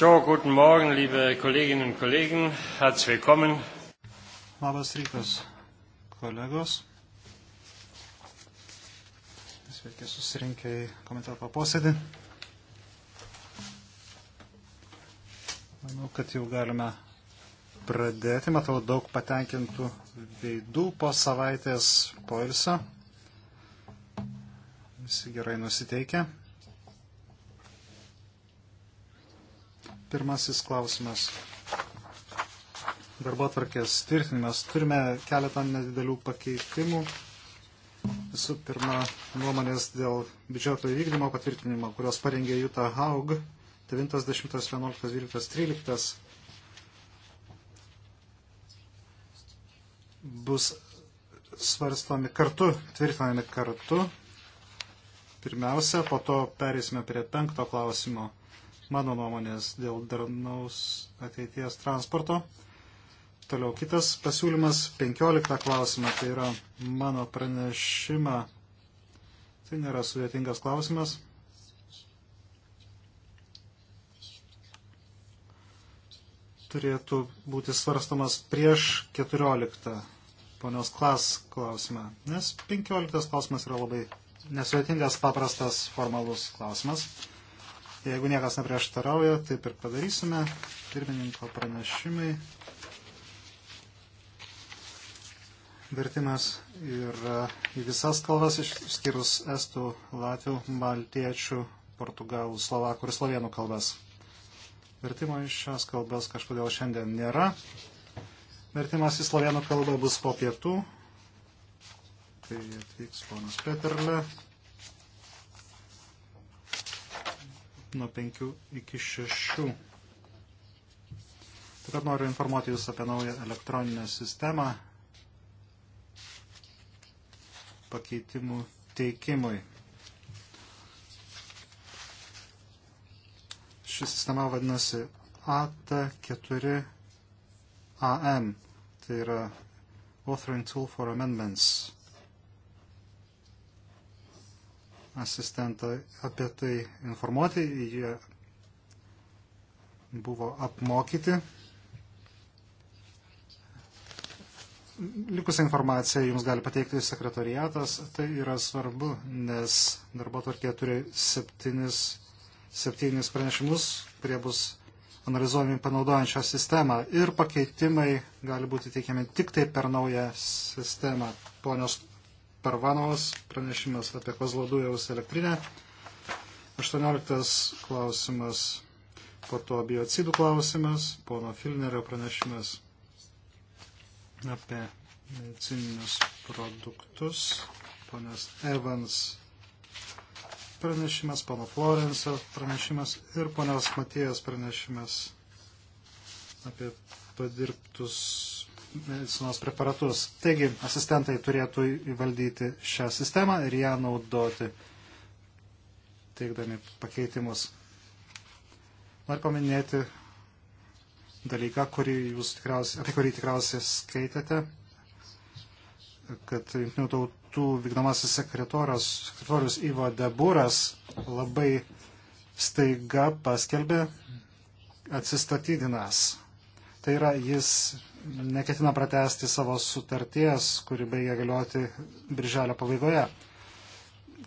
So, guten Morgen, liebe Kolleginnen und Kollegen. Herzlich willkommen. Labas rytas, kolegos. Sveiki susirinkę į komiteto posėdį. Manau, kad jau galime pradėti. Matau daug patenkintų veidų po savaitės poilsio. Visi gerai nusiteikę. Pirmasis klausimas. Darbo tvarkės tvirtinimas. Turime keletą nedidelių pakeitimų. Visų pirma, nuomonės dėl biudžeto įvykdymo patvirtinimo, kurios parengė Juta Haug 9, 10, 11, 12, 13. bus svarstomi kartu, tvirtinami kartu. Pirmiausia, po to perėsime prie penkto klausimo mano nuomonės dėl darnaus ateities transporto. Toliau kitas pasiūlymas, 15 klausimą, tai yra mano pranešimą. Tai nėra sudėtingas klausimas. Turėtų būti svarstamas prieš 14 ponios klas klausimą, nes 15 klausimas yra labai nesudėtingas, paprastas, formalus klausimas. Jeigu niekas neprieštarauja, taip ir padarysime. Pirmininko pranešimai. Vertimas ir į visas kalbas išskyrus estų, latvių, baltiečių, portugalų, slovakų ir slovėnų kalbas. Vertimo iš šios kalbas kažkodėl šiandien nėra. Vertimas į slovėnų kalbą bus po pietų. Tai atvyks ponas Peterle. nuo 5 iki 6. Taip pat noriu informuoti Jūs apie naują elektroninę sistemą pakeitimų teikimui. Ši sistema vadinasi AT4AM. Tai yra Authoring Tool for Amendments. asistentą apie tai informuoti, jie buvo apmokyti. Likusią informaciją jums gali pateikti sekretariatas, tai yra svarbu, nes darbo tvarkė turi septynis, septynis pranešimus, kurie bus analizuojami panaudojant šią sistemą ir pakeitimai gali būti teikiami tik tai per naują sistemą. Ponios Parvanovas, pranešimas apie Kozlodujaus elektrinę. 18 klausimas, po to biocidų klausimas, pono Filnerio pranešimas apie medicininius produktus, ponios Evans pranešimas, pono Florenso pranešimas ir ponios Matėjos pranešimas apie padirbtus medicinos preparatus. Taigi, asistentai turėtų įvaldyti šią sistemą ir ją naudoti, teikdami pakeitimus. Noriu paminėti dalyką, kurį jūs tikriausiai, apie kurį tikriausiai skaitėte, kad jungtinių tautų vykdomasis sekretorius Ivo Debūras labai staiga paskelbė atsistatydinas. Tai yra, jis neketina pratesti savo sutarties, kuri baigia galioti birželio pabaigoje.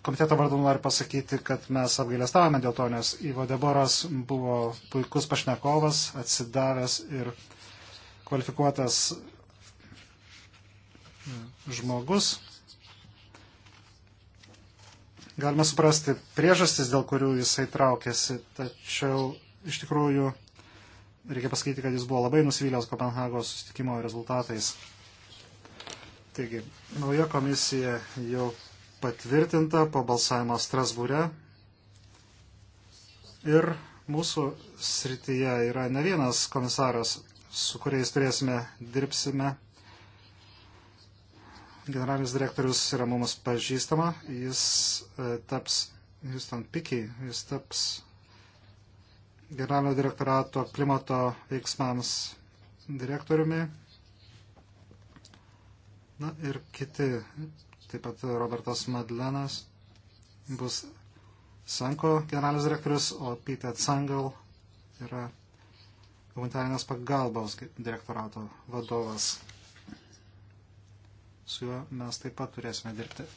Komiteto vardu noriu pasakyti, kad mes apgailestavome dėl to, nes Ivo Deboras buvo puikus pašnekovas, atsidavęs ir kvalifikuotas žmogus. Galima suprasti priežastis, dėl kurių jisai traukėsi, tačiau iš tikrųjų reikia pasakyti, kad jis buvo labai nusivylęs Kopenhagos sustikimo rezultatais. Taigi, nauja komisija jau patvirtinta po balsavimo Strasbūre. Ir mūsų srityje yra ne vienas komisaras, su kuriais turėsime dirbsime. Generalinis direktorius yra mums pažįstama, jis e, taps Houston Picky, jis taps generalinio direktorato klimato veiksmams direktoriumi. Na ir kiti, taip pat Robertas Madlenas bus Sanko generalinis direktorius, o Peter Sangal yra humanitarinės pagalbos direktorato vadovas. Su juo mes taip pat turėsime dirbti.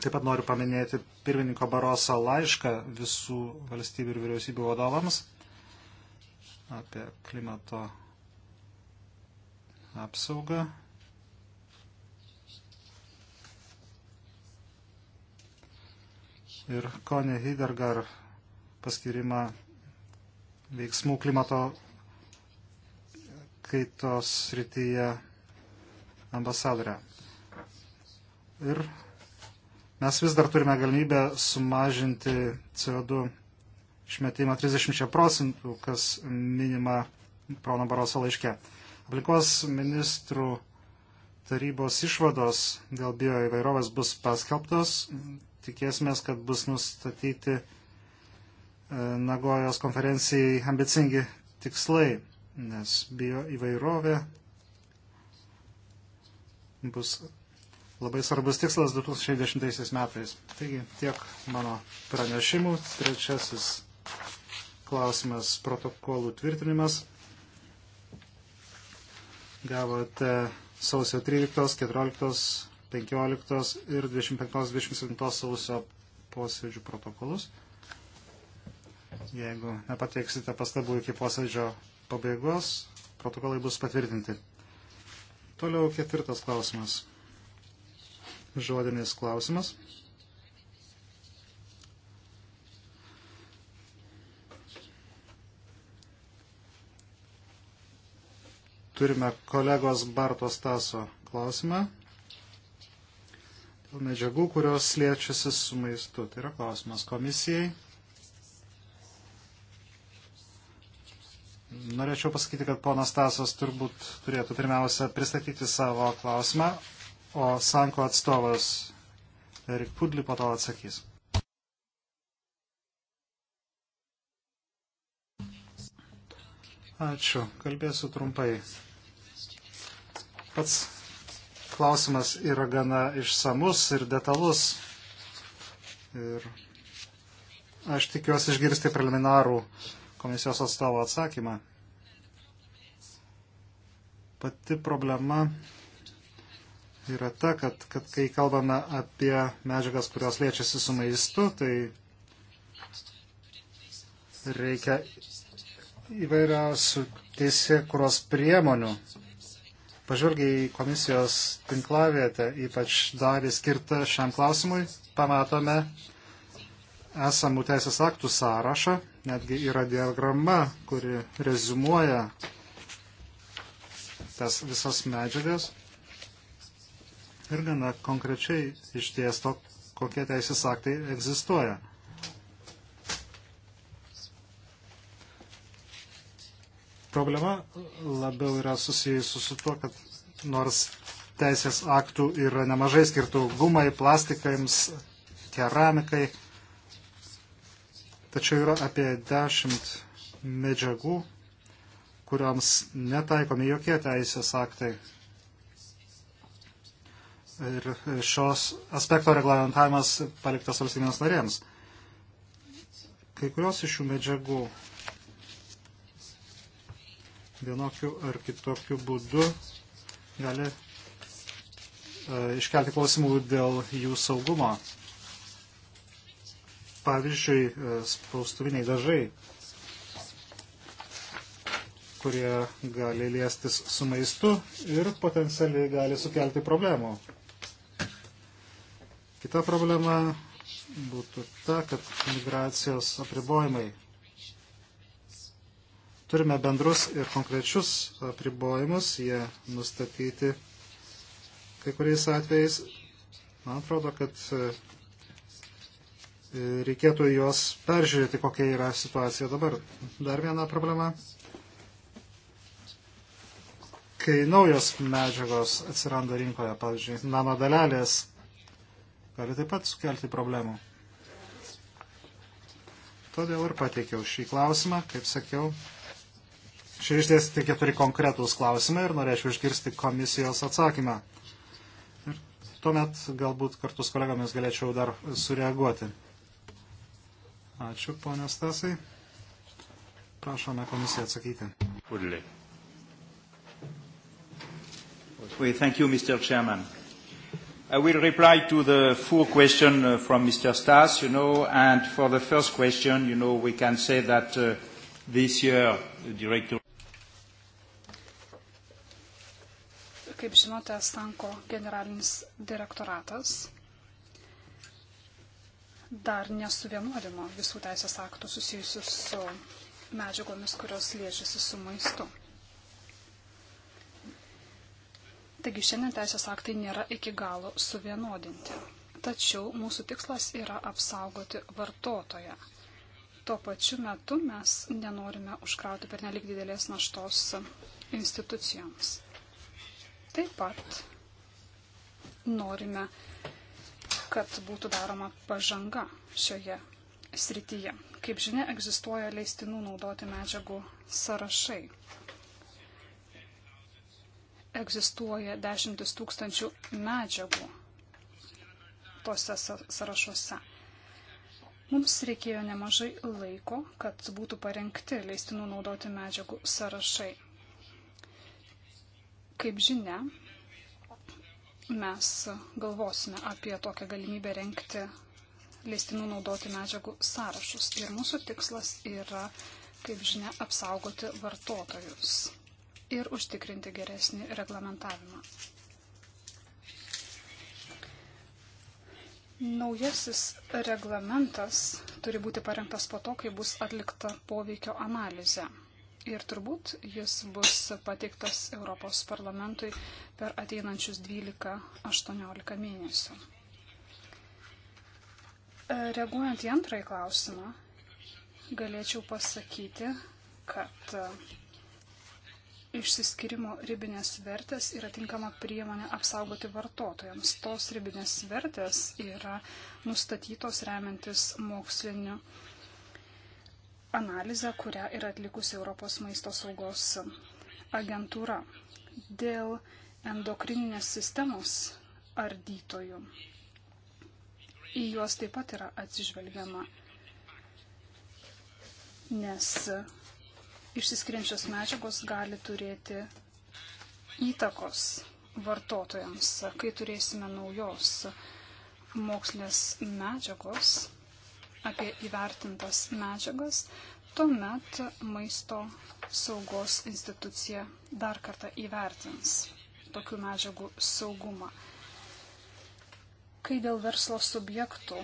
Taip pat noriu paminėti pirmininko Baroso laišką visų valstybių ir vyriausybių vadovams apie klimato apsaugą. Ir Konė Hidergar paskirimą veiksmų klimato kaitos srityje ambasadorę. Ir mes vis dar turime galimybę sumažinti CO2 išmetimą 30 procentų, kas minima Prono Baroso laiške. Aplinkos ministrų tarybos išvados dėl bioįvairovės bus paskelbtos. Tikėsime, kad bus nustatyti e, Nagojos konferencijai ambicingi tikslai, nes bioįvairovė bus labai svarbus tikslas 2010 metais. Taigi tiek mano pranešimų. Trečiasis klausimas - protokolų tvirtinimas. Gavote sausio 13, 14, 15 ir 25-27 sausio posėdžių protokolus. Jeigu nepateiksite pastabų iki posėdžio pabaigos, protokolai bus patvirtinti. Toliau ketvirtas klausimas žodinis klausimas. Turime kolegos Bartos Taso klausimą dėl medžiagų, kurios liečiasi su maistu. Tai yra klausimas komisijai. Norėčiau pasakyti, kad ponas Tasas turbūt turėtų pirmiausia pristatyti savo klausimą, o Sanko atstovas Erik Pudli po to atsakys. Ačiū, kalbėsiu trumpai. Pats klausimas yra gana išsamus ir detalus. Ir aš tikiuosi išgirsti preliminarų komisijos atstovo atsakymą. Pati problema yra ta, kad, kad kai kalbame apie medžiagas, kurios liečiasi su maistu, tai reikia įvairiausių teisėkuros priemonių. Pažvelgiai į komisijos tinklavietę, ypač dalį skirtą šiam klausimui, pamatome esamų teisės aktų sąrašą, netgi yra diagrama, kuri rezumuoja tas visas medžiagas ir gana konkrečiai išdėsto, kokie teisės aktai egzistuoja. Problema labiau yra susijusi su tuo, kad nors teisės aktų yra nemažai skirtų gumai, plastikams, keramikai, tačiau yra apie dešimt medžiagų, kuriams netaikomi jokie teisės aktai ir šios aspekto reglamentavimas paliktas valstybėms narėms. Kai kurios iš šių medžiagų vienokiu ar kitokiu būdu gali e, iškelti klausimų dėl jų saugumo. Pavyzdžiui, e, spaustuviniai dažai, kurie gali liestis su maistu ir potencialiai gali sukelti problemų. Kita problema būtų ta, kad migracijos apribojimai. Turime bendrus ir konkrečius apribojimus, jie nustatyti kai kuriais atvejais. Man atrodo, kad e, reikėtų juos peržiūrėti, kokia yra situacija dabar. Dar viena problema. Kai naujos medžiagos atsiranda rinkoje, pavyzdžiui, nanodalelės gali taip pat sukelti problemų. Todėl ir pateikiau šį klausimą, kaip sakiau. Šie išdėstyti keturi konkretūs klausimai ir norėčiau išgirsti komisijos atsakymą. Ir tuomet galbūt kartu su kolegomis galėčiau dar sureaguoti. Ačiū, ponė Stasai. Prašome komisiją atsakyti. Udlį. Thank you, Mr. Chairman. I will reply to the full question uh, from Mr. Stas, you know, and for the first question, you know, we can say that uh, this year the director. Kaip žinote, Stanko generalinis direktoratas dar nesuvienodino visų teisės aktų susijusių su medžiagomis, kurios liečiasi su maistu. Taigi šiandien teisės aktai nėra iki galo suvienodinti. Tačiau mūsų tikslas yra apsaugoti vartotoją. Tuo pačiu metu mes nenorime užkrauti per nelik didelės naštos institucijoms. Taip pat norime, kad būtų daroma pažanga šioje srityje. Kaip žinia, egzistuoja leistinų naudoti medžiagų sąrašai egzistuoja dešimtis tūkstančių medžiagų tose sąrašuose. Mums reikėjo nemažai laiko, kad būtų parengti leistinų naudoti medžiagų sąrašai. Kaip žinia, mes galvosime apie tokią galimybę renkti leistinų naudoti medžiagų sąrašus. Ir mūsų tikslas yra, kaip žinia, apsaugoti vartotojus ir užtikrinti geresnį reglamentavimą. Naujasis reglamentas turi būti parengtas po to, kai bus atlikta poveikio analizė. Ir turbūt jis bus pateiktas Europos parlamentui per ateinančius 12-18 mėnesių. Reaguojant į antrąjį klausimą, galėčiau pasakyti, kad išsiskirimo ribinės vertės yra tinkama priemonė apsaugoti vartotojams. Tos ribinės vertės yra nustatytos remiantis moksliniu analizę, kurią yra atlikusi Europos maisto saugos agentūra dėl endokrininės sistemos ardytojų. Į juos taip pat yra atsižvelgiama, nes išsiskiriančios medžiagos gali turėti įtakos vartotojams, kai turėsime naujos mokslinės medžiagos apie įvertintas medžiagas, tuomet maisto saugos institucija dar kartą įvertins tokių medžiagų saugumą. Kai dėl verslo subjektų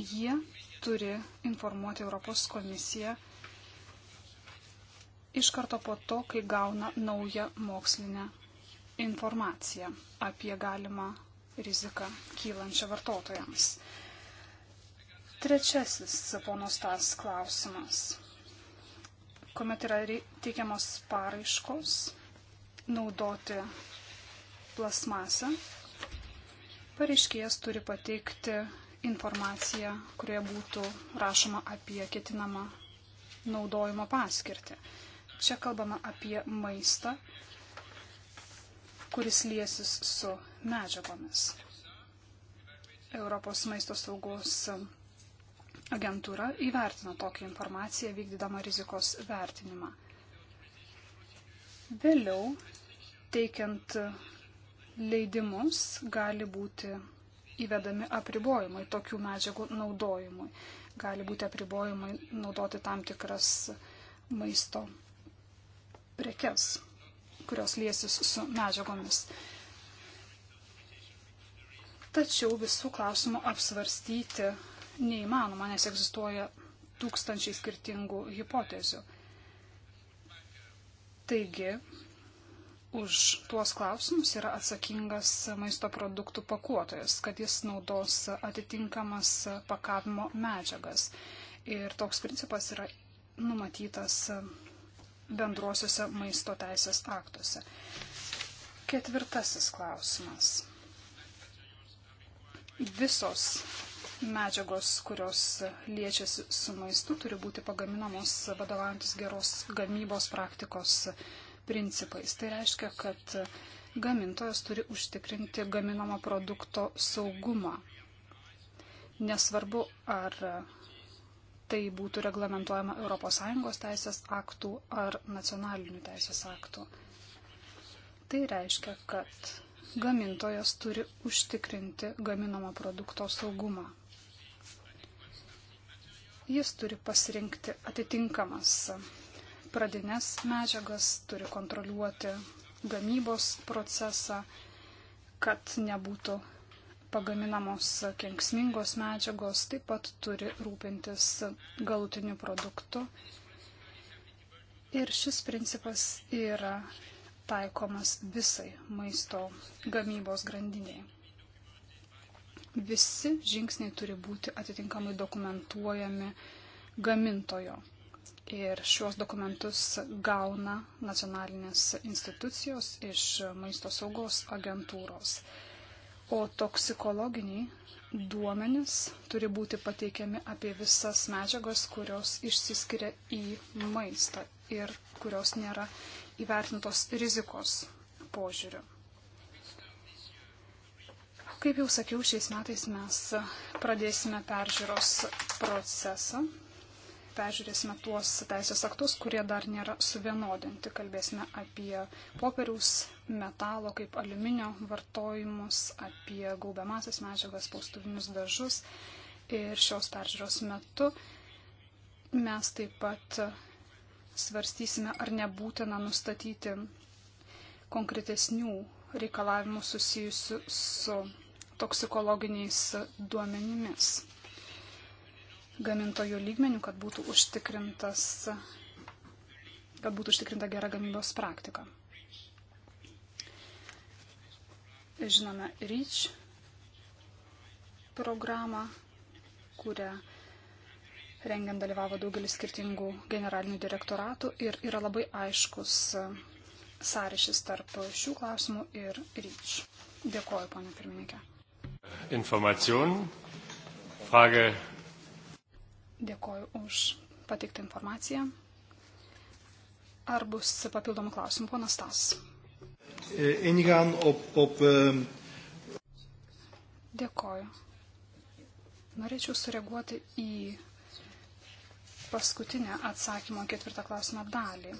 jie turi informuoti Europos komisiją iš karto po to, kai gauna naują mokslinę informaciją apie galimą riziką kylančią vartotojams. Trečiasis ponos tas klausimas. Komet yra teikiamos paraiškos naudoti plasmasę, pareiškėjas turi pateikti informaciją, kurioje būtų rašoma apie ketinamą naudojimo paskirtį. Čia kalbama apie maistą, kuris liesis su medžiagomis. Europos maisto saugos agentūra įvertino tokią informaciją vykdydama rizikos vertinimą. Vėliau, teikiant leidimus, gali būti įvedami apribojimai tokių medžiagų naudojimui. Gali būti apribojimai naudoti tam tikras maisto prekes, kurios liesis su medžiagomis. Tačiau visų klausimų apsvarstyti neįmanoma, nes egzistuoja tūkstančiai skirtingų hipotezių. Taigi, už tuos klausimus yra atsakingas maisto produktų pakuotojas, kad jis naudos atitinkamas pakavimo medžiagas. Ir toks principas yra numatytas bendruosiuose maisto teisės aktuose. Ketvirtasis klausimas. Visos medžiagos, kurios liečiasi su maistu, turi būti pagaminamos vadovaujantis geros gamybos praktikos principais. Tai reiškia, kad gamintojas turi užtikrinti gaminamo produkto saugumą. Nesvarbu, ar tai būtų reglamentuojama ES teisės aktų ar nacionalinių teisės aktų. Tai reiškia, kad gamintojas turi užtikrinti gaminamo produkto saugumą jis turi pasirinkti atitinkamas pradinės medžiagas, turi kontroliuoti gamybos procesą, kad nebūtų pagaminamos kenksmingos medžiagos, taip pat turi rūpintis galutiniu produktu. Ir šis principas yra taikomas visai maisto gamybos grandiniai. Visi žingsniai turi būti atitinkamai dokumentuojami gamintojo. Ir šiuos dokumentus gauna nacionalinės institucijos iš maisto saugos agentūros. O toksikologiniai duomenys turi būti pateikiami apie visas medžiagas, kurios išsiskiria į maistą ir kurios nėra įvertintos rizikos požiūriu. Kaip jau sakiau, šiais metais mes pradėsime peržiūros procesą peržiūrėsime tuos teisės aktus, kurie dar nėra suvienodinti. Kalbėsime apie popieriaus, metalo kaip aliuminio vartojimus, apie gaubiamasias medžiagas, paustuvinius dažus. Ir šios peržiūros metu mes taip pat svarstysime, ar nebūtina nustatyti konkretesnių reikalavimų susijusių su toksikologiniais duomenimis gamintojų lygmenių, kad būtų, kad būtų užtikrinta gera gamybos praktika. Žinome REACH programą, kurią rengiant dalyvavo daugelis skirtingų generalinių direktoratų ir yra labai aiškus sąryšis tarp šių klausimų ir ryč. Dėkuoju, ponė pirmininkė. Informacijon. Frage Dėkoju už pateiktą informaciją. Ar bus papildomų klausimų, ponas Tas? E, Ingaan op, op. Dėkoju. Norėčiau sureaguoti į paskutinę atsakymo ketvirtą klausimą dalį.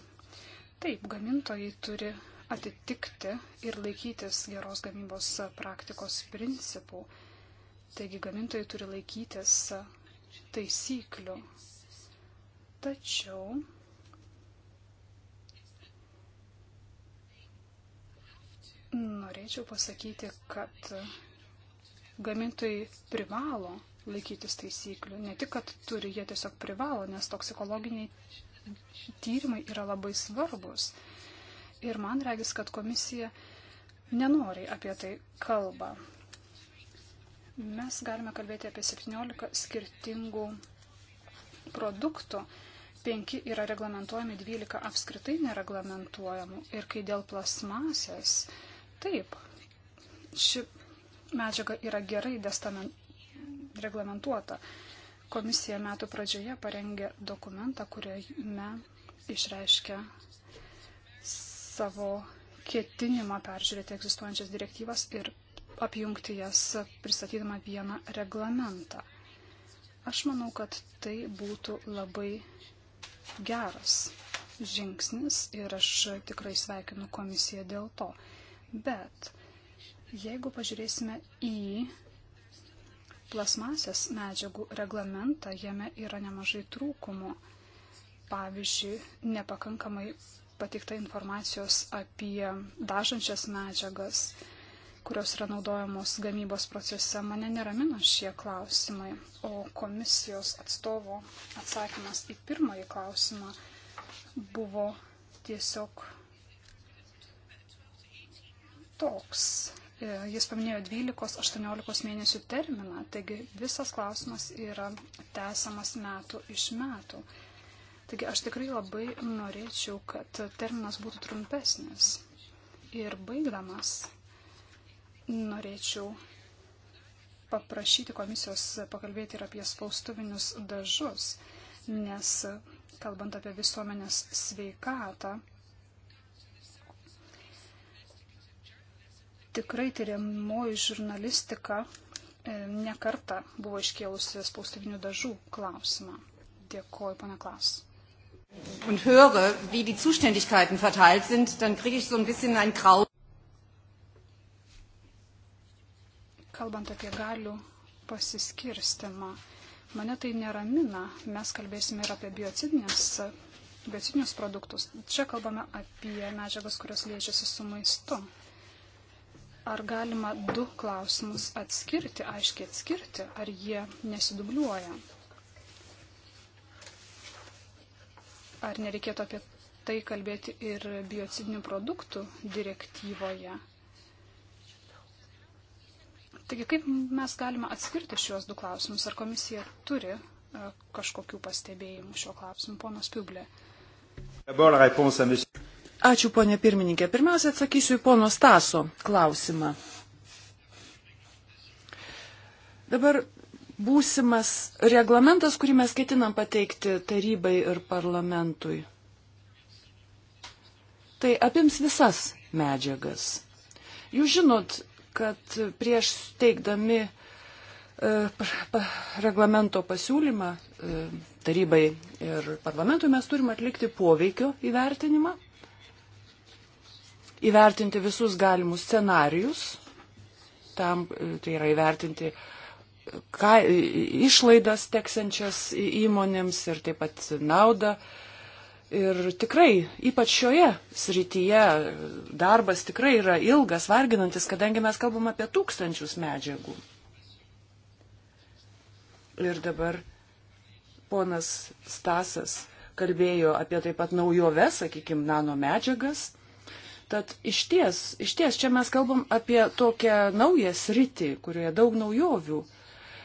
Taip, gamintojai turi atitikti ir laikytis geros gamybos praktikos principų. Taigi gamintojai turi laikytis taisyklių. Tačiau norėčiau pasakyti, kad gamintojai privalo laikytis taisyklių. Ne tik, kad turi, jie tiesiog privalo, nes toksikologiniai tyrimai yra labai svarbus. Ir man regis, kad komisija nenori apie tai kalba. Mes galime kalbėti apie 17 skirtingų produktų. 5 yra reglamentuojami, 12 apskritai nereglamentuojamų. Ir kai dėl plasmasės, taip, ši medžiaga yra gerai destamen... reglamentuota. Komisija metų pradžioje parengė dokumentą, kuriame išreiškia savo ketinimą peržiūrėti egzistuojančias direktyvas ir apjungti jas pristatydama vieną reglamentą. Aš manau, kad tai būtų labai geras žingsnis ir aš tikrai sveikinu komisiją dėl to. Bet jeigu pažiūrėsime į plasmasės medžiagų reglamentą, jame yra nemažai trūkumų. Pavyzdžiui, nepakankamai pateikta informacijos apie dažančias medžiagas, kurios yra naudojamos gamybos procese. Mane neramina šie klausimai, o komisijos atstovo atsakymas į pirmąjį klausimą buvo tiesiog toks. E, jis paminėjo 12-18 mėnesių terminą, taigi visas klausimas yra tęsiamas metų iš metų. Taigi aš tikrai labai norėčiau, kad terminas būtų trumpesnis. Ir baigdamas Norėčiau paprašyti komisijos pakalbėti ir apie spaustuvinius dažus, nes kalbant apie visuomenės sveikatą, tikrai tyriamoji žurnalistika e, nekarta buvo iškėlusi spaustuvinių dažų klausimą. Dėkuoju, pana Klas. Und höre, wie die Zuständigkeiten verteilt sind, dann kriege ich so ein bisschen ein Grau. kalbant apie galių pasiskirstimą, mane tai neramina. Mes kalbėsime ir apie biocidinius produktus. Čia kalbame apie medžiagas, kurios liečiasi su maistu. Ar galima du klausimus atskirti, aiškiai atskirti, ar jie nesidubliuoja? Ar nereikėtų apie tai kalbėti ir biocidinių produktų direktyvoje? Taigi, kaip mes galime atskirti šiuos du klausimus? Ar komisija turi e, kažkokių pastebėjimų šio klausimu, ponas Piublė? Ačiū, ponė pirmininkė. Pirmiausia, atsakysiu į pono Staso klausimą. Dabar būsimas reglamentas, kurį mes ketinam pateikti tarybai ir parlamentui. Tai apims visas medžiagas. Jūs žinot, kad prieš teikdami e, reglamento pasiūlymą e, tarybai ir parlamentui mes turime atlikti poveikio įvertinimą, įvertinti visus galimus scenarius, tam e, tai yra įvertinti ką, išlaidas teksančias įmonėms ir taip pat naudą Ir tikrai, ypač šioje srityje, darbas tikrai yra ilgas, varginantis, kadangi mes kalbam apie tūkstančius medžiagų. Ir dabar ponas Stasas kalbėjo apie taip pat naujoves, sakykime, nano medžiagas. Tad iš ties, iš ties čia mes kalbam apie tokią naują sritį, kurioje daug naujovių. Uh,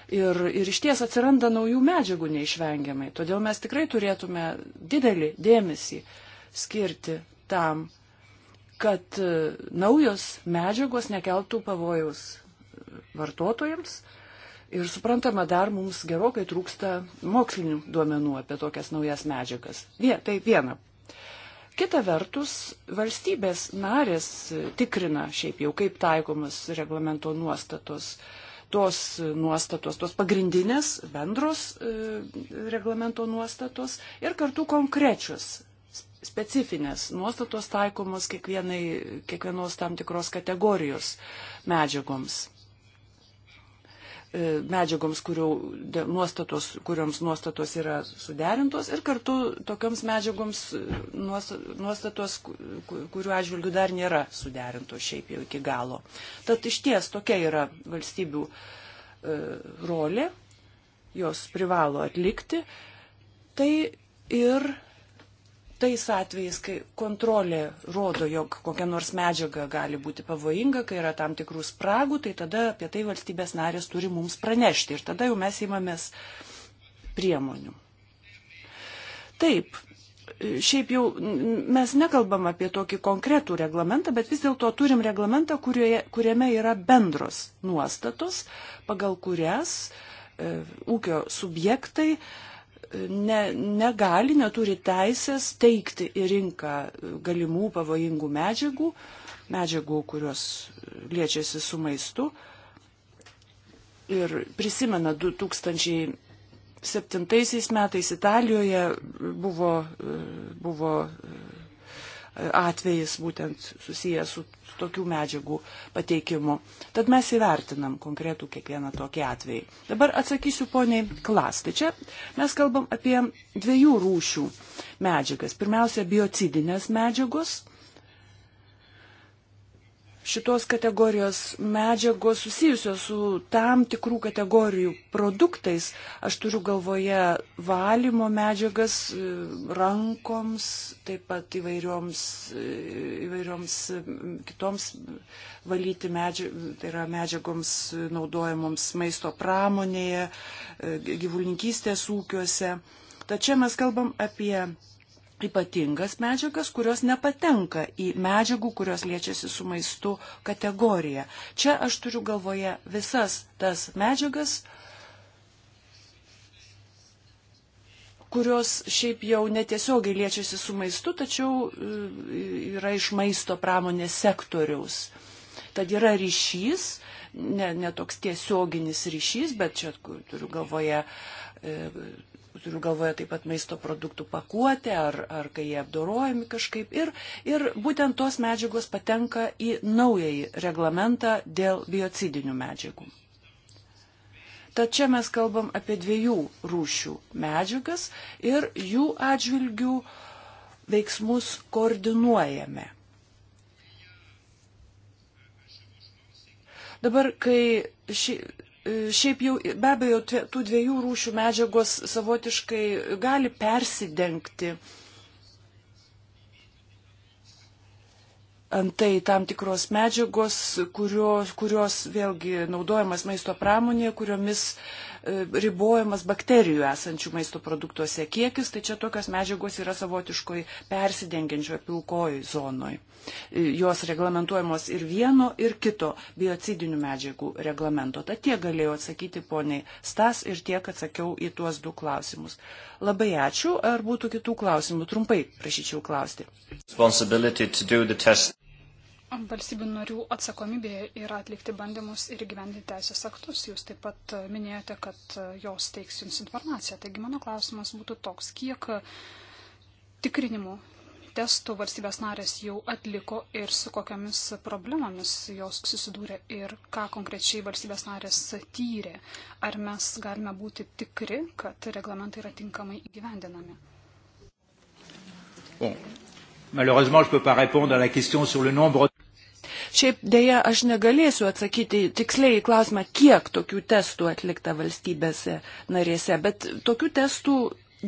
Ir, ir iš ties atsiranda naujų medžiagų neišvengiamai. Todėl mes tikrai turėtume didelį dėmesį skirti tam, kad e, naujos medžiagos nekeltų pavojaus vartotojams. Ir suprantama, dar mums gerokai trūksta mokslinių duomenų apie tokias naujas medžiagas. Vie, tai viena. Kita vertus, valstybės narės tikrina šiaip jau, kaip taikomas reglamento nuostatos uh, tos nuostatos, tos pagrindinės bendros e, reglamento nuostatos ir kartu konkrečios specifinės nuostatos taikomos kiekvienai, kiekvienos tam tikros kategorijos medžiagoms. E, medžiagoms, kurių nuostatos, kuriams nuostatos yra suderintos ir kartu tokiams medžiagoms e, nuostatos, kurių atžvilgių dar nėra suderintos šiaip jau iki galo. Tad iš ties tokia yra valstybių e, rolė, jos privalo atlikti. Tai ir tais atvejais, kai kontrolė rodo, jog kokia nors medžiaga gali būti pavojinga, kai yra tam tikrų spragų, tai tada apie tai valstybės narės turi mums pranešti ir tada jau mes įmamės priemonių. Taip, šiaip jau mes nekalbam apie tokį konkretų reglamentą, bet vis dėlto turim reglamentą, kurioje, kuriame yra bendros nuostatos, pagal kurias e, ūkio subjektai e, ne, negali, neturi teisės teikti į rinką galimų pavojingų medžiagų, medžiagų, kurios liečiasi su maistu. Ir prisimena 2007 metais Italijoje buvo, buvo atvejis būtent susijęs su tokių medžiagų pateikimu. Tad mes įvertinam konkretų kiekvieną tokį atvejį. Dabar atsakysiu poniai klas. Tai čia mes kalbam apie dviejų rūšių medžiagas. Pirmiausia, biocidinės medžiagos šitos kategorijos medžiagos susijusios su tam tikrų kategorijų produktais. Aš turiu galvoje valymo medžiagas e, rankoms, taip pat įvairioms, e, įvairioms kitoms valyti medžiagoms, tai yra medžiagoms naudojamoms maisto pramonėje, e, gyvulininkystės ūkiuose. Tačiau mes kalbam apie ypatingas medžiagas, kurios nepatenka į medžiagų, kurios liečiasi su maistu kategoriją. Čia aš turiu galvoje visas tas medžiagas, kurios šiaip jau netiesiogiai liečiasi su maistu, tačiau e, yra iš maisto pramonės sektoriaus. Tad yra ryšys ne, ne toks tiesioginis ryšys, bet čia turiu galvoje, e, turiu galvoje taip pat maisto produktų pakuotę ar, ar kai jie apdorojami kažkaip. Ir, ir būtent tos medžiagos patenka į naująjį reglamentą dėl biocidinių medžiagų. Tad čia mes kalbam apie dviejų rūšių medžiagas ir jų atžvilgių veiksmus koordinuojame. Dabar, kai ši, e, šiaip jau be abejo tų dviejų rūšių medžiagos savotiškai gali persidengti. Antai tam tikros medžiagos, kurios, kurios vėlgi naudojamas maisto pramonėje, kuriomis uh, E, ribojamas bakterijų esančių maisto produktuose kiekis, tai čia tokios medžiagos yra savotiškoj persidengiančioje pilkojoj zonoje. Jos reglamentuojamos ir vieno, ir kito biocidinių medžiagų reglamento. Tad tiek galėjau atsakyti poniai Stas ir tiek atsakiau į tuos du klausimus. Labai ačiū, ar būtų kitų klausimų? Trumpai prašyčiau klausti valstybių narių atsakomybė yra atlikti bandymus ir gyventi teisės aktus. Jūs taip pat minėjote, kad e, jos teiks jums informaciją. Taigi mano klausimas būtų toks, kiek tikrinimų testų valstybės narės jau atliko ir su kokiamis problemomis jos susidūrė ir ką konkrečiai valstybės narės tyrė. Ar mes galime būti tikri, kad reglamentai yra tinkamai įgyvendinami? Bon. Malheureusement, je ne peux pas répondre à la question sur le nombre. Šiaip dėja, aš negalėsiu atsakyti tiksliai į klausimą, kiek tokių testų atlikta valstybėse narėse, bet tokių testų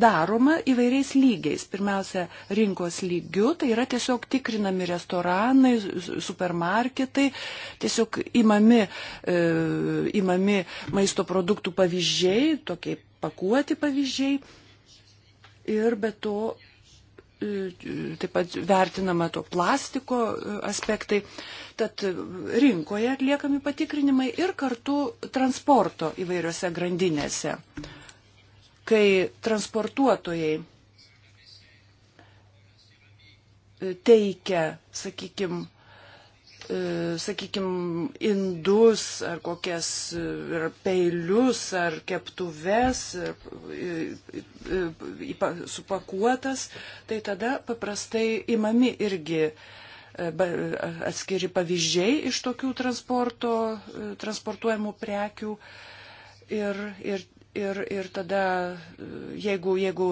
daroma įvairiais lygiais. Pirmiausia, rinkos lygiu, tai yra tiesiog tikrinami restoranai, supermarketai, tiesiog imami, e, imami maisto produktų pavyzdžiai, tokie pakuoti pavyzdžiai. Ir be to taip pat vertinama to plastiko e, aspektai. Tad rinkoje atliekami patikrinimai ir kartu transporto įvairiose grandinėse, kai transportuotojai e, teikia, sakykime, E, sakykime, indus ar kokias ar e, peilius ar keptuves e, supakuotas, tai tada paprastai imami irgi atskiri pavyzdžiai iš tokių transporto, transportuojamų prekių. Ir, ir, ir, ir tada, jeigu, jeigu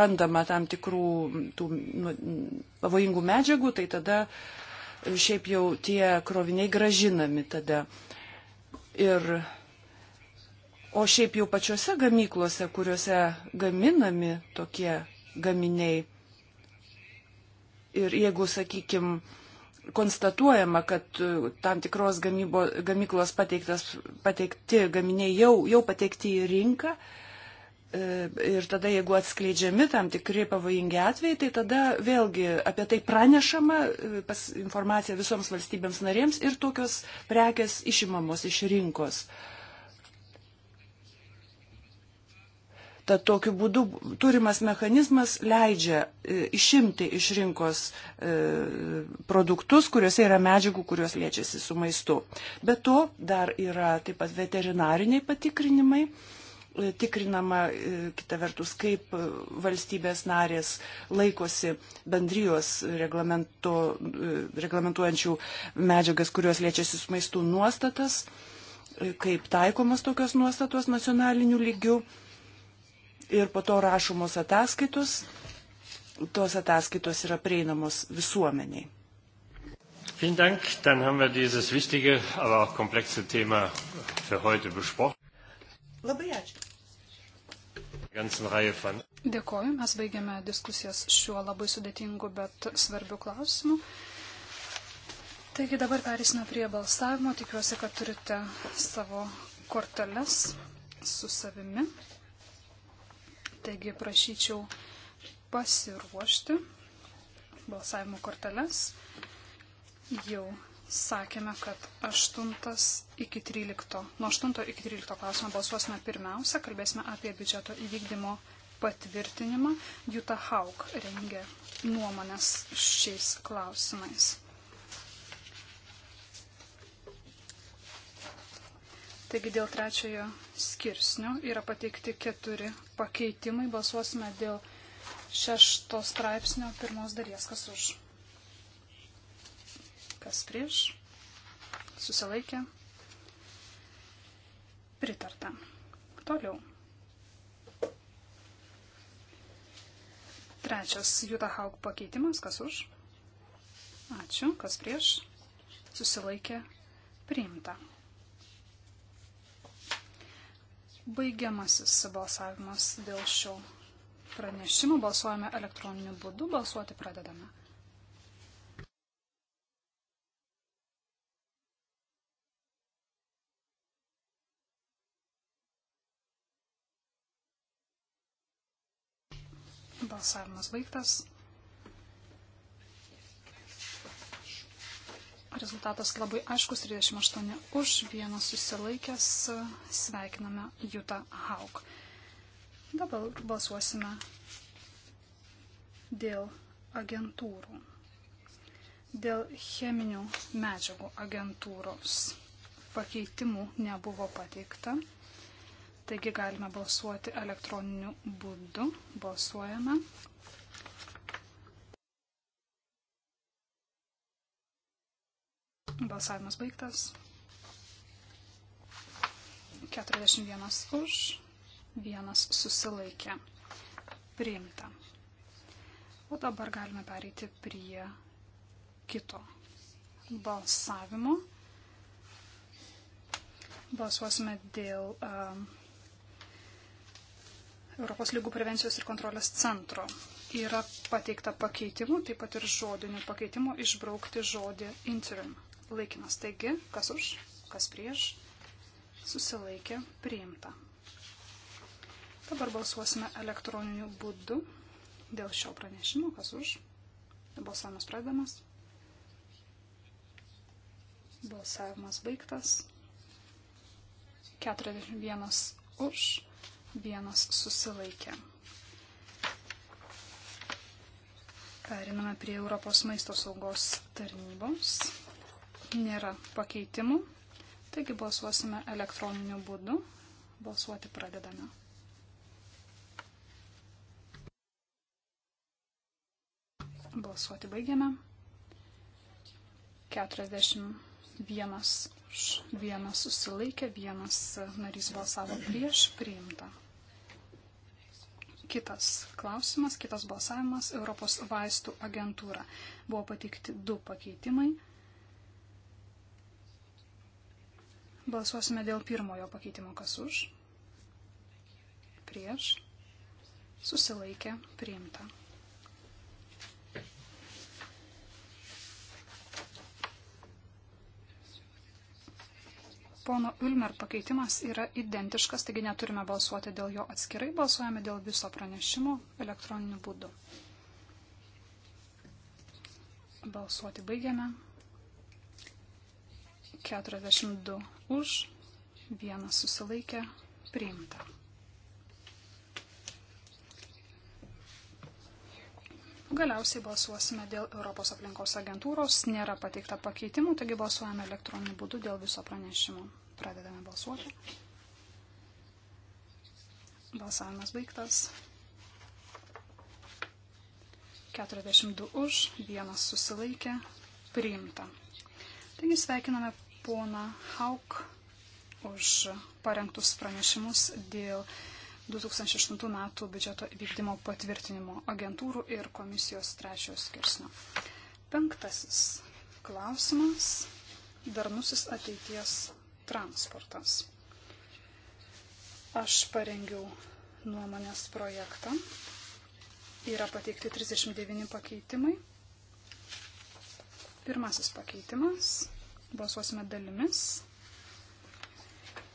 randama tam tikrų tų nu, pavojingų medžiagų, tai tada uh, šiaip jau tie kroviniai gražinami tada. Ir, o šiaip jau pačiose gamyklose, kuriuose gaminami tokie gaminiai. Ir jeigu, sakykime, konstatuojama, kad e, tam tikros gamybo, gamyklos pateiktas, pateikti gaminiai jau, jau pateikti į rinką, E, ir tada, jeigu atskleidžiami tam tikri pavojingi atvejai, tai tada vėlgi apie tai pranešama e, informacija visoms valstybėms narėms ir tokios prekes išimamos iš rinkos. Tad tokiu būdu turimas mechanizmas leidžia e, išimti iš rinkos produktus, kuriuose yra medžiagų, kurios liečiasi su maistu. Be to dar yra taip pat veterinariniai patikrinimai tikrinama e, kita vertus, kaip valstybės narės laikosi bendrijos e, reglamentuojančių medžiagas, kurios liečiasi su maistu nuostatas, e, kaip taikomas tokios nuostatos nacionaliniu lygiu ir po to rašomos ataskaitos. Tos ataskaitos yra prieinamos visuomeniai. Vielen Dank. Dann haben wir dieses wichtige, aber auch komplexe Thema für heute besprochen. Labai ačiū. Dėkoju, mes baigiame diskusijas šiuo labai sudėtingu, bet svarbiu klausimu. Taigi dabar perėsime prie balsavimo. Tikiuosi, kad turite savo korteles su savimi. Taigi prašyčiau pasiruošti balsavimo korteles. Jau sakėme, kad 8 iki 13, nuo 8 iki 13 klausimą balsuosime pirmiausia, kalbėsime apie biudžeto įvykdymo patvirtinimą. Juta Hauk rengė nuomonės šiais klausimais. Taigi dėl trečiojo skirsnio yra pateikti keturi pakeitimai. Balsuosime dėl šešto straipsnio pirmos dalies. Kas už? kas prieš, susilaikė, pritarta. Toliau. Trečias Juta Haug pakeitimas, kas už, ačiū, kas prieš, susilaikė, priimta. Baigiamasis balsavimas dėl šio pranešimų balsuojame elektroniniu būdu, balsuoti pradedame. Balsavimas baigtas. Rezultatas labai aiškus, 38 už, vienas susilaikęs, sveikiname Jutą Hauk. Dabar balsuosime dėl agentūrų, dėl cheminių medžiagų agentūros. Pakeitimų nebuvo pateikta. Taigi galime balsuoti elektroniniu būdu. Balsuojame. Balsavimas baigtas. 41 už, 1 susilaikė. Priimta. O dabar galime pereiti prie kito balsavimo. Balsuosime dėl uh, Europos lygų prevencijos ir kontrolės centro. Yra pateikta pakeitimų, taip pat ir žodinių pakeitimų išbraukti žodį interim. Laikinas. Taigi, kas už, kas prieš, susilaikė, priimta. Dabar balsuosime elektroniniu būdu dėl šio pranešimo, kas už. Balsavimas pradedamas. Balsavimas baigtas. 41 už, vienas susilaikė. Periname prie Europos maisto saugos tarnybos. Nėra pakeitimų, taigi balsuosime elektroniniu būdu. Balsuoti pradedame. Balsuoti baigiame. 41 už, vienas susilaikė, vienas narys balsavo prieš, priimta. Kitas klausimas, kitas balsavimas - Europos vaistų agentūra. Buvo pateikti du pakeitimai. Balsuosime dėl pirmojo pakeitimo, kas už, prieš, susilaikė, priimta. pono Ulmer pakeitimas yra identiškas, taigi neturime balsuoti dėl jo atskirai, balsuojame dėl viso pranešimo elektroniniu būdu. Balsuoti baigiame. 42 už, vienas susilaikė, priimta. Galiausiai balsuosime dėl Europos aplinkos agentūros, nėra pateikta pakeitimų, taigi balsuojame elektroniniu būdu dėl viso pranešimo. Pradedame balsuoti. Balsavimas baigtas. 42 už, vienas susilaikė, priimta. Taigi sveikiname poną Hauk už parengtus pranešimus dėl 2008 metų biudžeto vykdymo patvirtinimo agentūrų ir komisijos trečiojo skirsnio. Penktasis klausimas - darnusis ateities transportas. Aš parengiau nuomonės projektą. Yra pateikti 39 pakeitimai. Pirmasis pakeitimas. Balsuosime dalimis.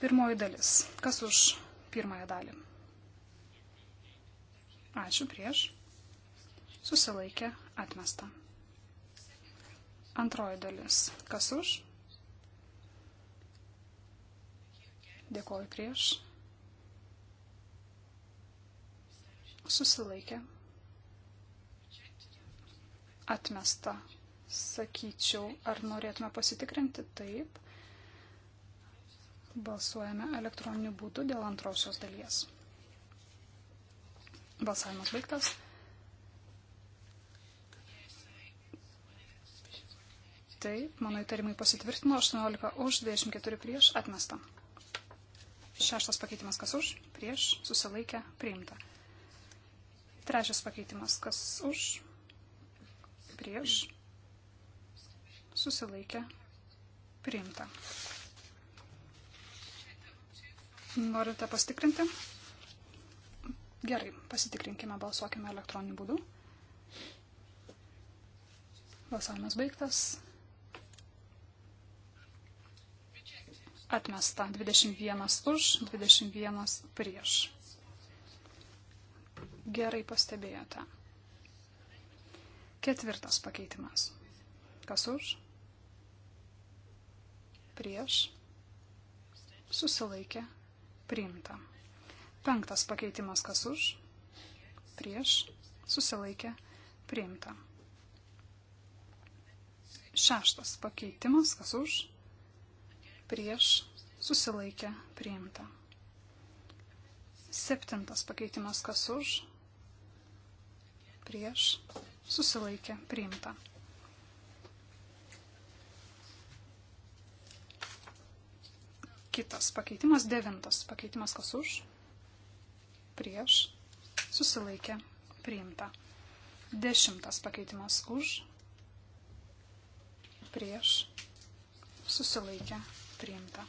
Pirmoji dalis. Kas už pirmąją dalį? Ačiū prieš. Susilaikė atmesta. Antroji dalis. Kas už? Dėkoju prieš. Susilaikė. Atmesta. Sakyčiau, ar norėtume pasitikrinti taip. Balsuojame elektroniniu būdu dėl antrosios dalies. Balsavimas baigtas. Taip, mano įtarimai pasitvirtino 18 už 24 prieš atmestą. Šeštas pakeitimas kas už, prieš, susilaikę, priimta. Trečias pakeitimas kas už, prieš, susilaikę, priimta. Norite pasitikrinti? Gerai, pasitikrinkime, balsuokime elektroniniu būdu. Balsavimas baigtas. atmesta 21 už, 21 prieš. Gerai pastebėjote. Ketvirtas pakeitimas. Kas už? Prieš. Susilaikė. Priimta. Penktas pakeitimas. Kas už? Prieš. Susilaikė. Priimta. Šeštas pakeitimas. Kas už? prieš susilaikę priimta. Septintas pakeitimas kas už, prieš susilaikę priimta. Kitas pakeitimas, devintas pakeitimas kas už, prieš susilaikę priimta. Dešimtas pakeitimas už, prieš susilaikę priimta priimta.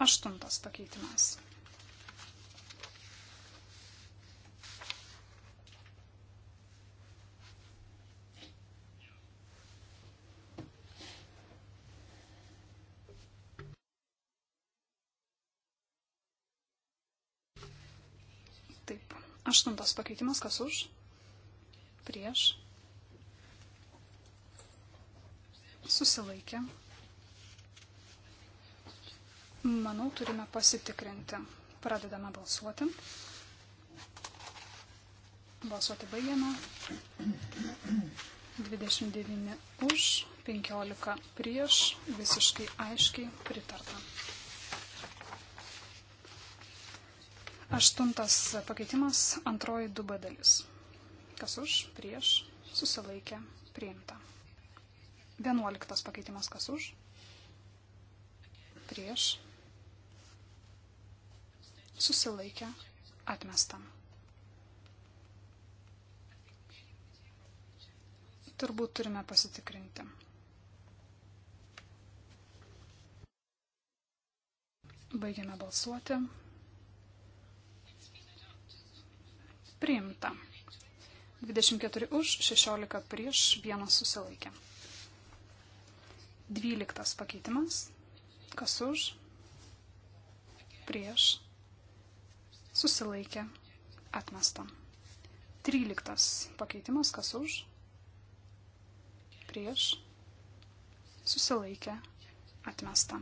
Aštuntas pakeitimas. Taip, aštuntas pakeitimas, kas už? Prieš. Susilaikė Manau, turime pasitikrinti. Pradedame balsuoti. Balsuoti baigiame. 29 už, 15 prieš, visiškai aiškiai pritarta. Aštuntas pakeitimas, antroji duba dalis. Kas už, prieš, susilaikė, priimta. Vienuoliktas pakeitimas, kas už, prieš, susilaikė, atmestam. Turbūt turime pasitikrinti. Baigiame balsuoti. Priimta. 24 už, 16 prieš, 1 susilaikė. 12 pakeitimas. Kas už? Prieš susilaikė, atmesta. 13 pakeitimas, kas už, prieš, susilaikė, atmesta.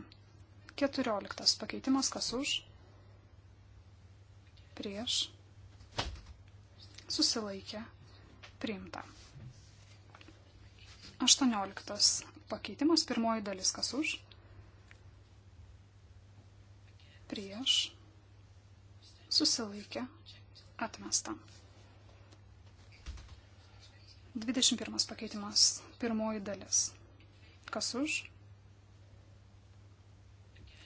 14 pakeitimas, kas už, prieš, susilaikė, priimta. 18 pakeitimas, pirmoji dalis, kas už, prieš, susilaikė, atmesta. 21 pakeitimas, pirmoji dalis. Kas už,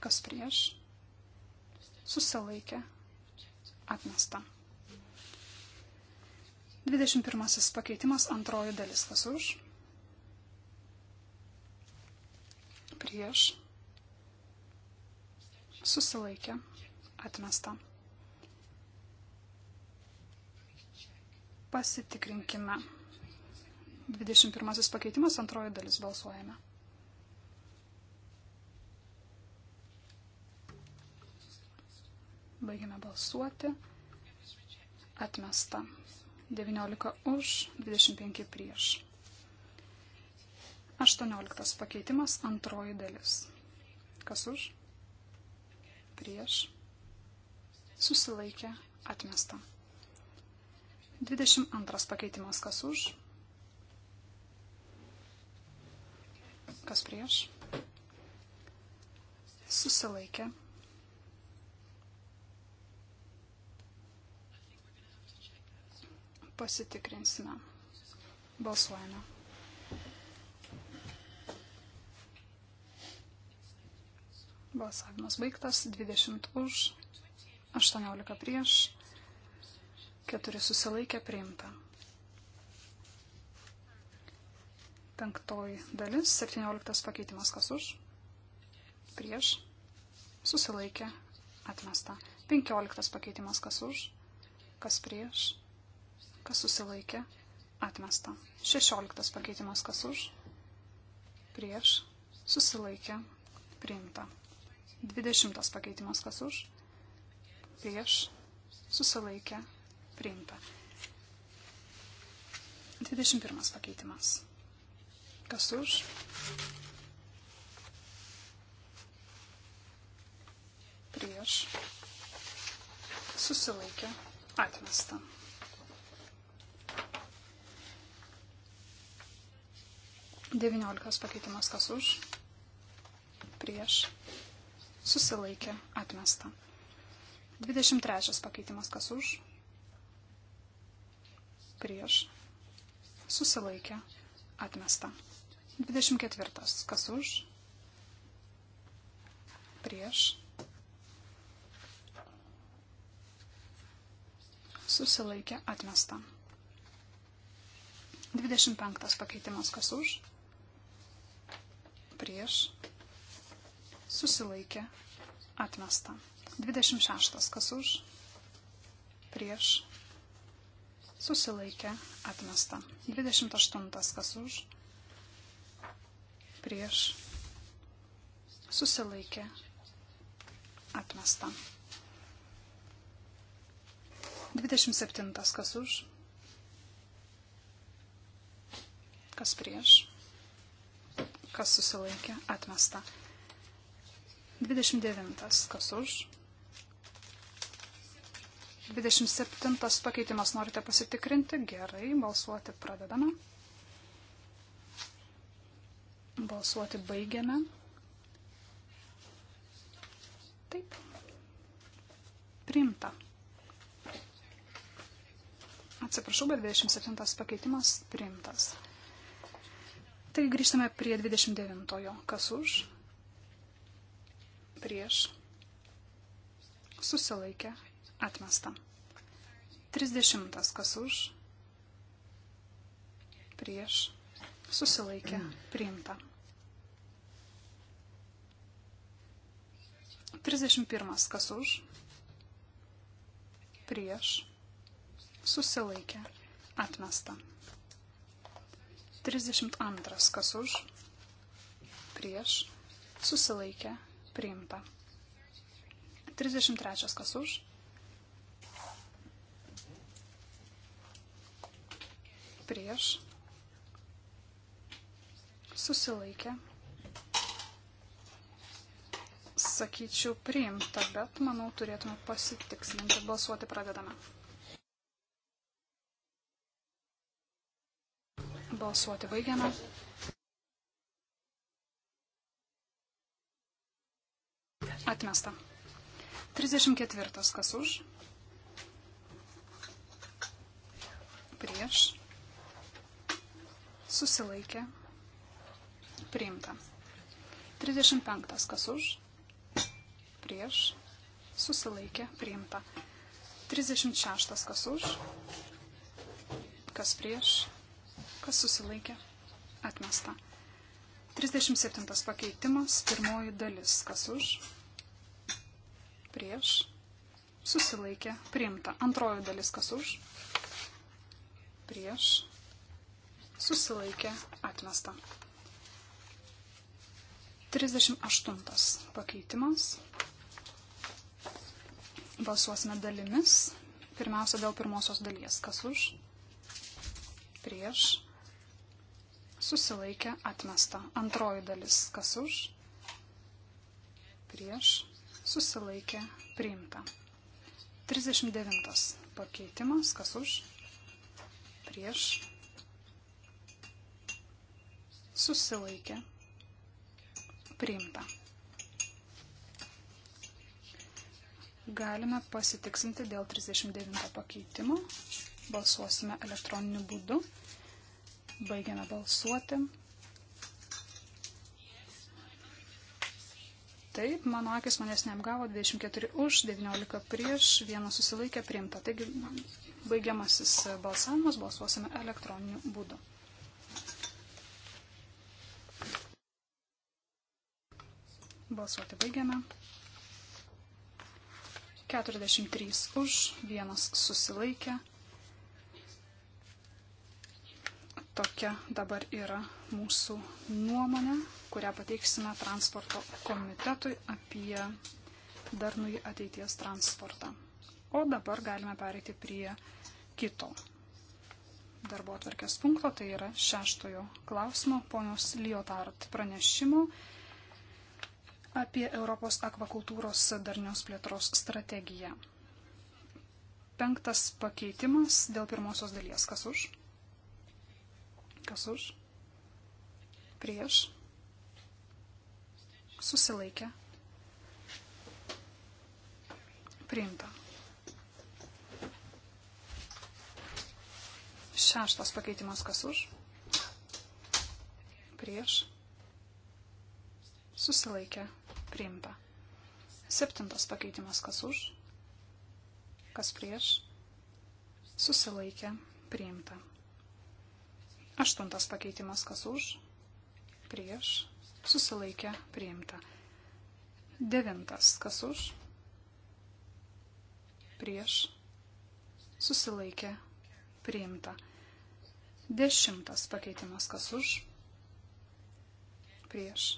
kas prieš, susilaikė, atmesta. 21 pakeitimas, antroji dalis. Kas už, prieš, susilaikė, atmesta. Pasitikrinkime. 21 pakeitimas, antroji dalis balsuojame. Baigiame balsuoti. Atmesta. 19 už, 25 prieš. 18 pakeitimas, antroji dalis. Kas už? Prieš. Susilaikė. Atmesta. 22 pakeitimas kas už, kas prieš, susilaikė. Pasitikrinsime. Balsuojame. Balsavimas baigtas. 20 už, 18 prieš, 4 susilaikė priimta. Penktoji dalis, 17 pakeitimas kas už, prieš, susilaikė, atmesta. 15 pakeitimas kas už, kas prieš, kas susilaikė, atmesta. 16 pakeitimas kas už, prieš, susilaikė, priimta. 20 pakeitimas kas už, prieš, susilaikė, priimta. 21 pakeitimas. Kas už? Prieš. Susilaikė. Atmesta. Devynioliktas pakeitimas kas už, prieš, susilaikė, atmesta. Dvidešimt trečias pakeitimas kas už, prieš, susilaikė, atmesta. 24. Kas už, prieš, susilaikė, atmesta. 25. Pakeitimas kas už, prieš, susilaikė, atmesta. 26. Kas už, prieš, susilaikė atmesta. 28 kas už, prieš, susilaikė atmesta. 27 kas už, kas prieš, kas susilaikė atmesta. 29 kas už, 27 pakeitimas norite pasitikrinti. Gerai, balsuoti pradedame. Balsuoti baigiame. Taip. Priimta. Atsiprašau, bet 27 pakeitimas priimtas. Taigi grįžtame prie 29. Kas už? Prieš. Susilaikė Atmesta. 30. Kas už? Prieš. Susilaikė. Priimta. 31. Kas už? Prieš. Susilaikė. Atmesta. 32. Kas už? Prieš. Susilaikė. Priimta. 33. Kas už? prieš, susilaikė. Sakyčiau, priimta, bet manau turėtume pasitikslinti. Balsuoti pradedame. Balsuoti baigiame. Atmesta. 34. Kas už? Prieš susilaikė, priimta. 35. Kas už, prieš, susilaikė, priimta. 36. Kas už, kas prieš, kas susilaikė, atmesta. 37. Pakeitimas, pirmoji dalis. Kas už, prieš, susilaikė, priimta. Antroji dalis. Kas už, prieš, susilaikė atmesta. 38 pakeitimas. Balsuosime dalimis. Pirmiausia, dėl pirmosios dalies. Kas už? Prieš. Susilaikė atmesta. Antroji dalis. Kas už? Prieš. Susilaikė priimta. 39 pakeitimas. Kas už? Prieš susilaikė, priimta. Galime pasitiksinti dėl 39 pakeitimo. Balsuosime elektroniniu būdu. Baigiame balsuoti. Taip, mano akis manęs neapgavo 24 už, 19 prieš, vienas susilaikė priimta. Taigi baigiamasis balsavimas balsuosime elektroniniu būdu. Balsuoti baigiame. 43 už, vienas susilaikė. Tokia dabar yra mūsų nuomonė, kurią pateiksime transporto komitetui apie darnųjį ateities transportą. O dabar galime pereiti prie kito darbo atvarkės punkto, tai yra šeštojo klausimo ponios Liotart pranešimo apie Europos akvakultūros darnios plėtros strategiją. Penktas pakeitimas dėl pirmosios dalies. Kas už? Kas už? Prieš? Susilaikę? Priimta. Šeštas pakeitimas kas už? Prieš. Susilaikę priimta. Septintas pakeitimas kas už, kas prieš, susilaikė, priimta. Aštuntas pakeitimas kas už, prieš, susilaikė, priimta. Devintas kas už, prieš, susilaikė, priimta. Dešimtas pakeitimas kas už, prieš,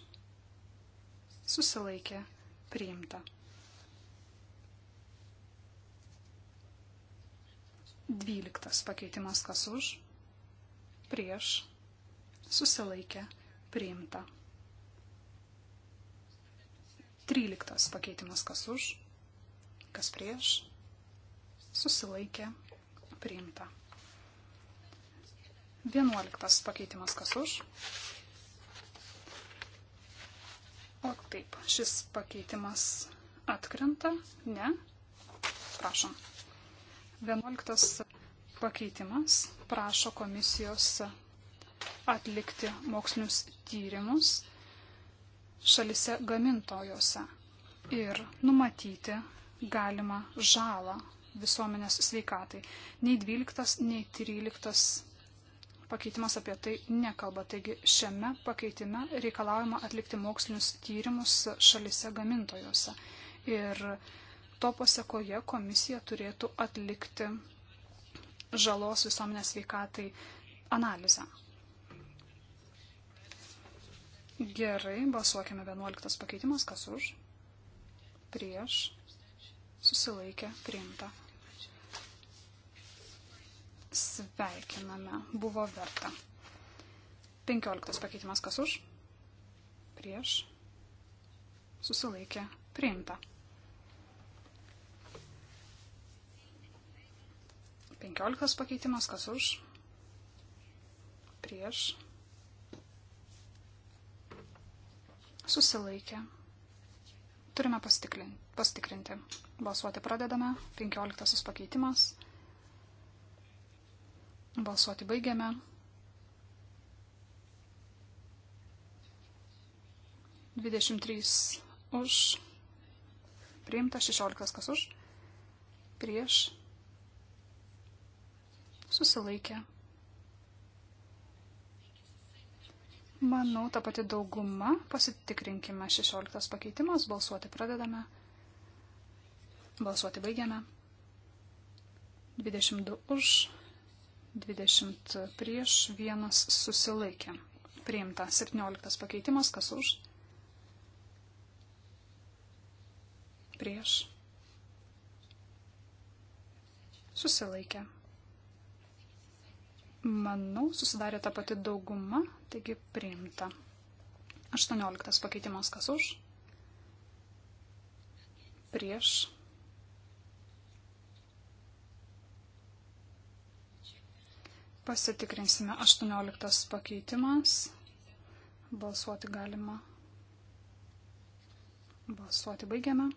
susilaikė priimta. 12 pakeitimas kas už, prieš, susilaikė priimta. 13 pakeitimas kas už, kas prieš, susilaikė priimta. 11 pakeitimas kas už, O taip, šis pakeitimas atkrenta? Ne. Prašom. 11 pakeitimas prašo komisijos atlikti mokslinius tyrimus šalise gamintojose ir numatyti galimą žalą visuomenės sveikatai. Nei 12, nei 13 pakeitimas apie tai nekalba. Taigi šiame pakeitime reikalaujama atlikti mokslinius tyrimus šalise gamintojose. Ir to pasiekoje komisija turėtų atlikti žalos visuomenės veikatai analizę. Gerai, balsuokime 11 pakeitimas, kas už, prieš, susilaikė, priimta. Sveikiname, buvo verta. 15 pakeitimas kas už? Prieš. Susilaikė, priimta. 15 pakeitimas kas už? Prieš. Susilaikė. Turime pasitikrinti. Balsuoti pradedame. 15 pakeitimas. Balsuoti baigiame. Dvidešimt trys už. Priimta šešioliktas kas už. Prieš. Susilaikė. Manau, ta pati dauguma. Pasitikrinkime 16 pakeitimas. Balsuoti pradedame. Balsuoti baigiame. 22 už 20 prieš, 1 susilaikė. Priimta 17 pakeitimas, kas už? Prieš. Susilaikė. Manau, susidarė ta pati dauguma, taigi priimta. 18 pakeitimas, kas už? Prieš Pasitikrinsime 18 pakeitimas. Balsuoti galima. Balsuoti baigiame.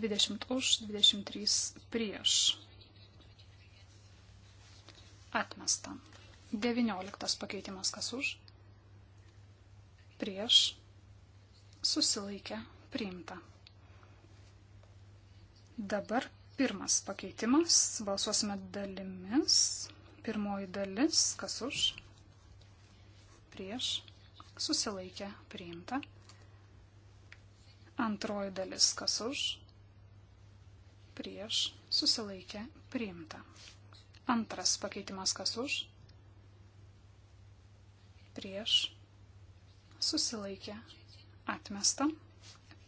20 už, 23 prieš. Atmesta. 19 pakeitimas kas už. Prieš. Susilaikė. Priimta. Dabar pirmas pakeitimas. Balsuosime dalimis. Pirmoji dalis, kas už, prieš, susilaikė, priimta. Antroji dalis, kas už, prieš, susilaikė, priimta. Antras pakeitimas, kas už, prieš, susilaikė, atmesta.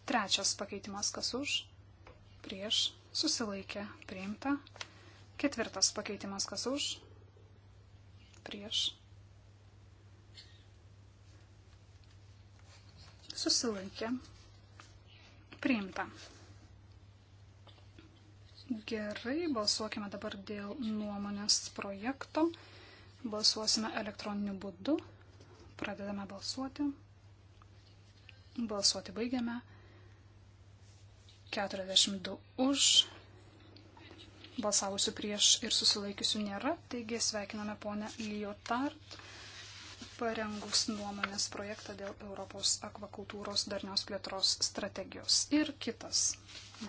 Trečias pakeitimas, kas už, prieš, susilaikė, priimta. Ketvirtas pakeitimas, kas už, prieš. Susilaikė. Priimta. Gerai, balsuokime dabar dėl nuomonės projekto. Balsuosime elektroniniu būdu. Pradedame balsuoti. Balsuoti baigiame. 42 už, balsavusių prieš ir susilaikiusių nėra, taigi sveikiname ponę Liotard, parengus nuomonės projektą dėl Europos akvakultūros darnios plėtros strategijos. Ir kitas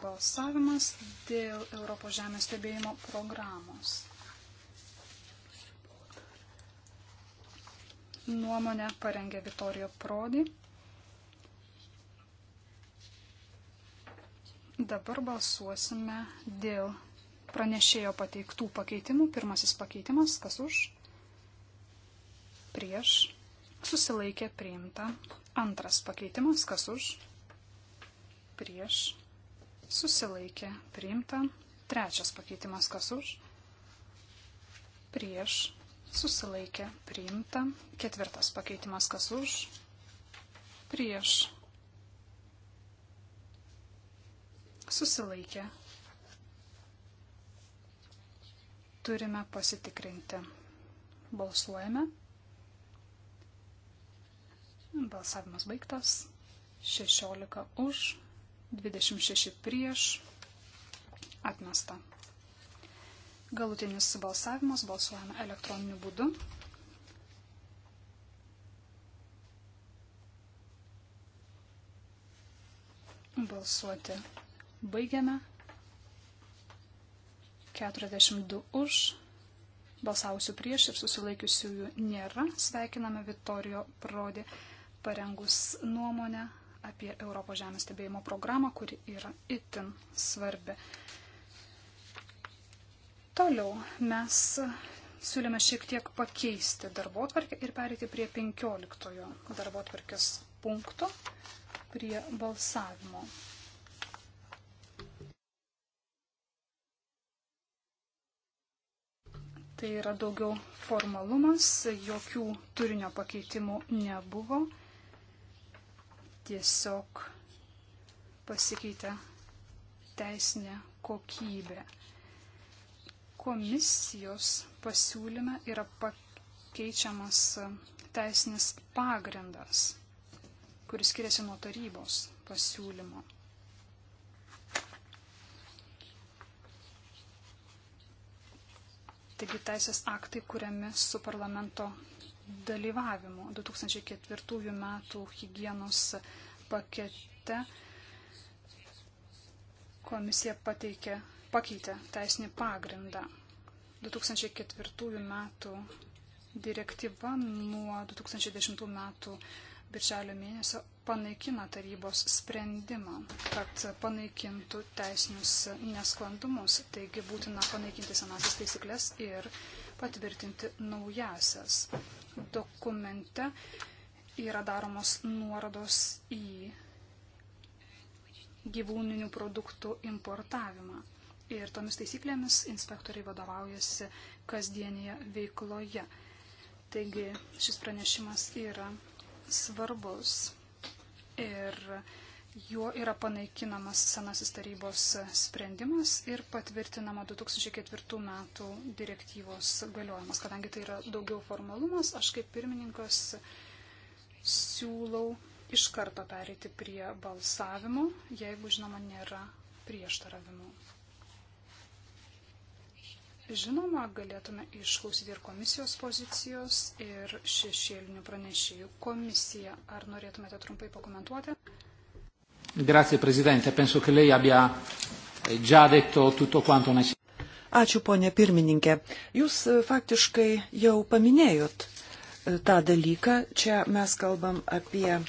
balsavimas dėl Europos žemės stebėjimo programos. Nuomonę parengė Vitorijo Prodi. Dabar balsuosime dėl pranešėjo pateiktų pakeitimų. Pirmasis pakeitimas, kas už, prieš, susilaikė priimta. Antras pakeitimas, kas už, prieš, susilaikė priimta. Trečias pakeitimas, kas už, prieš, susilaikė priimta. Ketvirtas pakeitimas, kas už, prieš, susilaikė priimta turime pasitikrinti. Balsuojame. Balsavimas baigtas. 16 už, 26 prieš, atmesta. Galutinis balsavimas balsuojame elektroniniu būdu. Balsuoti baigiame. 42 už, balsavusių prieš ir susilaikiusiųjų nėra. Sveikiname Vittorio Prodi parengus nuomonę apie Europos žemės stebėjimo programą, kuri yra itin svarbi. Toliau mes siūlėme šiek tiek pakeisti darbo atvarkę ir pereiti prie 15 darbo atvarkės punkto, prie balsavimo. Tai yra daugiau formalumas, jokių turinio pakeitimų nebuvo. Tiesiog pasikeitė teisinė kokybė. Komisijos pasiūlyme yra pakeičiamas teisinis pagrindas, kuris skiriasi nuo tarybos pasiūlymo. Taigi teisės aktai kuriami su parlamento dalyvavimu. 2004 metų hygienos pakete komisija pateikė, pakeitė teisinį pagrindą. 2004 metų direktyva nuo 2010 metų birželio mėnesio panaikino tarybos sprendimą, kad panaikintų teisinius nesklandumus, taigi būtina panaikinti senasias taisyklės ir patvirtinti naujasias. Dokumente yra daromos nuorodos į gyvūninių produktų importavimą. Ir tomis taisyklėmis inspektoriai vadovaujasi kasdienėje veikloje. Taigi šis pranešimas yra svarbus ir juo yra panaikinamas senasis tarybos sprendimas ir patvirtinama 2004 metų direktyvos galiojimas. Kadangi tai yra daugiau formalumas, aš kaip pirmininkas siūlau iš karto pereiti prie balsavimo, jeigu žinoma nėra prieštaravimų. Žinoma, galėtume išklausyti ir komisijos pozicijos, ir šešėlinių pranešėjų komisiją. Ar norėtumėte trumpai pakomentuoti? Grazie, prezidente. Penso, kad lei abbia eh, già detto tutto quanto necessario. Ačiū, ponė pirmininkė. Jūs eh, faktiškai jau paminėjot eh, tą dalyką. Čia mes kalbam apie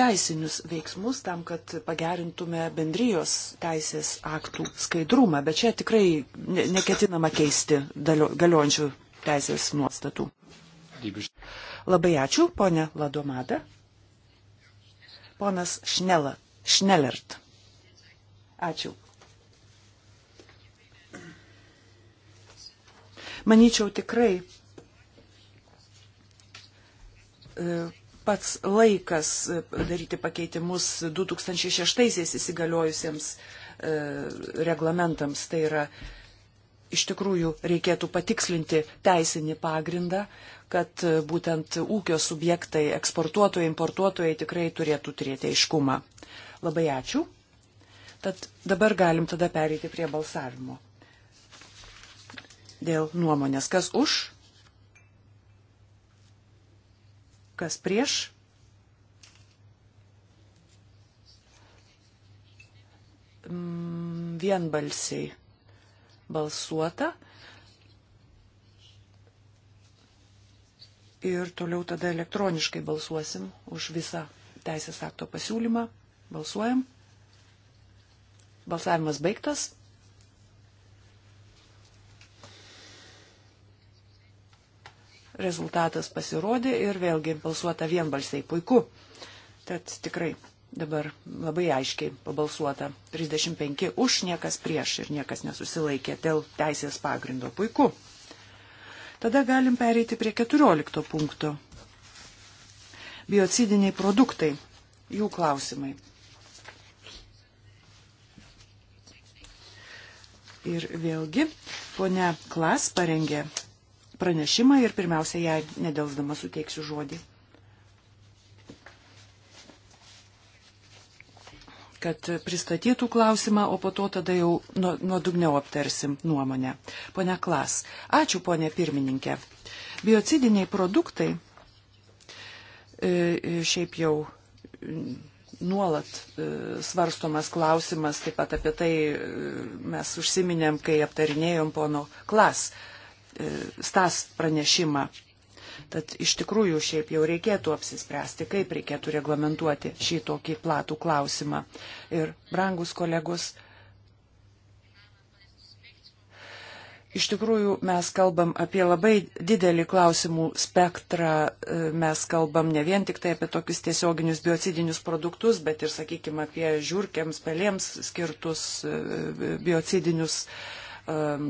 teisinius veiksmus tam, kad pagerintume bendrijos teisės aktų skaidrumą, bet čia tikrai neketinama keisti galiojančių teisės nuostatų. Labai ačiū, ponė Ladomada. Ponas Šnela, Šnelert. Ačiū. Manyčiau tikrai e, pats laikas e, daryti pakeitimus 2006-aisiais įsigaliojusiems e, reglamentams. Tai yra, iš tikrųjų, reikėtų patikslinti teisinį pagrindą, kad e, būtent ūkio subjektai, eksportuotojai, importuotojai tikrai turėtų turėti aiškumą. Labai ačiū. Tad dabar galim tada pereiti prie balsavimo. Dėl nuomonės, kas už, Kas prieš? Mm, vienbalsiai balsuota. Ir toliau tada elektroniškai balsuosim už visą teisės akto pasiūlymą. Balsuojam. Balsavimas baigtas. rezultatas pasirodė ir vėlgi balsuota vienbalsiai. Puiku. Tad tikrai dabar labai aiškiai pabalsuota. 35 už, niekas prieš ir niekas nesusilaikė dėl teisės pagrindo. Puiku. Tada galim pereiti prie 14 punkto. Biocidiniai produktai. Jų klausimai. Ir vėlgi, ponia Klas parengė pranešimą ir pirmiausia, jai nedelsdama suteiksiu žodį. kad pristatytų klausimą, o po to tada jau nuodugniau aptarsim nuomonę. Pone Klas, ačiū ponė pirmininkė. Biocidiniai produktai e, e, šiaip jau nuolat e, svarstomas klausimas, taip pat apie tai mes užsiminėm, kai aptarinėjom pono Klas stas pranešimą. Tad iš tikrųjų šiaip jau reikėtų apsispręsti, kaip reikėtų reglamentuoti šį tokį platų klausimą. Ir, brangus kolegos, iš tikrųjų mes kalbam apie labai didelį klausimų spektrą, e, mes kalbam ne vien tik tai apie tokius tiesioginius biocidinius produktus, bet ir, sakykime, apie žiūrkiams, pelėms skirtus e, biocidinius produktus Um,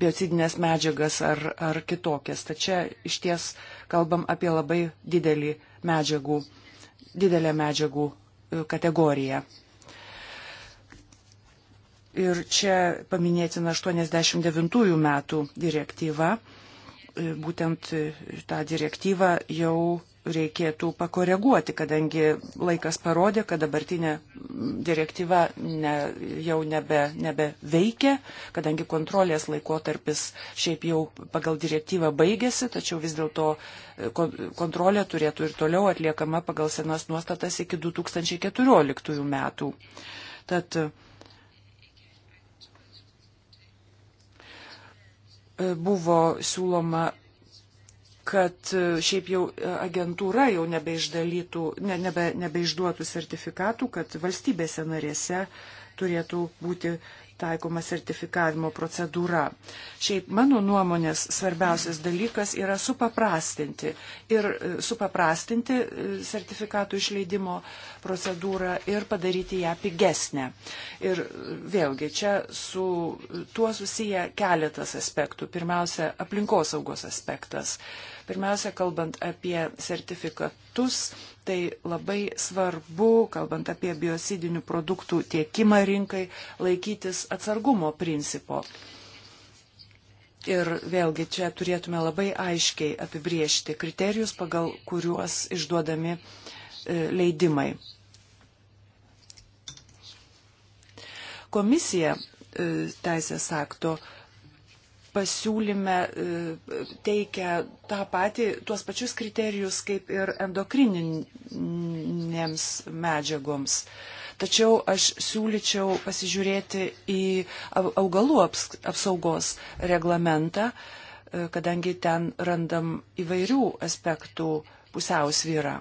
biocidinės medžiagas ar, ar kitokias. Tačiau iš ties kalbam apie labai didelį medžiagų, didelę medžiagų uh, kategoriją. Ir čia paminėtina 89 metų direktyva. Uh, būtent uh, tą direktyvą jau reikėtų pakoreguoti, kadangi laikas parodė, kad dabartinė direktyva ne, jau nebe, nebe veikia, kadangi kontrolės laikotarpis šiaip jau pagal direktyvą baigėsi, tačiau vis dėlto e, kontrolė turėtų ir toliau atliekama pagal senas nuostatas iki 2014 metų. Tad, e, buvo siūloma kad e, šiaip jau e, agentūra jau nebeišdalytų, ne, nebe, nebeišduotų sertifikatų, kad valstybėse narėse turėtų būti taikoma sertifikavimo procedūra. Šiaip mano nuomonės svarbiausias dalykas yra supaprastinti ir e, supaprastinti sertifikatų išleidimo procedūrą ir padaryti ją pigesnę. Ir vėlgi čia su tuo susiję keletas aspektų. Pirmiausia, aplinkosaugos aspektas. Pirmiausia, kalbant apie sertifikatus, tai labai svarbu, kalbant apie biosidinių produktų tiekimą rinkai, laikytis atsargumo principo. Ir vėlgi čia turėtume labai aiškiai apibriežti kriterijus, pagal kuriuos išduodami e, leidimai. Komisija e, teisės akto pasiūlyme e, teikia tą patį, tuos pačius kriterijus kaip ir endokrininėms medžiagoms. Tačiau aš siūlyčiau pasižiūrėti į augalų apsaugos reglamentą, e, kadangi ten randam įvairių aspektų pusiausvyrą.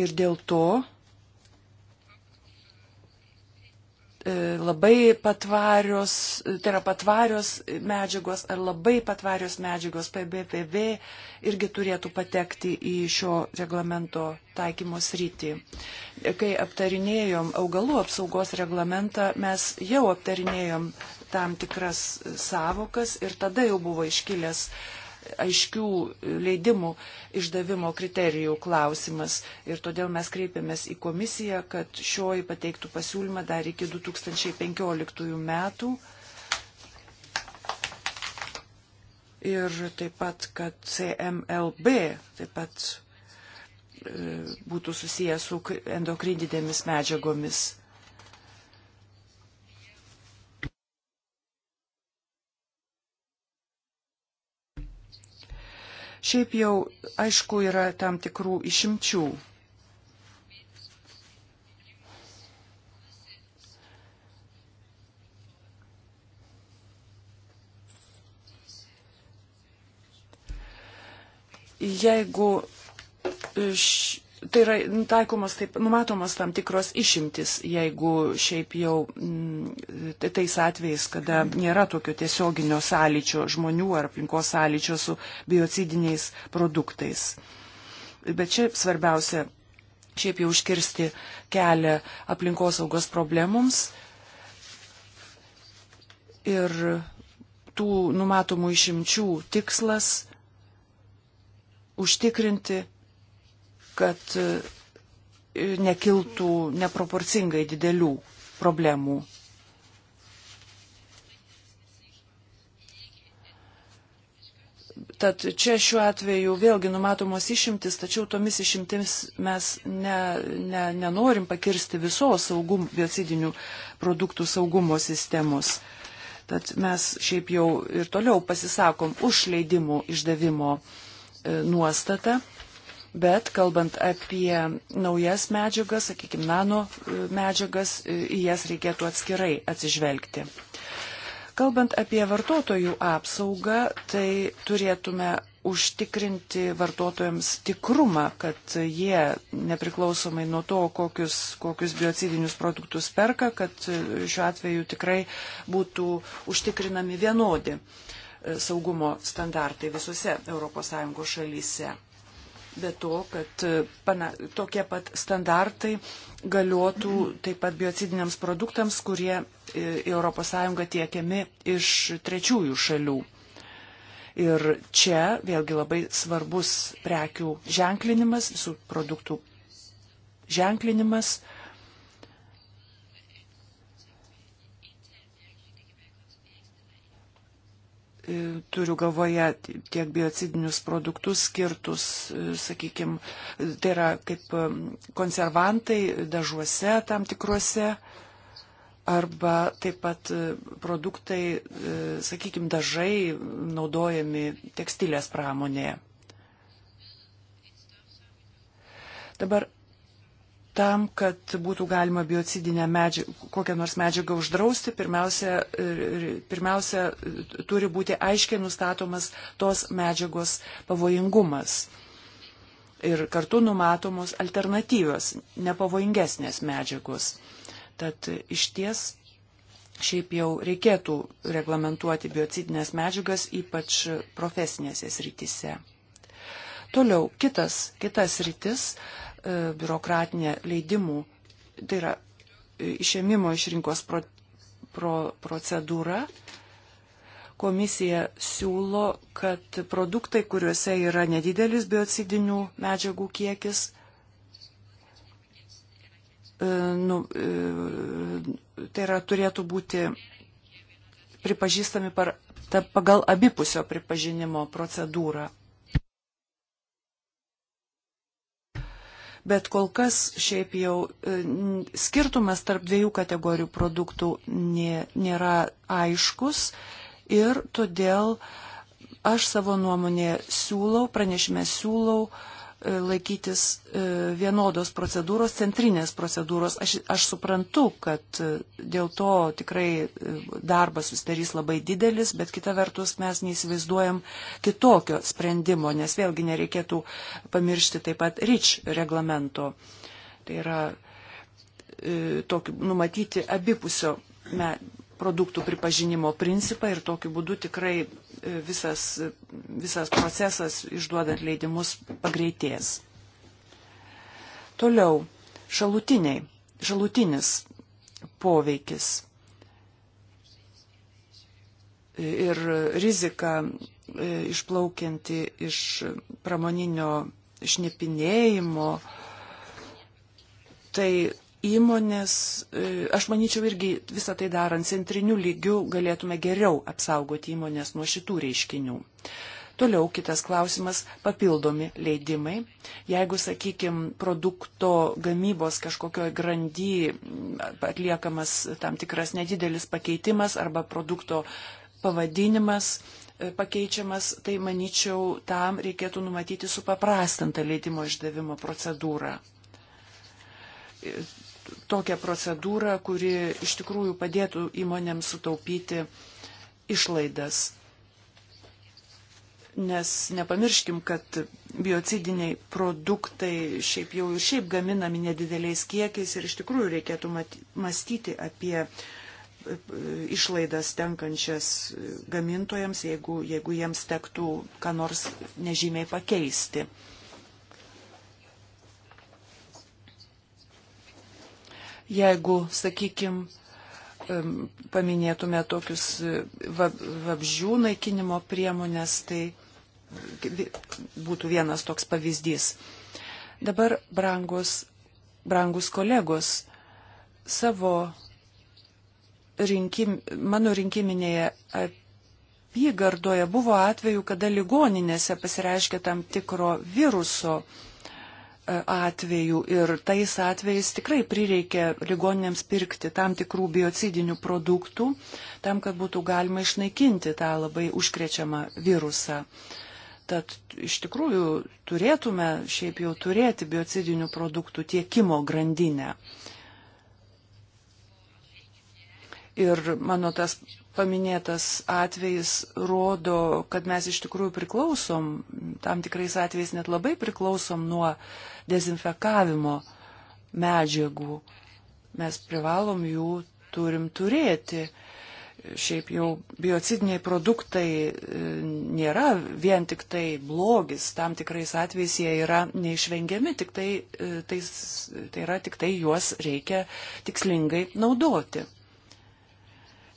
Ir dėl to E, labai patvarios, tai yra patvarios medžiagos ar labai patvarios medžiagos PBPV irgi turėtų patekti į šio reglamento taikymo sritį. Kai aptarinėjom augalų apsaugos reglamentą, mes jau aptarinėjom tam tikras savokas ir tada jau buvo iškilęs uh, aiškių leidimų išdavimo kriterijų klausimas. Ir todėl mes kreipiamės į komisiją, kad šioji pateiktų pasiūlymą dar iki 2015 metų. Ir taip pat, kad CMLB taip pat e, būtų susijęs su endokrindinėmis medžiagomis. Šiaip jau, aišku, yra tam tikrų išimčių. Jeigu š tai yra taikomas taip, numatomas tam tikros išimtis, jeigu šiaip jau mm, tais atvejais, kada nėra tokio tiesioginio sąlyčio žmonių ar aplinkos sąlyčio su biocidiniais produktais. Bet čia svarbiausia šiaip jau užkirsti kelią aplinkosaugos problemoms ir tų numatomų išimčių tikslas užtikrinti kad e, nekiltų neproporcingai didelių problemų. Tad čia šiuo atveju vėlgi numatomos išimtis, tačiau tomis išimtimis mes ne, ne, nenorim pakirsti visos saugum, biocidinių produktų saugumo sistemos. Tad mes šiaip jau ir toliau pasisakom už leidimų išdavimo e, nuostatą Bet kalbant apie naujas medžiagas, sakykime, nano e, medžiagas, e, į jas reikėtų atskirai atsižvelgti. Kalbant apie vartotojų apsaugą, tai turėtume užtikrinti vartotojams tikrumą, kad jie nepriklausomai nuo to, kokius, kokius biocidinius produktus perka, kad e, šiuo atveju tikrai būtų užtikrinami vienodi saugumo standartai visose ES šalyse be to, kad e, pana, tokie pat standartai galiotų taip pat biocidiniams produktams, kurie e, į ES tiekiami iš trečiųjų šalių. Ir čia vėlgi labai svarbus prekių ženklinimas, visų produktų ženklinimas E, turiu galvoje tiek biocidinius produktus skirtus, e, sakykime, tai yra kaip e, konservantai dažuose tam tikruose, arba taip pat produktai, sakykime, dažai naudojami tekstilės pramonėje. Dabar tam, kad būtų galima biocidinę medžiagą, kokią nors medžiagą uždrausti, pirmiausia, pirmiausia turi būti aiškiai nustatomas tos medžiagos pavojingumas. Ir kartu numatomos alternatyvios, nepavojingesnės medžiagos. Tad iš ties šiaip jau reikėtų reglamentuoti biocidinės medžiagas, ypač profesinėse srityse. Toliau, kitas, kitas rytis E, biurokratinė leidimų, tai yra e, išėmimo iš rinkos pro, pro, procedūra. Komisija siūlo, kad produktai, kuriuose yra nedidelis biocidinių medžiagų kiekis, e, nu, tai yra turėtų būti pripažįstami par, ta, pagal abipusio pripažinimo procedūrą. bet kol kas šiaip jau e, skirtumas tarp dviejų kategorijų produktų nėra aiškus ir todėl aš savo nuomonėje siūlau, pranešime siūlau, E, laikytis e, vienodos procedūros, centrinės procedūros. Aš, aš suprantu, kad e, dėl to tikrai darbas susidarys labai didelis, bet kita vertus mes neįsivaizduojam kitokio sprendimo, nes vėlgi nereikėtų pamiršti taip pat REACH reglamento. Tai yra tokiu, numatyti abipusio me, produktų pripažinimo principą ir tokiu būdu tikrai E, visas, visas procesas išduodant leidimus pagreitės. Toliau, šalutiniai, šalutinis poveikis ir rizika e, išplaukianti iš pramoninio šnipinėjimo, tai įmonės, e, aš manyčiau irgi visą tai darant centriniu lygiu galėtume geriau apsaugoti įmonės nuo šitų reiškinių. Toliau kitas klausimas - papildomi leidimai. Jeigu, sakykime, produkto gamybos kažkokioje grandy atliekamas tam tikras nedidelis pakeitimas arba produkto pavadinimas, e, pakeičiamas, tai manyčiau, tam reikėtų numatyti supaprastintą leidimo išdavimo procedūrą. E, tokią procedūrą, kuri iš tikrųjų padėtų įmonėms sutaupyti išlaidas. Nes nepamirškim, kad biocidiniai produktai šiaip jau ir šiaip gaminami nedideliais kiekiais ir iš tikrųjų reikėtų mąstyti apie e, išlaidas tenkančias gamintojams, jeigu, jeigu jiems tektų ką nors nežymiai pakeisti. Uh, jeigu, sakykime, paminėtume tokius e, vabžių naikinimo priemonės, tai būtų vienas toks pavyzdys. Dabar brangus, brangus kolegos savo rinkim, mano rinkiminėje apygardoje buvo atveju, kada ligoninėse pasireiškė tam tikro viruso uh, atvejų ir tais atvejais tikrai prireikė ligoninėms pirkti tam tikrų biocidinių produktų, tam, kad būtų galima išnaikinti tą labai užkrečiamą virusą. Tad iš tikrųjų turėtume šiaip jau turėti biocidinių produktų tiekimo grandinę. Uh, Ir mano tas paminėtas atvejis rodo, kad mes iš tikrųjų priklausom, tam tikrais atvejais net labai priklausom nuo dezinfekavimo medžiagų. Mes privalom jų turim turėti. Šiaip jau biocidiniai produktai e, nėra vien tik tai blogis, tam tikrais atvejais jie yra neišvengiami, tik tai, tai, tai yra tik tai juos reikia tikslingai naudoti.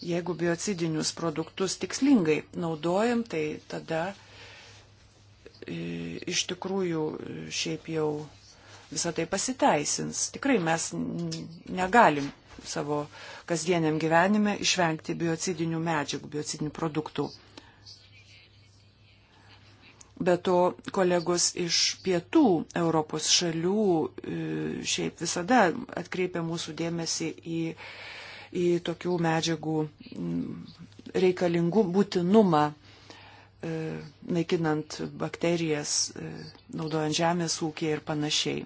Jeigu biocidinius produktus tikslingai naudojam, tai tada e, iš tikrųjų šiaip jau visą tai pasiteisins. Tikrai mes negalim savo kasdieniam gyvenime išvengti biocidinių medžiagų, biocidinių produktų. Be to, kolegos iš pietų Europos šalių e, šiaip visada atkreipia mūsų dėmesį į į tokių medžiagų mm, reikalingų būtinumą e, naikinant bakterijas, e, naudojant žemės ūkį ir panašiai.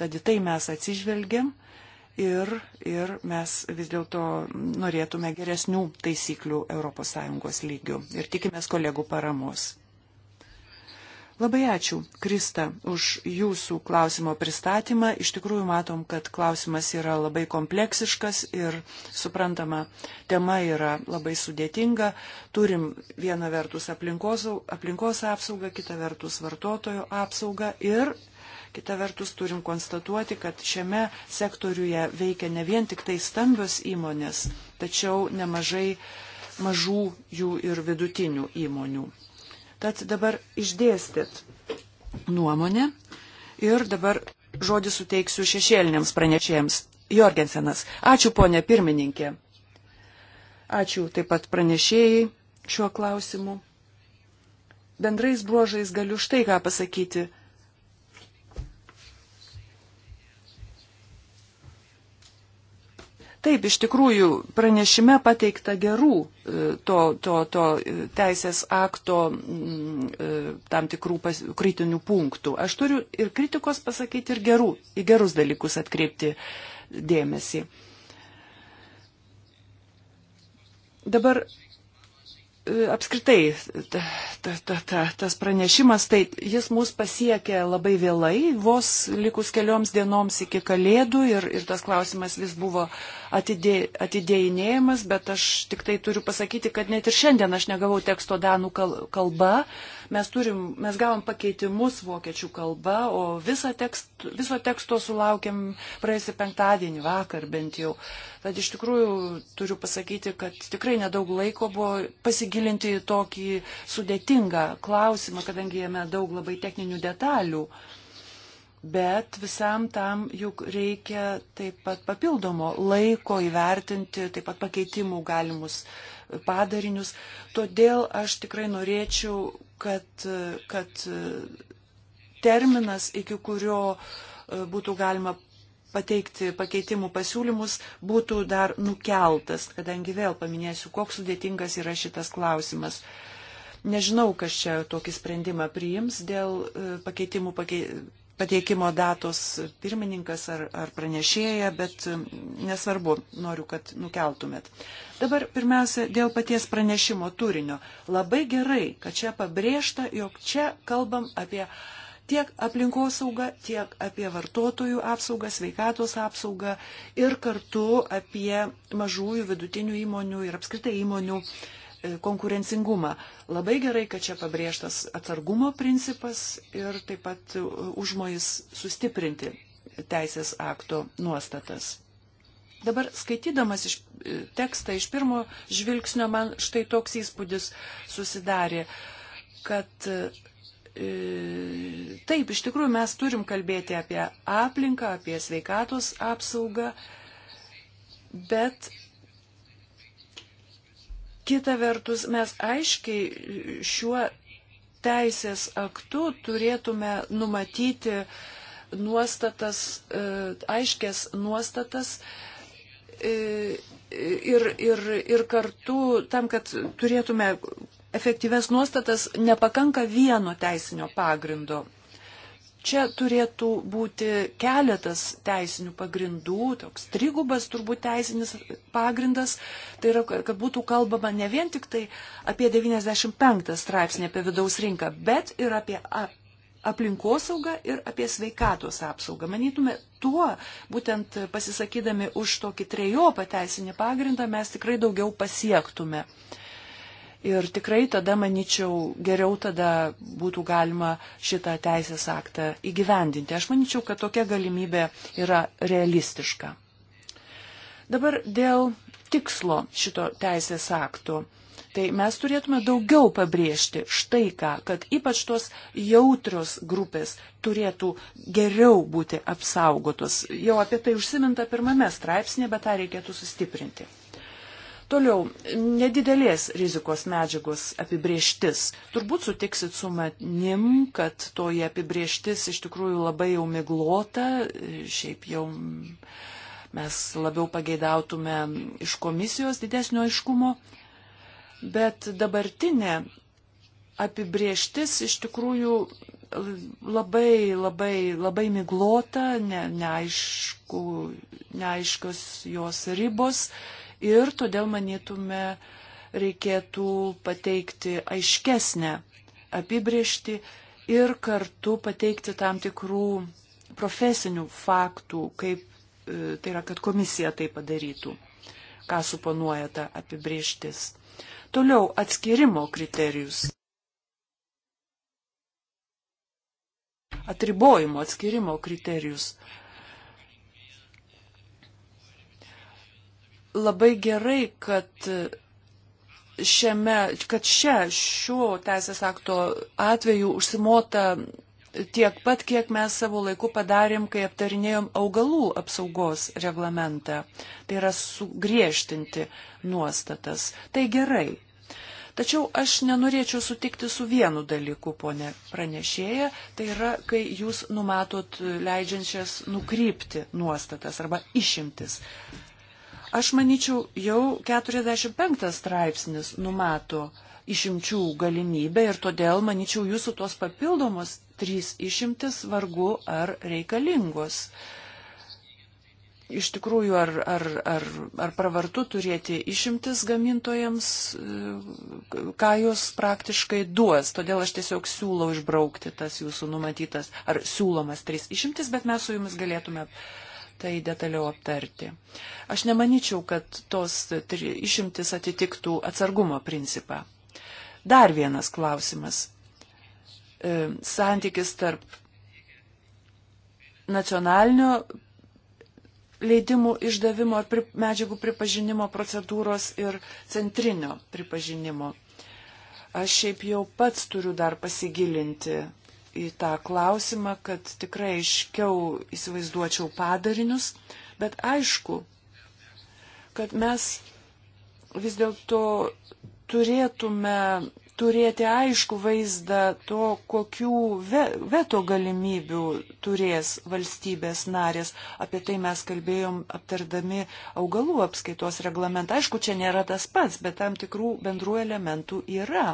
Tad į tai mes atsižvelgiam ir, ir mes vis dėlto norėtume geresnių taisyklių ES lygių ir tikimės kolegų paramos. Labai ačiū, Krista, už jūsų klausimo pristatymą. Iš tikrųjų matom, kad klausimas yra labai kompleksiškas ir suprantama, tema yra labai sudėtinga. Turim vieną vertus aplinkos, aplinkos apsaugą, kitą vertus vartotojų apsaugą ir Kita vertus turim konstatuoti, kad šiame sektoriuje veikia ne vien tik tai stambios įmonės, tačiau nemažai mažų jų ir vidutinių įmonių. Tad dabar išdėstit nuomonę ir dabar žodį suteiksiu šešėliniams pranešėjams. Jorgensenas. Ačiū, ponė pirmininkė. Ačiū taip pat pranešėjai šiuo klausimu. Bendrais bruožais galiu štai ką pasakyti. Taip, iš tikrųjų, pranešime pateikta gerų e, to, to, to e, teisės akto mm, e, tam tikrų pas, kritinių punktų. Aš turiu ir kritikos pasakyti, ir gerų, į gerus dalykus atkreipti dėmesį. Dabar apskritai ta, ta, ta, ta, tas pranešimas, tai jis mus pasiekė labai vėlai, vos likus kelioms dienoms iki kalėdų ir, ir tas klausimas vis buvo atidė, atidėjinėjimas, bet aš tik tai turiu pasakyti, kad net ir šiandien aš negavau teksto danų kalba, Mes, turim, mes gavom pakeitimus vokiečių kalba, o viso, tekst, viso teksto sulaukėm praėjusį penktadienį, vakar bent jau. Tad iš tikrųjų turiu pasakyti, kad tikrai nedaug laiko buvo pasigilinti į tokį sudėtingą klausimą, kadangi jame daug labai techninių detalių. Bet visam tam juk reikia taip pat papildomo laiko įvertinti, taip pat pakeitimų galimus padarinius. Todėl aš tikrai norėčiau, kad, kad terminas, iki kurio e, būtų galima pateikti pakeitimų pasiūlymus, būtų dar nukeltas, kadangi vėl paminėsiu, koks sudėtingas yra šitas klausimas. Nežinau, kas čia tokį sprendimą priims dėl e, pakeitimų pakei pateikimo datos pirmininkas ar, ar pranešėja, bet um, nesvarbu, noriu, kad nukeltumėt. Dabar pirmiausia, dėl paties pranešimo turinio. Labai gerai, kad čia pabrėžta, jog čia kalbam apie tiek aplinkosaugą, tiek apie vartotojų apsaugą, sveikatos apsaugą ir kartu apie mažųjų vidutinių įmonių ir apskritai įmonių E, konkurencingumą. Labai gerai, kad čia pabrėžtas atsargumo principas ir taip pat e, užmojis sustiprinti teisės akto nuostatas. Dabar skaitydamas iš e, tekstą iš pirmo žvilgsnio man štai toks įspūdis susidarė, kad taip, iš tikrųjų mes turim kalbėti apie aplinką, apie sveikatos apsaugą, bet Kita vertus, mes aiškiai šiuo teisės aktu turėtume numatyti nuostatas, e, aiškės nuostatas e, ir, ir, ir kartu tam, kad turėtume efektyves nuostatas, nepakanka vieno teisinio pagrindo. Čia turėtų būti keletas teisinių pagrindų, toks trigubas turbūt teisinis pagrindas, tai yra, kad būtų kalbama ne vien tik tai apie 95 straipsnį apie vidaus rinką, bet ir apie aplinkosaugą ir apie sveikatos apsaugą. Manytume, tuo, būtent pasisakydami už tokį trejopą teisinį pagrindą, mes tikrai daugiau pasiektume. Uh, Ir tikrai tada, manyčiau, geriau tada būtų galima šitą teisės aktą įgyvendinti. Aš manyčiau, kad tokia galimybė yra realistiška. Dabar dėl tikslo šito teisės aktų. Tai mes turėtume daugiau pabrėžti štai ką, kad ypač tos jautrios grupės turėtų geriau būti apsaugotos. Jau apie tai užsiminta pirmame straipsnė, bet tą reikėtų sustiprinti. Toliau, nedidelės rizikos medžiagos apibrieštis. Turbūt sutiksit su manim, kad toji apibrieštis iš tikrųjų labai jau miglota, šiaip jau mes labiau pageidautume iš komisijos didesnio aiškumo, bet dabartinė apibrieštis iš tikrųjų labai, labai, labai miglota, ne, neaišku, neaiškios jos ribos ir todėl manytume reikėtų pateikti aiškesnę apibriešti ir kartu pateikti tam tikrų profesinių faktų, kaip e, tai yra, kad komisija tai padarytų, ką suponuoja ta apibrieštis. Toliau atskirimo kriterijus. Atribojimo atskirimo kriterijus. labai gerai, kad šiame, kad šia šio teisės akto atveju užsimota tiek pat, kiek mes savo laiku padarėm, kai aptarinėjom augalų apsaugos reglamentą. Tai yra sugriežtinti nuostatas. Tai gerai. Tačiau aš nenorėčiau sutikti su vienu dalyku, ponė pranešėja, tai yra, kai jūs numatot leidžiančias nukrypti nuostatas arba išimtis. Aš manyčiau, jau 45 straipsnis numato išimčių galimybę ir todėl, manyčiau, jūsų tos papildomos trys išimtis vargu ar reikalingos. Iš tikrųjų, ar, ar, ar, ar pravartu turėti išimtis gamintojams, e, ką jos praktiškai duos. Todėl aš tiesiog siūlau išbraukti tas jūsų numatytas ar siūlomas trys išimtis, bet mes su jumis galėtume tai detaliau aptarti. Aš nemanyčiau, kad tos išimtis atitiktų atsargumo principą. Dar vienas klausimas. E, santykis tarp nacionalinio leidimų išdavimo ar pri, medžiagų pripažinimo procedūros ir centrinio pripažinimo. Aš šiaip jau pats turiu dar pasigilinti į tą klausimą, kad tikrai aiškiau įsivaizduočiau padarinius, bet aišku, kad mes vis dėlto turėtume turėti aišku vaizdą to, kokių ve, veto galimybių turės valstybės narės. Apie tai mes kalbėjom aptardami augalų apskaitos reglamentą. Aišku, čia nėra tas pats, bet tam tikrų bendrų elementų yra.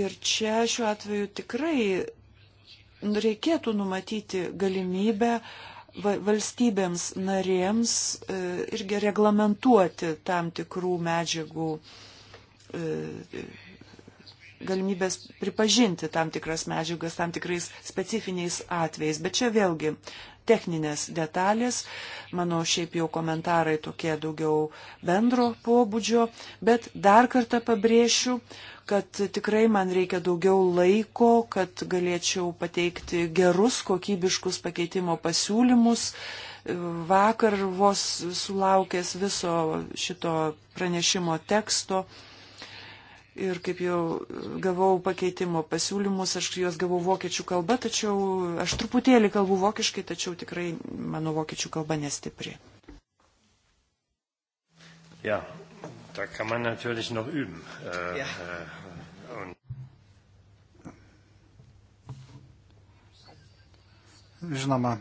Ir čia šiuo atveju tikrai reikėtų numatyti galimybę valstybėms narėms e, irgi reglamentuoti tam tikrų medžiagų e, galimybės pripažinti tam tikras medžiagas tam tikrais specifiniais atvejais. Bet čia vėlgi techninės detalės, mano šiaip jau komentarai tokie daugiau bendro pobūdžio, bet dar kartą pabrėšiu, kad tikrai man reikia daugiau laiko, kad galėčiau pateikti gerus, kokybiškus pakeitimo pasiūlymus. Vakar vos sulaukęs viso šito pranešimo teksto, Ir kaip jau gavau pakeitimo pasiūlymus, aš juos gavau vokiečių kalba, tačiau aš truputėlį kalbu vokiškai, tačiau tikrai mano vokiečių kalba nestipri. Ja, da kann man natürlich noch üben. Äh, ja. äh, und Žinoma,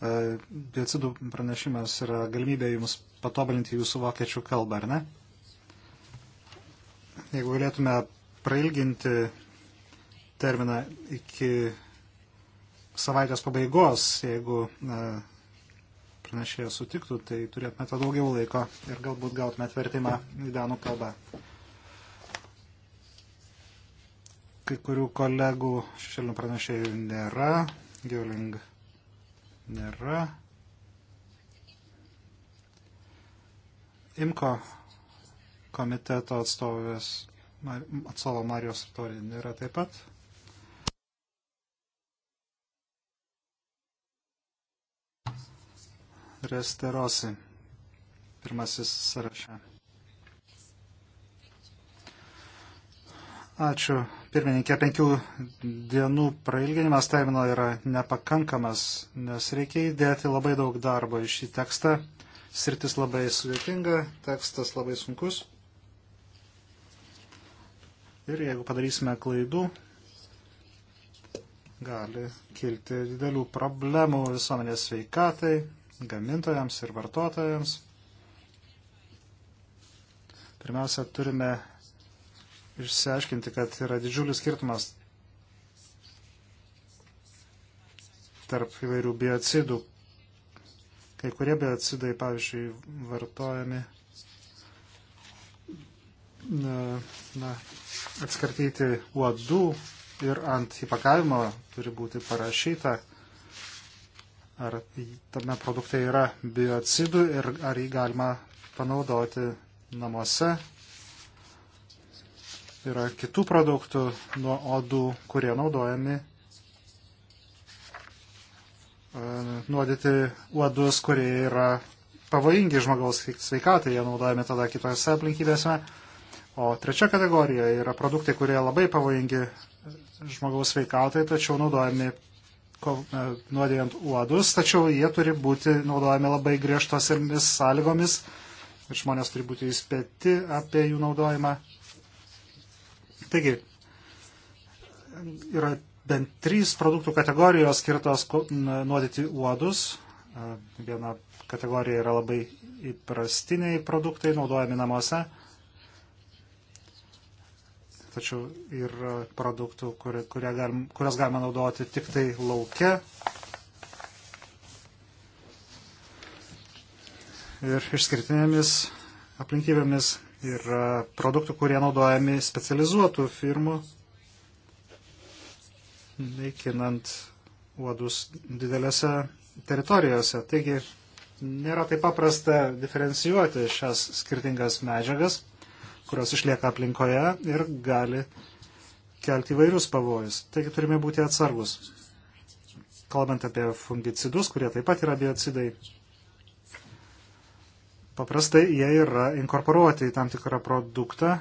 e, biocidų pranešimas yra galimybė jums patobulinti jūsų vokiečių kalbą, ar ne? Jeigu galėtume prailginti terminą iki savaitės pabaigos, jeigu pranešėjas sutiktų, tai turėtumėte daugiau laiko ir galbūt gautumėte vertimą į danų kalbą. Kai kurių kolegų šešėlinių pranešėjų nėra, Geoling nėra. IMKO komiteto atstovės, atsovo Marijos Torin yra taip pat. Resterosi, pirmasis sąraše. Ačiū. Pirmininkė, penkių dienų prailginimas termino yra nepakankamas, nes reikia įdėti labai daug darbo į šį tekstą sritis labai sudėtinga, tekstas labai sunkus. Ir jeigu padarysime klaidų, gali kilti didelių problemų visuomenės sveikatai, gamintojams ir vartotojams. Pirmiausia, turime išsiaiškinti, kad yra didžiulis skirtumas tarp įvairių biocidų Kai kurie biocidai, pavyzdžiui, vartojami na, atskartyti uodų ir ant įpakavimo turi būti parašyta, ar tame produkte yra biocidų ir ar jį galima panaudoti namuose. Yra kitų produktų nuo odų, kurie naudojami E, nuodyti uodus, kurie yra pavojingi žmogaus sveikatai, jie naudojami tada kitose aplinkybėse. O trečia kategorija yra produktai, kurie labai pavojingi žmogaus sveikatai, tačiau naudojami e, nuodėjant uodus, tačiau jie turi būti naudojami labai griežtosiamis sąlygomis ir žmonės turi būti įspėti apie jų naudojimą. Taigi, yra bent trys produktų kategorijos skirtos nuodyti uodus. Viena kategorija yra labai įprastiniai produktai, naudojami namuose. Tačiau yra produktų, kurie, kurie galim, kurias galima naudoti tik tai lauke. Ir išskirtinėmis aplinkybėmis yra produktų, kurie naudojami specializuotų firmų naikinant uodus didelėse teritorijose. Taigi nėra taip paprasta diferencijuoti šias skirtingas medžiagas, kurios išlieka aplinkoje ir gali kelti įvairius pavojus. Taigi turime būti atsargus. Kalbant apie fungicidus, kurie taip pat yra biocidai, paprastai jie yra inkorporuoti į tam tikrą produktą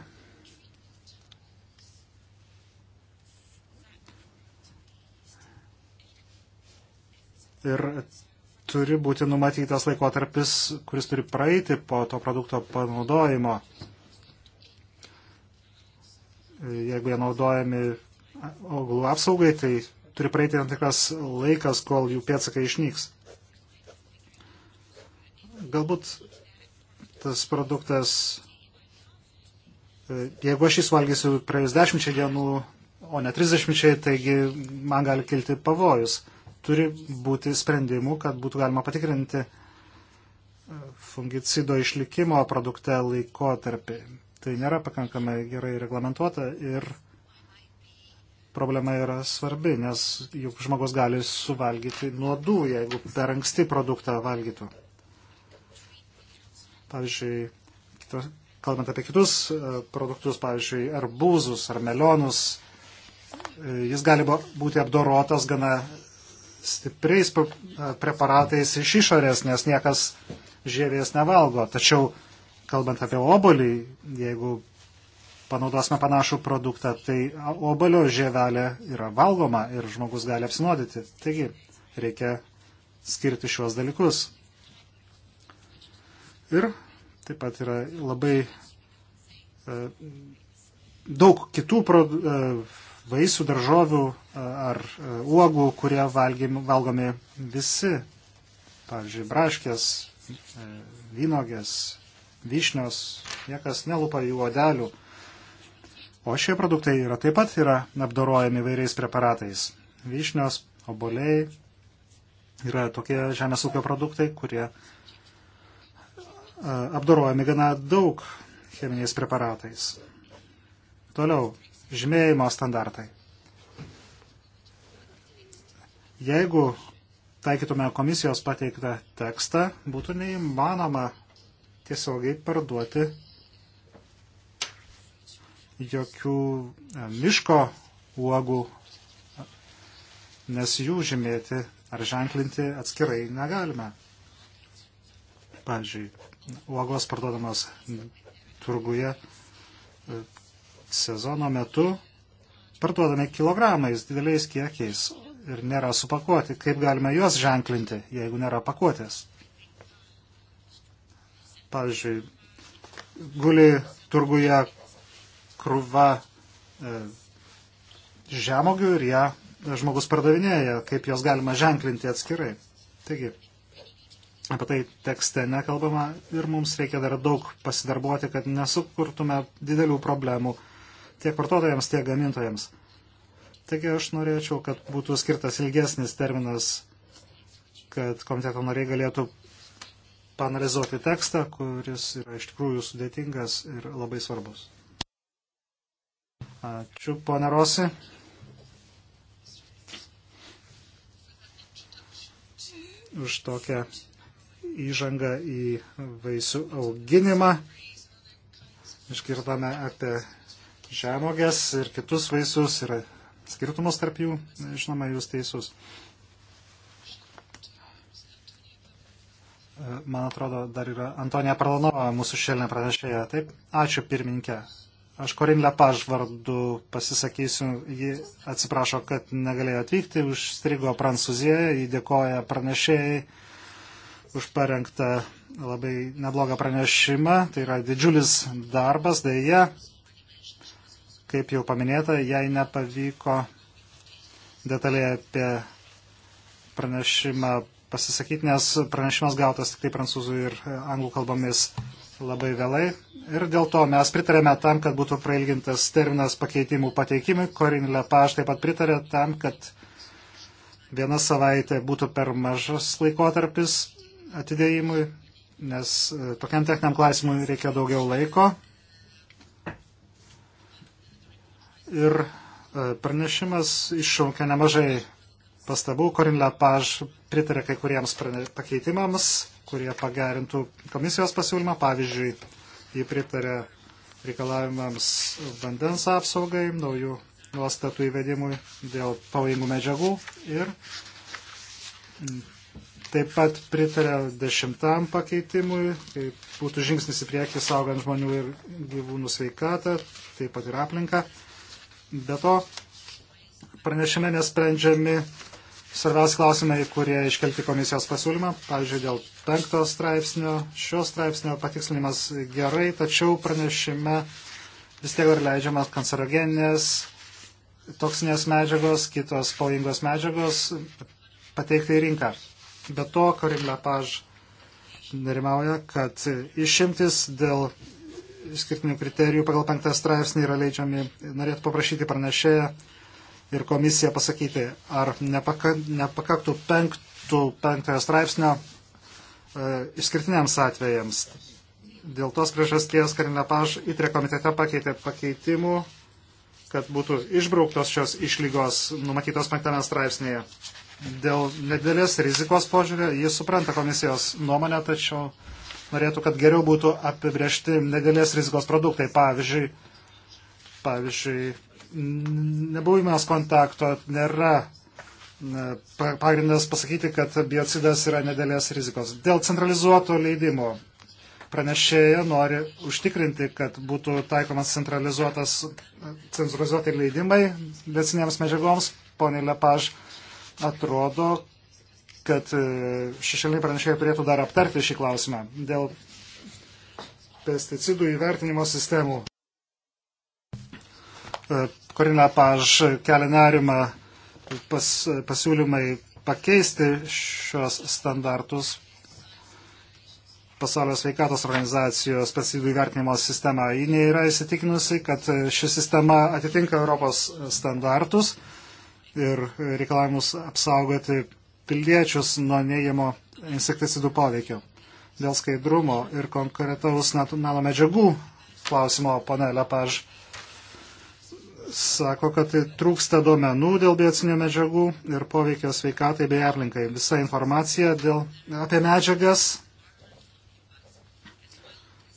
ir turi būti numatytas laikotarpis, kuris turi praeiti po to produkto panaudojimo. Jeigu jie naudojami augalų apsaugai, tai turi praeiti tam tikras laikas, kol jų pėtsakai išnyks. Galbūt tas produktas, jeigu aš jį suvalgysiu praėjus dešimčiai dienų, o ne trisdešimčiai, taigi man gali kilti pavojus turi būti sprendimų, kad būtų galima patikrinti e, fungicido išlikimo produkte laikotarpį. Tai nėra pakankamai gerai reglamentuota ir problema yra svarbi, nes juk žmogus gali suvalgyti nuodų, jeigu per anksti produktą valgytų. Pavyzdžiui, kitos, kalbant apie kitus e, produktus, pavyzdžiui, arbūzus ar melionus, e, jis gali būti apdorotas gana stipriais preparatais iš išorės, nes niekas žievės nevalgo. Tačiau, kalbant apie obolį, jeigu panaudosime panašų produktą, tai obalio žievelė yra valgoma ir žmogus gali apsinuodyti. Taigi, reikia skirti šiuos dalykus. Ir taip pat yra labai e, daug kitų pro, e, vaisių, daržovių ar uogų, kurie valgym, valgomi visi. Pavyzdžiui, braškės, vynogės, vyšnios, niekas nelupa jų odelių. O šie produktai yra taip pat yra apdorojami vairiais preparatais. Vyšnios, oboliai yra tokie žemės ūkio produktai, kurie apdorojami gana daug cheminiais preparatais. Toliau, žymėjimo standartai. Jeigu taikytume komisijos pateiktą tekstą, būtų neįmanoma tiesiogiai parduoti jokių e, miško uogų, nes jų žymėti ar ženklinti atskirai negalime. Pavyzdžiui, uogos parduodamos turguje e, sezono metu parduodami kilogramais, dideliais kiekiais ir nėra supakuoti. Kaip galime juos ženklinti, jeigu nėra pakuotės? Pavyzdžiui, guli turguje krūva e, žemogių ir ją žmogus pardavinėja, kaip jos galima ženklinti atskirai. Taigi, apie tai tekste nekalbama ir mums reikia dar daug pasidarbuoti, kad nesukurtume didelių problemų tiek vartotojams, tiek gamintojams. Taigi aš norėčiau, kad būtų skirtas ilgesnis terminas, kad komiteto nariai galėtų panalizuoti tekstą, kuris yra iš tikrųjų sudėtingas ir labai svarbus. Ačiū, ponė Rosi. Už tokią įžangą į vaisių auginimą. Išgirdome apie žemogės ir kitus vaisius yra skirtumas tarp jų, žinoma, jūs teisus. Man atrodo, dar yra Antonija Pralanova, mūsų šelinė pranešėja. Taip, ačiū pirmininkė. Aš Korin Lepaž vardu pasisakysiu, ji atsiprašo, kad negalėjo atvykti, užstrigo Prancūzijoje, ji dėkoja pranešėjai už parengtą labai neblogą pranešimą. Tai yra didžiulis darbas, dėja, Kaip jau paminėta, jai nepavyko detaliai apie pranešimą pasisakyti, nes pranešimas gautas tik tai prancūzų ir e, anglų kalbomis labai vėlai. Ir dėl to mes pritarėme tam, kad būtų prailgintas terminas pakeitimų pateikimui. Korin Lepaš taip pat pritarė tam, kad viena savaitė būtų per mažas laikotarpis atidėjimui, nes e, tokiam techniniam klausimui reikia daugiau laiko. Ir e, pranešimas iššaukia nemažai pastabų. Korin Lepaž pritarė kai kuriems pakeitimams, kurie pagerintų komisijos pasiūlymą. Pavyzdžiui, jį pritarė reikalavimams vandens apsaugai, naujų nuostatų įvedimui dėl pavojingų medžiagų ir taip pat pritarė dešimtam pakeitimui, kai būtų žingsnis į priekį saugant žmonių ir gyvūnų sveikatą, taip pat ir aplinką. Be to, pranešime nesprendžiami svarbiausi klausimai, kurie iškelti komisijos pasiūlymą. Pavyzdžiui, dėl penkto straipsnio, šio straipsnio patikslinimas gerai, tačiau pranešime vis tiek dar leidžiamas kancerogeninės, toksinės medžiagos, kitos pavojingos medžiagos pateikti į rinką. Be to, Karim Lepaž nerimauja, kad išimtis dėl skirtinių kriterijų pagal penktą straipsnį yra leidžiami, norėtų paprašyti pranešėją ir komisiją pasakyti, ar nepaka, nepakaktų penktų, penktojo straipsnio e, išskirtiniams atvejams. Dėl tos priežasties Karinė Paž įtrė komitete pakeitė pakeitimų, kad būtų išbrauktos šios išlygos numatytos penktame straipsnėje. Dėl nedėlės rizikos požiūrio jis supranta komisijos nuomonę, tačiau norėtų, kad geriau būtų apibriešti negalės rizikos produktai. Pavyzdžiui, pavyzdžiui nebuvimas kontakto nėra e, pagrindas pasakyti, kad biocidas yra nedėlės rizikos. Dėl centralizuoto leidimo pranešėja nori užtikrinti, kad būtų taikomas centralizuotas, centralizuoti leidimai biocinėms medžiagoms. Pone Lepaž atrodo, kad e, šešėliniai pranešėjai turėtų dar aptarti šį klausimą dėl pesticidų įvertinimo sistemų. Korina e, Paž kelia nerimą pas, pasiūlymai pakeisti šios standartus pasaulio sveikatos organizacijos pesticidų įvertinimo sistemą. Ji nėra įsitikinusi, kad ši sistema atitinka Europos standartus ir reikalavimus apsaugoti piliečius nuo neįjamo insekticidų poveikio. Dėl skaidrumo ir konkretaus nano medžiagų klausimo pana Lepaž sako, kad tai trūksta duomenų dėl biocinių medžiagų ir poveikio sveikatai bei aplinkai. Visa informacija dėl, apie medžiagas,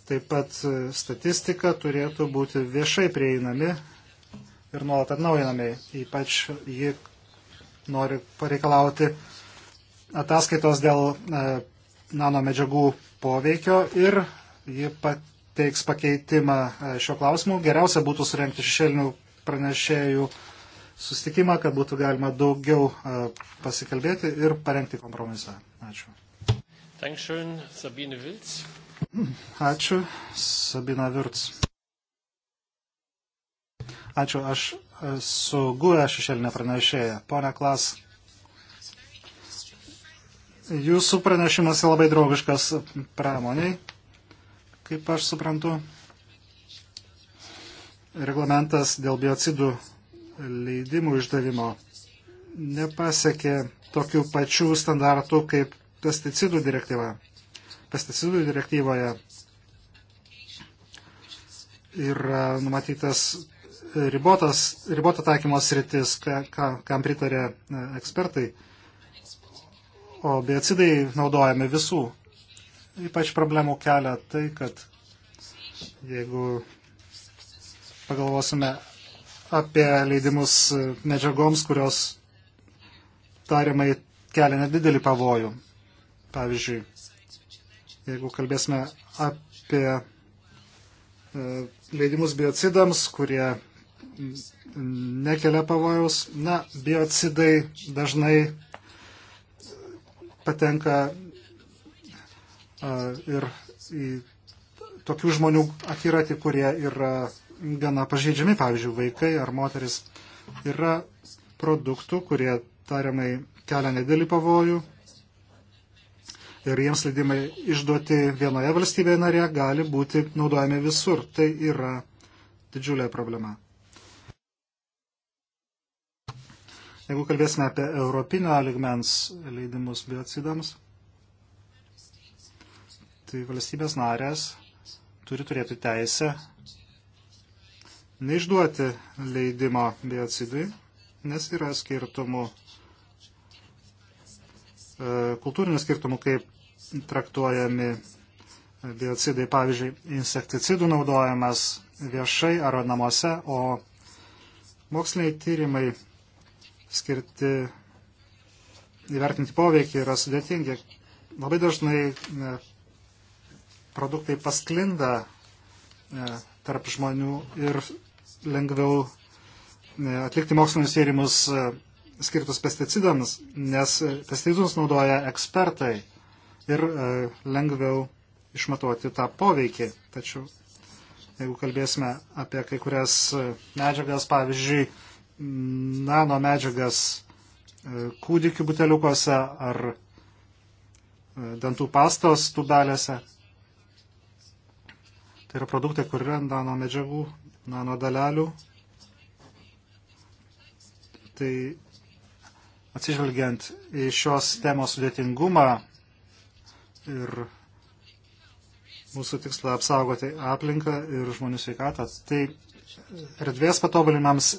taip pat e, statistika turėtų būti viešai prieinami ir nuolat atnaujinami. Ypač ji nori pareikalauti ataskaitos dėl e, nano medžiagų poveikio ir ji pateiks pakeitimą e, šio klausimu. Geriausia būtų surenkti šešėlinių pranešėjų sustikimą, kad būtų galima daugiau e, pasikalbėti ir parengti kompromisą. Ačiū. Dankšön, Sabine Vilts. Ačiū, Sabina Virts. Ačiū, aš su GUE šešėlinė pranešėja. Pone Klas, Jūsų pranešimas yra labai draugiškas pramoniai, kaip aš suprantu. Reglamentas dėl biocidų leidimų išdavimo nepasiekė tokių pačių standartų kaip pesticidų direktyva. Pesticidų direktyvoje yra numatytas ribotas, riboto taikymos rytis, ka, ka, kam pritarė e, ekspertai o biocidai naudojami visų. Ypač problemų kelia tai, kad jeigu pagalvosime apie leidimus medžiagoms, kurios tariamai kelia nedidelį pavojų. Pavyzdžiui, jeigu kalbėsime apie e, leidimus biocidams, kurie nekelia pavojaus, na, biocidai dažnai patenka ir į tokių žmonių akiratį, kurie yra gana pažeidžiami, pavyzdžiui, vaikai ar moteris. Yra produktų, kurie tariamai kelia nedėlį pavojų ir jiems leidimai išduoti vienoje valstybėje narėje gali būti naudojami visur. Tai yra didžiulė problema. Jeigu kalbėsime apie europinio ligmens leidimus biocidams, tai valstybės narės turi turėti teisę neišduoti leidimo biocidui, nes yra skirtumų, e, kultūrinių skirtumų, kaip traktuojami biocidai, pavyzdžiui, insekticidų naudojimas viešai ar namuose, o moksliniai tyrimai skirti įvertinti poveikį yra sudėtingi. Labai dažnai e, produktai pasklinda e, tarp žmonių ir lengviau e, atlikti mokslinius tyrimus skirtus pesticidams, nes pesticidus naudoja ekspertai ir lengviau išmatuoti tą poveikį. Tačiau jeigu kalbėsime apie kai kurias medžiagas, pavyzdžiui, nano medžiagas e, kūdikių buteliukuose ar e, dantų pastos tubelėse. Tai yra produktai, kur yra nano medžiagų, nano dalelių. Tai atsižvelgiant į šios temos sudėtingumą ir mūsų tikslą apsaugoti aplinką ir žmonių sveikatą, tai erdvės patobulinimams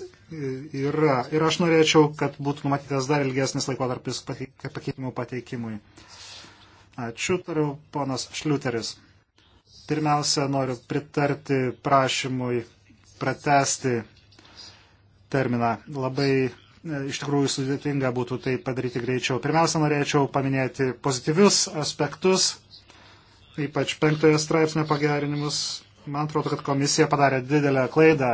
yra. Ir aš norėčiau, kad būtų numatytas dar ilgesnis laikotarpis pakeitimų pateikimui. Ačiū, tariau, ponas Šliuteris. Pirmiausia, noriu pritarti prašymui pratesti terminą. Labai e, iš tikrųjų sudėtinga būtų tai padaryti greičiau. Pirmiausia, norėčiau paminėti pozityvius aspektus, ypač penktojo straipsnio pagerinimus, Man atrodo, kad komisija padarė didelę klaidą,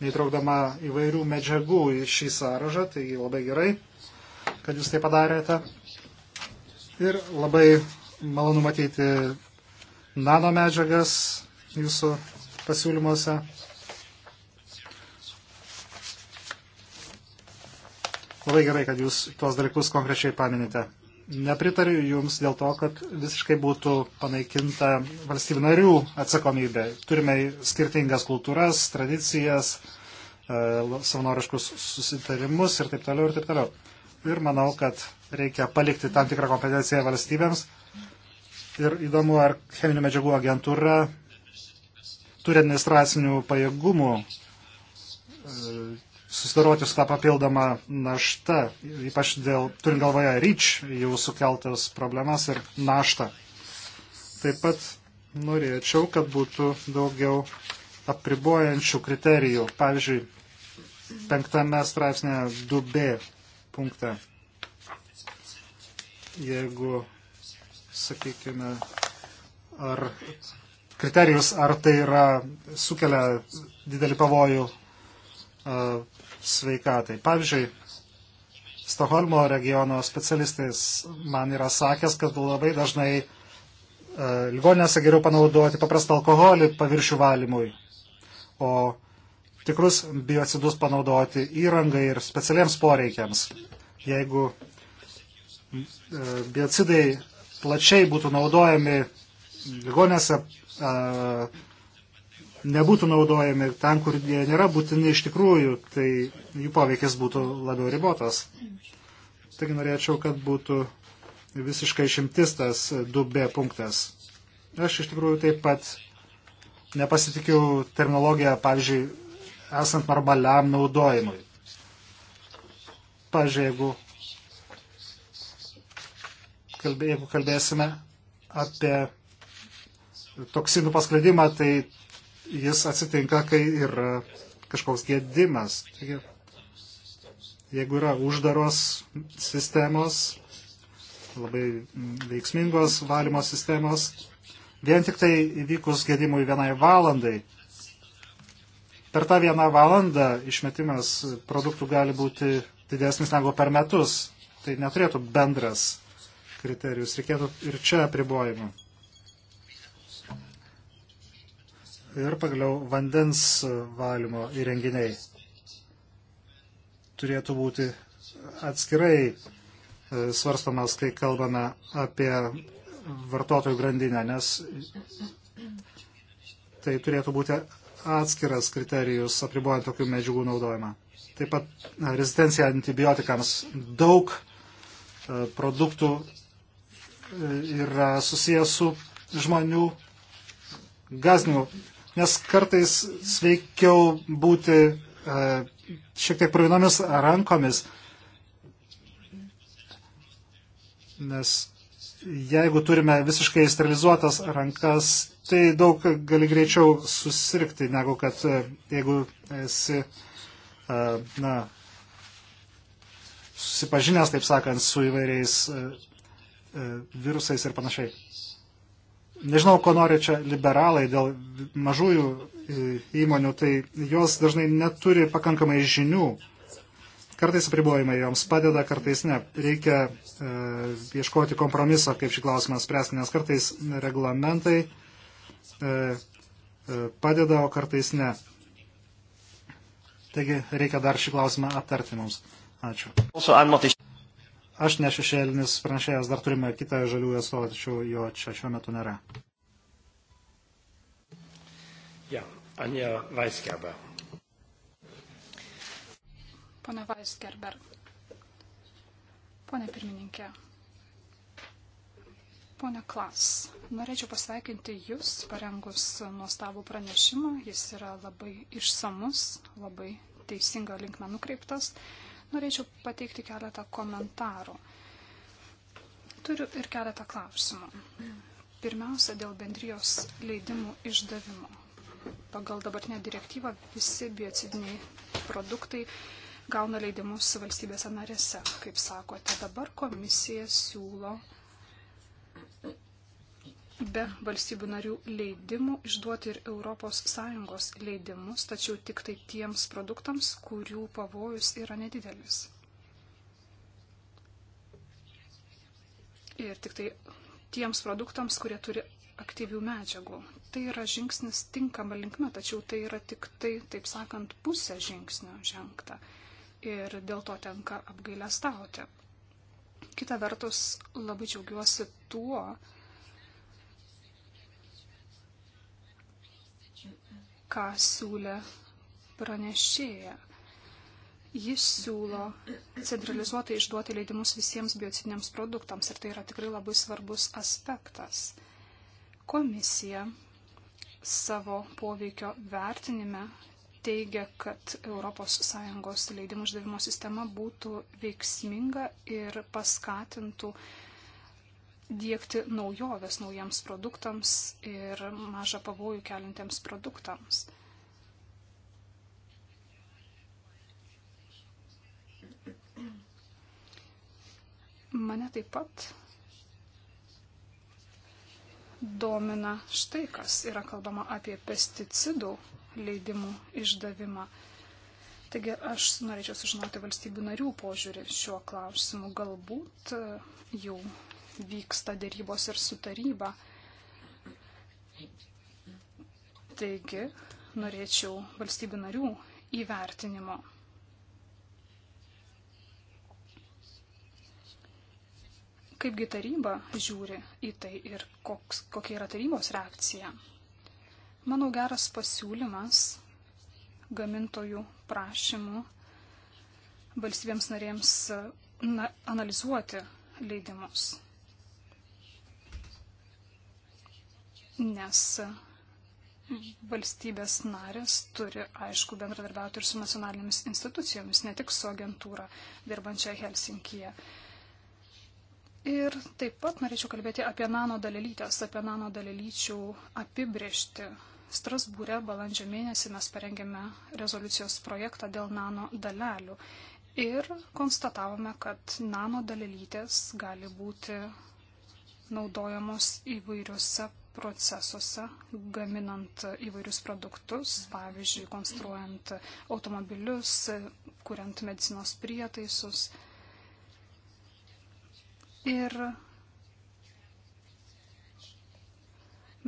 neįtraukdama įvairių medžiagų į šį sąrašą, tai labai gerai, kad jūs tai padarėte. Ir labai malonu matyti nano medžiagas jūsų pasiūlymuose. Labai gerai, kad jūs tuos dalykus konkrečiai paminite nepritariu Jums dėl to, kad visiškai būtų panaikinta valstybių narių atsakomybė. Turime skirtingas kultūras, tradicijas, e, savanoriškus susitarimus ir taip toliau ir taip toliau. Ir manau, kad reikia palikti tam tikrą kompetenciją valstybėms. Ir įdomu, ar cheminių medžiagų agentūra turi administracinių pajėgumų e, susidaroti su tą papildomą naštą, ypač dėl, turint galvoje, ryč jau sukeltas problemas ir naštą. Taip pat norėčiau, kad būtų daugiau apribojančių kriterijų. Pavyzdžiui, penktame straipsnėje 2b punkte. Jeigu, sakykime, ar kriterijus, ar tai yra sukelia didelį pavojų sveikatai. Pavyzdžiui, Stokholmo regiono specialistais man yra sakęs, kad labai dažnai e, ligoninėse geriau panaudoti paprastą alkoholį paviršių valymui, o tikrus biocidus panaudoti įrangai ir specialiems poreikiams. Jeigu e, biocidai plačiai būtų naudojami ligoninėse, e, nebūtų naudojami ten, kur jie nėra būtini iš tikrųjų, tai jų poveikis būtų labiau ribotas. Taigi norėčiau, kad būtų visiškai šimtis tas 2B punktas. Aš iš tikrųjų taip pat nepasitikiu terminologiją, pavyzdžiui, esant normaliam naudojimui. Pavyzdžiui, jeigu, kalbė, jeigu kalbėsime apie toksinų paskleidimą, tai jis atsitinka, kai yra kažkoks gėdimas. Taigi, jeigu yra uždaros sistemos, labai veiksmingos valymo sistemos, vien tik tai įvykus gėdimui vienai valandai, per tą vieną valandą išmetimas produktų gali būti didesnis negu per metus. Tai neturėtų bendras kriterijus, reikėtų ir čia apribojimų. ir pagaliau vandens valymo įrenginiai turėtų būti atskirai e, svarstomas, kai kalbame apie vartotojų grandinę, nes tai turėtų būti atskiras kriterijus apribuojant tokių medžiagų naudojimą. Taip pat e, rezistencija antibiotikams. Daug e, produktų yra susijęs su žmonių gazdinimu nes kartais sveikiau būti e, šiek tiek pravinomis rankomis, nes jeigu turime visiškai sterilizuotas rankas, tai daug gali greičiau susirgti, negu kad e, jeigu esi, e, na, susipažinęs, taip sakant, su įvairiais virusais ir panašiai. Nežinau, ko nori čia liberalai dėl mažųjų e, įmonių, tai jos dažnai neturi pakankamai žinių. Kartais apribojimai joms padeda, kartais ne. Reikia e, ieškoti kompromiso, kaip šį klausimą spręsti, nes kartais reglamentai e, e, padeda, o kartais ne. Taigi reikia dar šį klausimą aptarti mums. Ačiū. Aš ne šešėlinis pranešėjas, dar turime kitą žaliųjų atstovą, tačiau jo čia šiuo metu nėra. Ja, Anja Weisgerber. Pone Weisgerber. Pone pirmininkė. Pone Klas, norėčiau pasveikinti Jūs, parengus nuostabų pranešimą. Jis yra labai išsamus, labai teisinga linkme nukreiptas norėčiau pateikti keletą komentarų. Turiu ir keletą klausimų. Pirmiausia, dėl bendrijos leidimų išdavimo. Pagal dabartinę direktyvą visi biocidiniai produktai gauna leidimus valstybėse narėse. Kaip sakote, dabar komisija siūlo be valstybių narių leidimų išduoti ir ES leidimus, tačiau tik tai tiems produktams, kurių pavojus yra nedidelis. Ir tik tai tiems produktams, kurie turi aktyvių medžiagų. Tai yra žingsnis tinkama linkme, tačiau tai yra tik tai, taip sakant, pusė žingsnio žengta. Ir dėl to tenka apgailę stauti. Kita vertus, labai džiaugiuosi tuo, kad ką siūlė pranešėja. Jis siūlo centralizuotai išduoti leidimus visiems biocidiniams produktams ir tai yra tikrai labai svarbus aspektas. Komisija savo poveikio vertinime teigia, kad ES leidimų išdavimo sistema būtų veiksminga ir paskatintų uh, dėkti naujoves naujiems produktams ir mažą pavojų kelintiems produktams. Mane taip pat domina štai kas. Yra kalbama apie pesticidų leidimų išdavimą. Taigi aš norėčiau sužinoti valstybių narių požiūrį šiuo klausimu. Galbūt jau vyksta dėrybos ir su taryba. Taigi, norėčiau valstybių narių įvertinimo. Kaipgi taryba žiūri į tai ir koks, kokia yra tarybos reakcija? Manau, geras pasiūlymas gamintojų prašymų valstybėms narėms na, analizuoti leidimus. nes valstybės narės turi, aišku, bendradarbiauti ir su nacionalinėmis institucijomis, ne tik su agentūra dirbančia Helsinkije. Ir taip pat norėčiau kalbėti apie nano dalelytės, apie nano dalelyčių apibriežti. Strasbūre balandžio mėnesį mes parengėme rezoliucijos projektą dėl nano dalelių ir konstatavome, kad nano dalelytės gali būti naudojamos įvairiuose procesuose, gaminant įvairius produktus, pavyzdžiui, konstruojant automobilius, kuriant medicinos prietaisus. Ir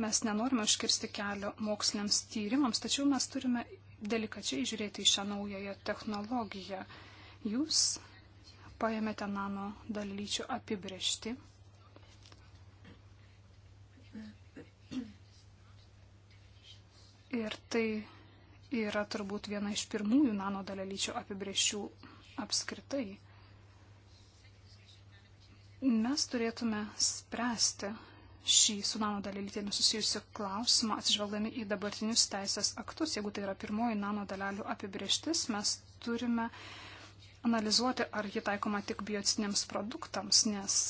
mes nenorime užkirsti kelio moksliniams tyrimams, tačiau mes turime delikačiai žiūrėti į šią naująją technologiją. Jūs paėmėte nano dalyčių apibriešti Ir tai yra turbūt viena iš pirmųjų nanodalelyčių apibrėžčių apskritai. Mes turėtume spręsti šį su nanodalelytėmis susijusiu klausimą atsižvelgdami į dabartinius teisės aktus. Jeigu tai yra pirmoji nanodalelių apibrieštis, mes turime analizuoti, ar ji taikoma tik biocidiniams produktams, nes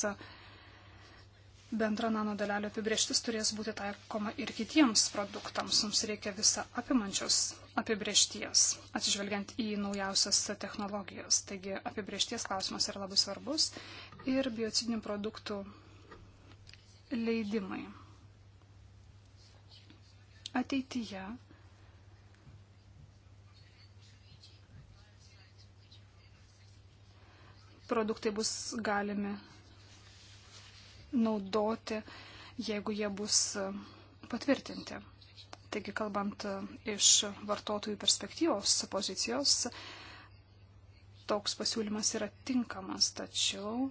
bendra nanodalelio apibrieštis turės būti taikoma ir kitiems produktams. Mums reikia visą apimančios apibriešties, atsižvelgiant į naujausias technologijas. Taigi apibriešties klausimas yra labai svarbus ir biocidinių produktų leidimai. Ateityje produktai bus galimi naudoti, jeigu jie bus patvirtinti. Taigi, kalbant iš vartotojų perspektyvos pozicijos, toks pasiūlymas yra tinkamas, tačiau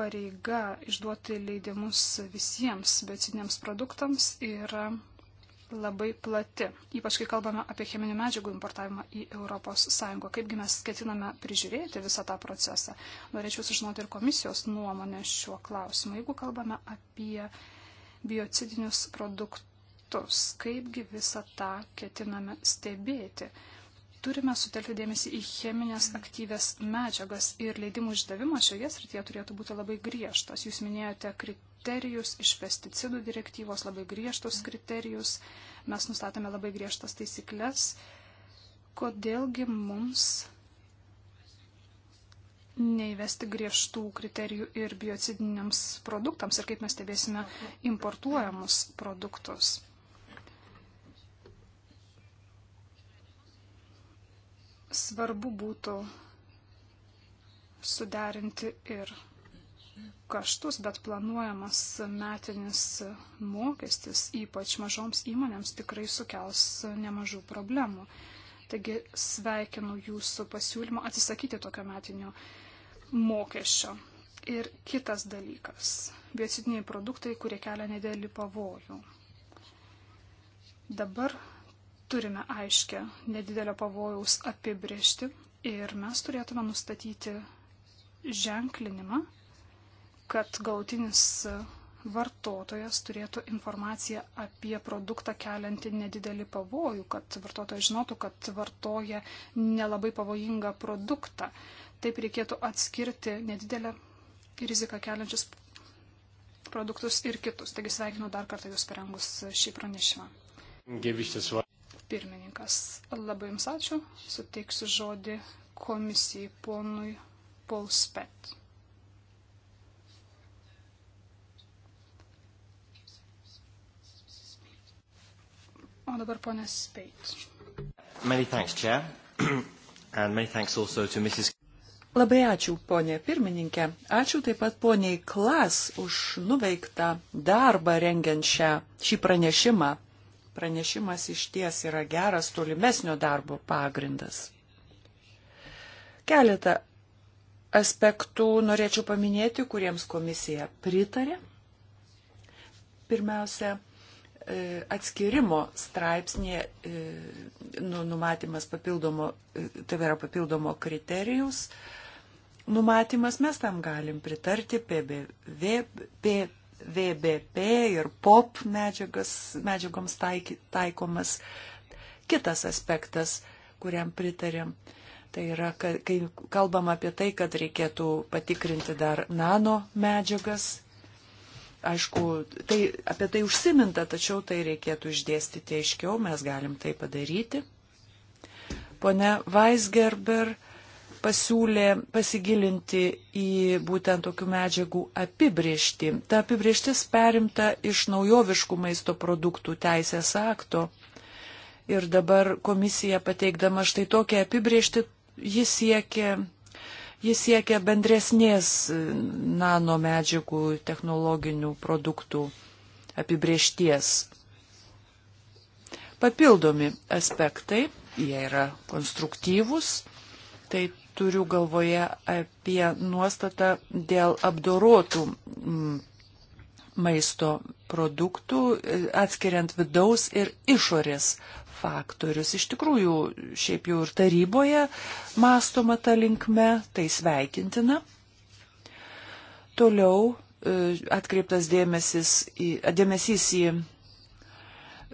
pareiga išduoti leidimus visiems biocidiniams produktams yra labai plati, ypač kai kalbame apie cheminių medžiagų importavimą į ES. Kaipgi mes ketiname prižiūrėti visą tą procesą? Norėčiau sužinoti ir komisijos nuomonę šiuo klausimu. Jeigu kalbame apie biocidinius produktus, kaipgi visą tą ketiname stebėti? Turime sutelkti dėmesį į cheminės aktyves medžiagas ir leidimų išdavimas šioje srityje turėtų būti labai griežtas. Jūs minėjote kriterijus kriterijus, iš pesticidų direktyvos labai griežtus kriterijus, mes nustatome labai griežtas taisyklės, kodėlgi mums neįvesti griežtų kriterijų ir biocidiniams produktams ir kaip mes stebėsime importuojamus produktus. Svarbu būtų suderinti ir kaštus, bet planuojamas metinis mokestis, ypač mažoms įmonėms, tikrai sukels nemažų problemų. Taigi sveikinu jūsų pasiūlymą atsisakyti tokio metinio mokesčio. Ir kitas dalykas - biocidiniai produktai, kurie kelia nedėlį pavojų. Dabar turime aiškę nedidelio pavojaus apibriežti ir mes turėtume nustatyti ženklinimą kad gautinis vartotojas turėtų informaciją apie produktą keliantį nedidelį pavojų, kad vartotojas žinotų, kad vartoja nelabai pavojingą produktą. Taip reikėtų atskirti nedidelę riziką keliančius produktus ir kitus. Taigi sveikinu dar kartą Jūs parengus šį pranešimą. Pirmininkas, labai Jums ačiū. Suteiksiu žodį komisijai ponui Polspet. O dabar ponas Speit. Many thanks, Chair. And many thanks also to Mrs. Labai ačiū, ponė pirmininkė. Ačiū taip pat poniai Klas už nuveiktą darbą rengiant šią, šį pranešimą. Pranešimas iš ties yra geras tolimesnio darbo pagrindas. Keletą aspektų norėčiau paminėti, kuriems komisija pritarė. Pirmiausia, E, atskirimo straipsnė e, nu, numatymas papildomo, e, tai yra papildomo kriterijus, numatymas mes tam galim pritarti, PBV, PVBP ir POP medžiagas, medžiagoms taik, taikomas. Kitas aspektas, kuriam pritarėm, Tai yra, kai kalbam apie tai, kad reikėtų patikrinti dar nano medžiagas Aišku, tai, apie tai užsiminta, tačiau tai reikėtų išdėstyti aiškiau, mes galim tai padaryti. Pone Weisgerber pasiūlė pasigilinti į būtent tokių medžiagų apibriešti. Ta apibrieštis perimta iš naujoviškų maisto produktų teisės akto. Ir dabar komisija pateikdama štai tokią apibriešti, jis siekia Jis siekia bendresnės e, nanomedžiagų technologinių produktų apibriešties. Papildomi aspektai, jie yra konstruktyvūs, tai turiu galvoje apie nuostatą dėl apdorotų maisto produktų, e, atskiriant vidaus ir išorės faktorius. Iš tikrųjų, šiaip jau ir taryboje mastoma ta linkme, tai sveikintina. Toliau e, atkreiptas dėmesis į, dėmesys į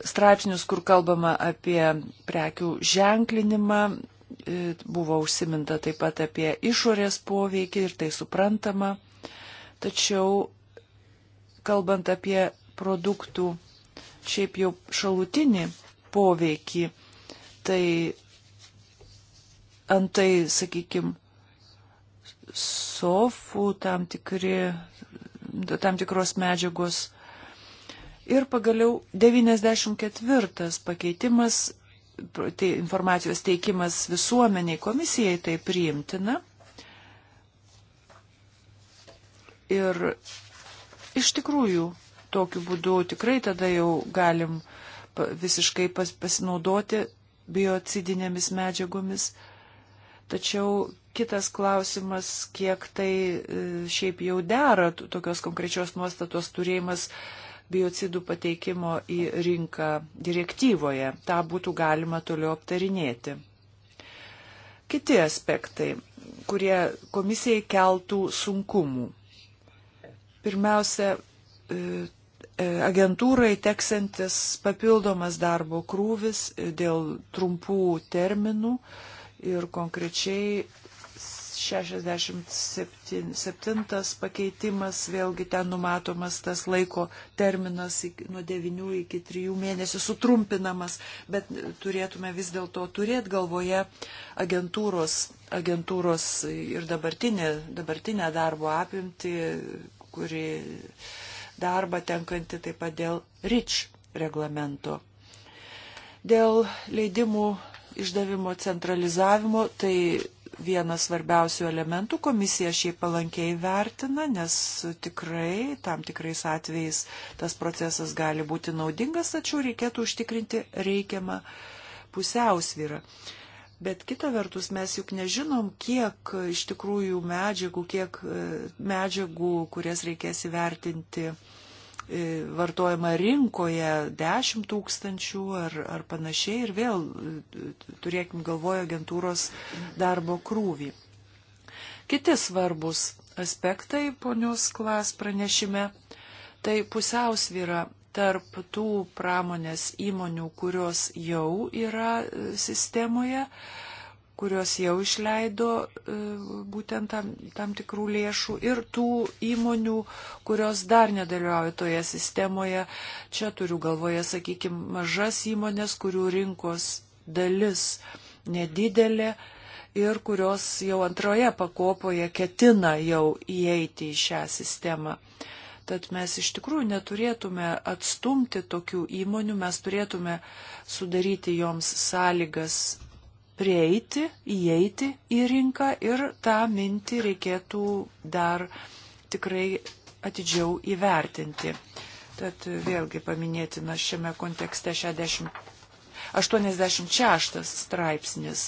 straipsnius, kur kalbama apie prekių ženklinimą, e, buvo užsiminta taip pat apie išorės poveikį ir tai suprantama. Tačiau, kalbant apie produktų šiaip jau šalutinį poveikį. Tai antai, sakykime, sofų tam, tikri, tam tikros medžiagos. Ir pagaliau 94 pakeitimas, tai informacijos teikimas visuomeniai komisijai tai priimtina. Ir iš tikrųjų, tokiu būdu tikrai tada jau galim uh, visiškai pas, pasinaudoti biocidinėmis medžiagomis. Tačiau kitas klausimas, kiek tai e, šiaip jau dera tokios konkrečios nuostatos turėjimas biocidų pateikimo į rinką direktyvoje. Ta būtų galima toliau aptarinėti. Kiti aspektai, kurie komisijai keltų sunkumų. Pirmiausia, e, E, agentūrai teksantis papildomas darbo krūvis dėl trumpų terminų ir konkrečiai 67 pakeitimas, vėlgi ten numatomas tas laiko terminas nuo 9 iki 3 mėnesių sutrumpinamas, bet turėtume vis dėlto turėti galvoje agentūros, agentūros ir dabartinę, dabartinę darbo apimti, kuri darbą tenkantį taip pat dėl REACH reglamento. Dėl leidimų išdavimo centralizavimo, tai vienas svarbiausių elementų komisija šiaip palankiai vertina, nes tikrai tam tikrais atvejais tas procesas gali būti naudingas, tačiau reikėtų užtikrinti reikiamą pusiausvyrą. Bet kita vertus, mes juk nežinom, kiek iš tikrųjų medžiagų, kiek e, medžiagų, kurias reikės įvertinti e, vartojama rinkoje 10 tūkstančių ar, ar panašiai. Ir vėl e, turėkim galvoje agentūros darbo krūvį. Kiti svarbus aspektai ponios klas pranešime tai pusiausvyra tarp tų pramonės įmonių, kurios jau yra e, sistemoje, kurios jau išleido e, būtent tam, tam tikrų lėšų ir tų įmonių, kurios dar nedalyvauja toje sistemoje. Čia turiu galvoje, sakykime, mažas įmonės, kurių rinkos dalis nedidelė ir kurios jau antroje pakopoje ketina jau įeiti į šią sistemą. Uh, Tad mes iš tikrųjų neturėtume atstumti tokių įmonių, mes turėtume sudaryti joms sąlygas prieiti, įeiti į rinką ir tą mintį reikėtų dar tikrai atidžiau įvertinti. Tad vėlgi paminėtina šiame kontekste 60, 86 straipsnis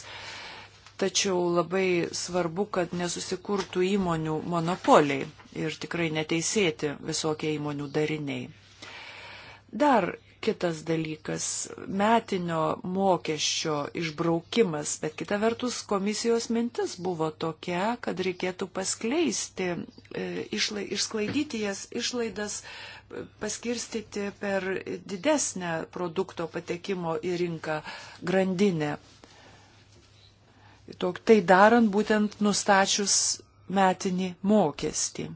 tačiau labai svarbu, kad nesusikurtų įmonių monopoliai ir tikrai neteisėti visokie įmonių dariniai. Dar kitas dalykas - metinio mokesčio išbraukimas, bet kita vertus komisijos mintis buvo tokia, kad reikėtų paskleisti, e, išlai, išsklaidyti jas išlaidas, paskirstyti per didesnę produkto patekimo į rinką grandinę tai darant būtent nustačius metinį mokestį.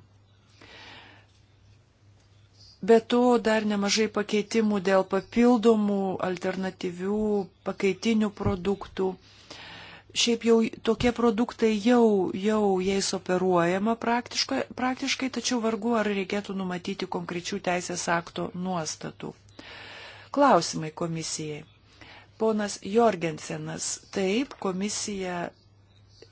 Be to dar nemažai pakeitimų dėl papildomų alternatyvių pakaitinių produktų. Šiaip jau tokie produktai jau, jau jais operuojama praktiškai, praktiškai, tačiau vargu ar reikėtų numatyti konkrečių teisės akto nuostatų. Klausimai komisijai. Ponas Jorgensenas, taip, komisija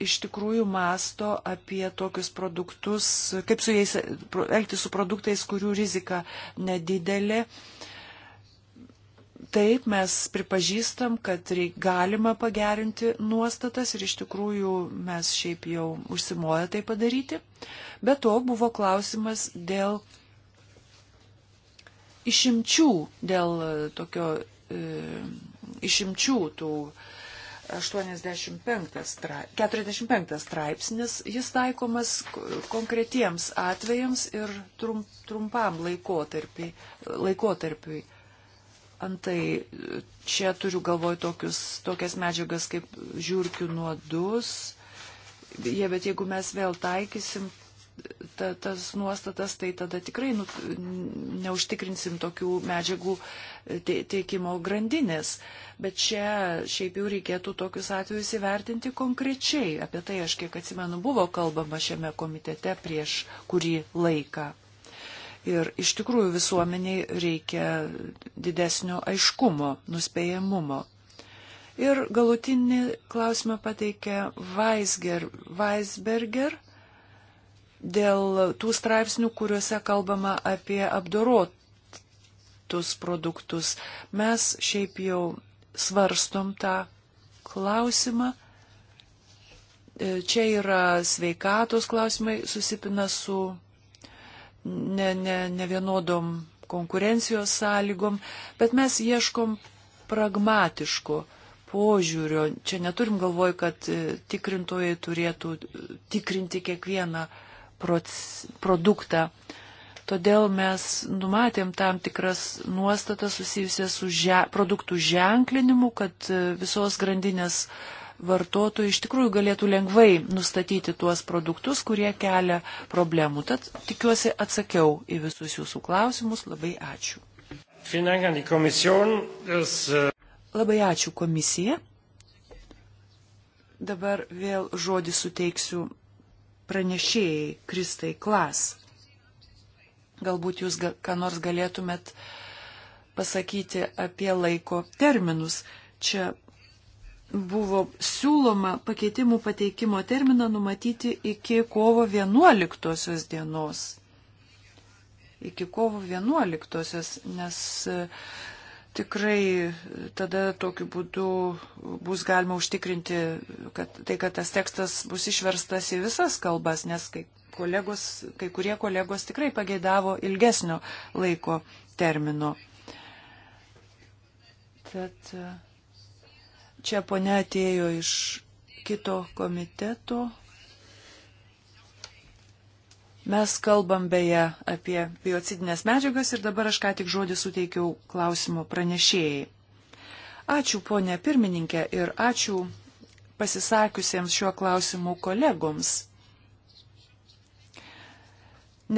iš tikrųjų masto apie tokius produktus, kaip su jais elgti su produktais, kurių rizika nedidelė. Taip, mes pripažįstam, kad reik, galima pagerinti nuostatas ir iš tikrųjų mes šiaip jau užsimoja tai padaryti. Be to buvo klausimas dėl išimčių, dėl tokio e, išimčių tų 85 straip, 45 straipsnis, jis taikomas konkretiems atvejams ir trump, trumpam laikotarpiai. laikotarpiai. Antai čia turiu galvoj tokius, tokias medžiagas kaip žiūrkių nuodus. Jie, bet jeigu mes vėl taikysim ta, tas nuostatas, tai tada tikrai nu, neužtikrinsim tokių medžiagų e, teikimo grandinės. Bet čia šiaip jau reikėtų tokius atvejus įvertinti konkrečiai. Apie tai aš kiek atsimenu buvo kalbama šiame komitete prieš kurį laiką. Ir iš tikrųjų visuomeniai reikia didesnio aiškumo, nuspėjamumo. Ir galutinį klausimą pateikė Weisger, Weisberger dėl tų straipsnių, kuriuose kalbama apie apdorotus produktus. Mes šiaip jau svarstom tą klausimą. E, čia yra sveikatos klausimai susipina su ne, ne, ne vienodom konkurencijos sąlygom, bet mes ieškom pragmatiško požiūrio. Čia neturim galvoj, kad e, tikrintojai turėtų e, tikrinti kiekvieną uh, produktą. Todėl mes numatėm tam tikras nuostatas susijusias su že, produktų ženklinimu, kad e, visos grandinės vartotojai iš tikrųjų galėtų lengvai nustatyti tuos produktus, kurie kelia problemų. Tad tikiuosi atsakiau į visus jūsų klausimus. Labai ačiū. Äh, Labai ačiū komisija. Dabar vėl žodį suteiksiu pranešėjai Kristai Klas. Galbūt jūs ga, ką nors galėtumėt pasakyti apie laiko terminus. Čia buvo siūloma pakeitimų pateikimo terminą numatyti iki kovo 11 dienos. Iki kovo 11, nes tikrai tada tokiu būdu bus galima užtikrinti, kad tai, kad tas tekstas bus išverstas į visas kalbas, nes kai, kolegos, kai kurie kolegos tikrai pageidavo ilgesnio laiko termino. Tad e, čia ponia atėjo iš kito komiteto, Mes kalbam beje apie biocidinės medžiagas ir dabar aš ką tik žodį suteikiau klausimo pranešėjai. Ačiū ponė pirmininkė ir ačiū pasisakiusiems šiuo klausimu kolegoms.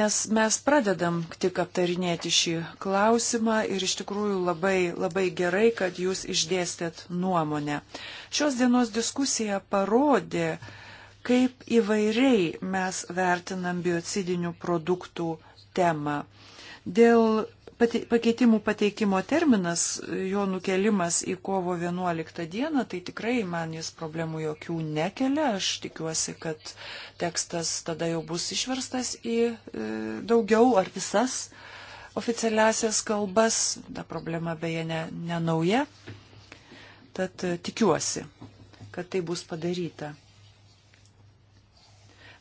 Nes mes pradedam tik aptarinėti šį klausimą ir iš tikrųjų labai, labai gerai, kad jūs išdėstėt nuomonę. Šios dienos diskusija parodė, kaip įvairiai mes vertinam biocidinių produktų temą. Dėl pakeitimų pateikimo terminas, jo nukelimas į kovo 11 dieną, tai tikrai man jis problemų jokių nekelia. Aš tikiuosi, kad tekstas tada jau bus išverstas į e, daugiau ar visas oficialiasias kalbas. Ta problema beje nenauja. Ne, ne Tad e, tikiuosi, kad tai bus padaryta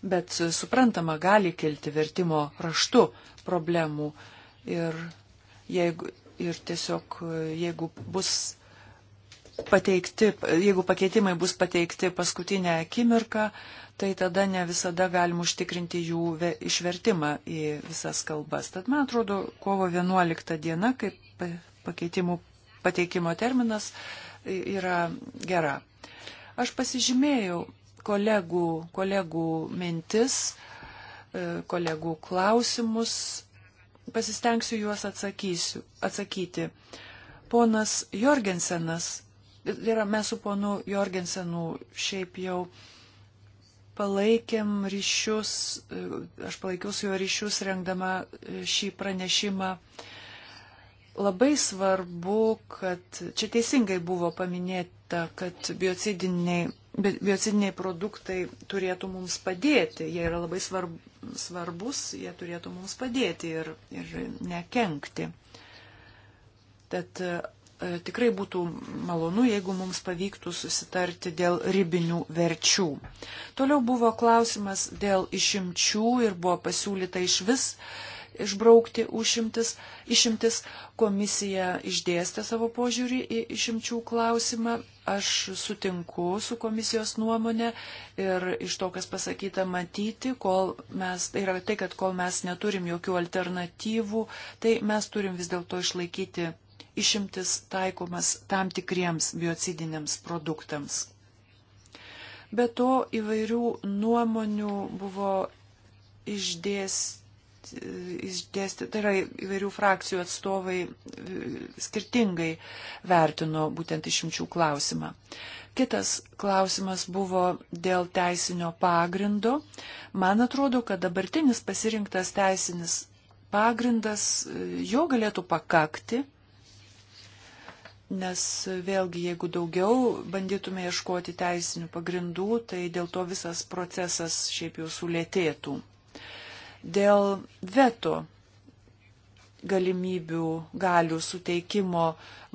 bet suprantama, gali kilti vertimo raštu problemų ir, jeigu, ir tiesiog jeigu bus pateikti, jeigu pakeitimai bus pateikti paskutinę akimirką, tai tada ne visada galim užtikrinti jų išvertimą į visas kalbas. Tad man atrodo, kovo 11 diena, kaip pakeitimų pateikimo terminas, yra gera. Aš pasižymėjau kolegų, kolegų mintis, e, kolegų klausimus. Pasistengsiu juos atsakysiu, atsakyti. Ponas Jorgensenas, yra mes su ponu Jorgensenu šiaip jau palaikėm ryšius, e, aš palaikiau su juo ryšius rengdama e, šį pranešimą. Labai svarbu, kad čia teisingai buvo paminėta, kad biocidiniai biocidiniai produktai turėtų mums padėti, jie yra labai svarb, svarbus, jie turėtų mums padėti ir, ir nekenkti. Tad e, tikrai būtų malonu, jeigu mums pavyktų susitarti dėl ribinių verčių. Toliau buvo klausimas dėl išimčių ir buvo pasiūlyta iš vis e, išbraukti užimtis, išimtis. Komisija išdėstė savo požiūrį į išimčių klausimą. Aš sutinku su komisijos nuomonė ir iš to, kas pasakyta, matyti, kol mes, tai yra tai, kad kol mes neturim jokių alternatyvų, tai mes turim vis dėlto išlaikyti išimtis taikomas tam tikriems biocidiniams produktams. Be to įvairių nuomonių buvo išdėstyti išdėstė, tai yra įvairių frakcijų atstovai e, skirtingai vertino būtent išimčių klausimą. Kitas klausimas buvo dėl teisinio pagrindo. Man atrodo, kad dabartinis pasirinktas teisinis pagrindas e, jo galėtų pakakti, nes e, vėlgi, jeigu daugiau bandytume ieškoti teisinių pagrindų, tai dėl to visas procesas šiaip jau sulėtėtų dėl veto galimybių galių suteikimo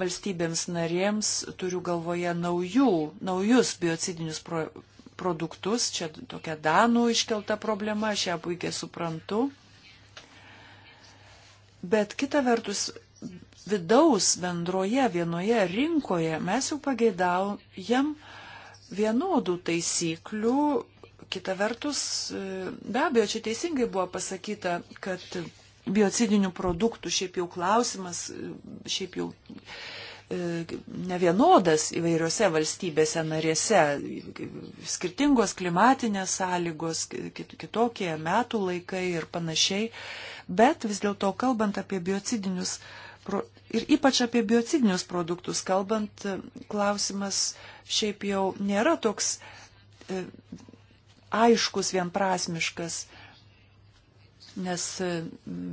valstybėms narėms, turiu galvoje naujų, naujus biocidinius pro, produktus, čia tokia Danų iškelta problema, aš ją puikiai suprantu. Bet kita vertus, vidaus bendroje vienoje rinkoje mes jau pageidaujam vienodų taisyklių Kita vertus, e, be abejo, čia teisingai buvo pasakyta, kad biocidinių produktų šiaip jau klausimas, e, šiaip jau e, nevienodas įvairiose valstybėse narėse, skirtingos klimatinės sąlygos, kitokie metų laikai ir panašiai, bet vis dėlto kalbant apie biocidinius ir ypač apie biocidinius produktus kalbant, klausimas šiaip jau nėra toks aiškus, vienprasmiškas. Nes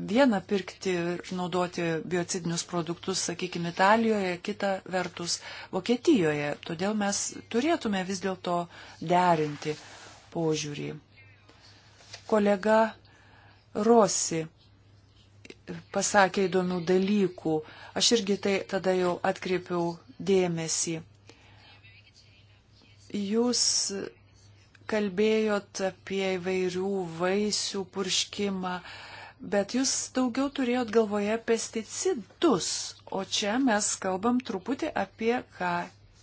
viena pirkti ir naudoti biocidinius produktus, sakykime, Italijoje, kita vertus Vokietijoje. Todėl mes turėtume vis dėlto derinti požiūrį. Kolega Rosi pasakė įdomių dalykų. Aš irgi tai tada jau atkreipiau dėmesį. Jūs kalbėjot apie įvairių vaisių purškimą, bet jūs daugiau turėjot galvoje pesticidus, o čia mes kalbam truputį apie ką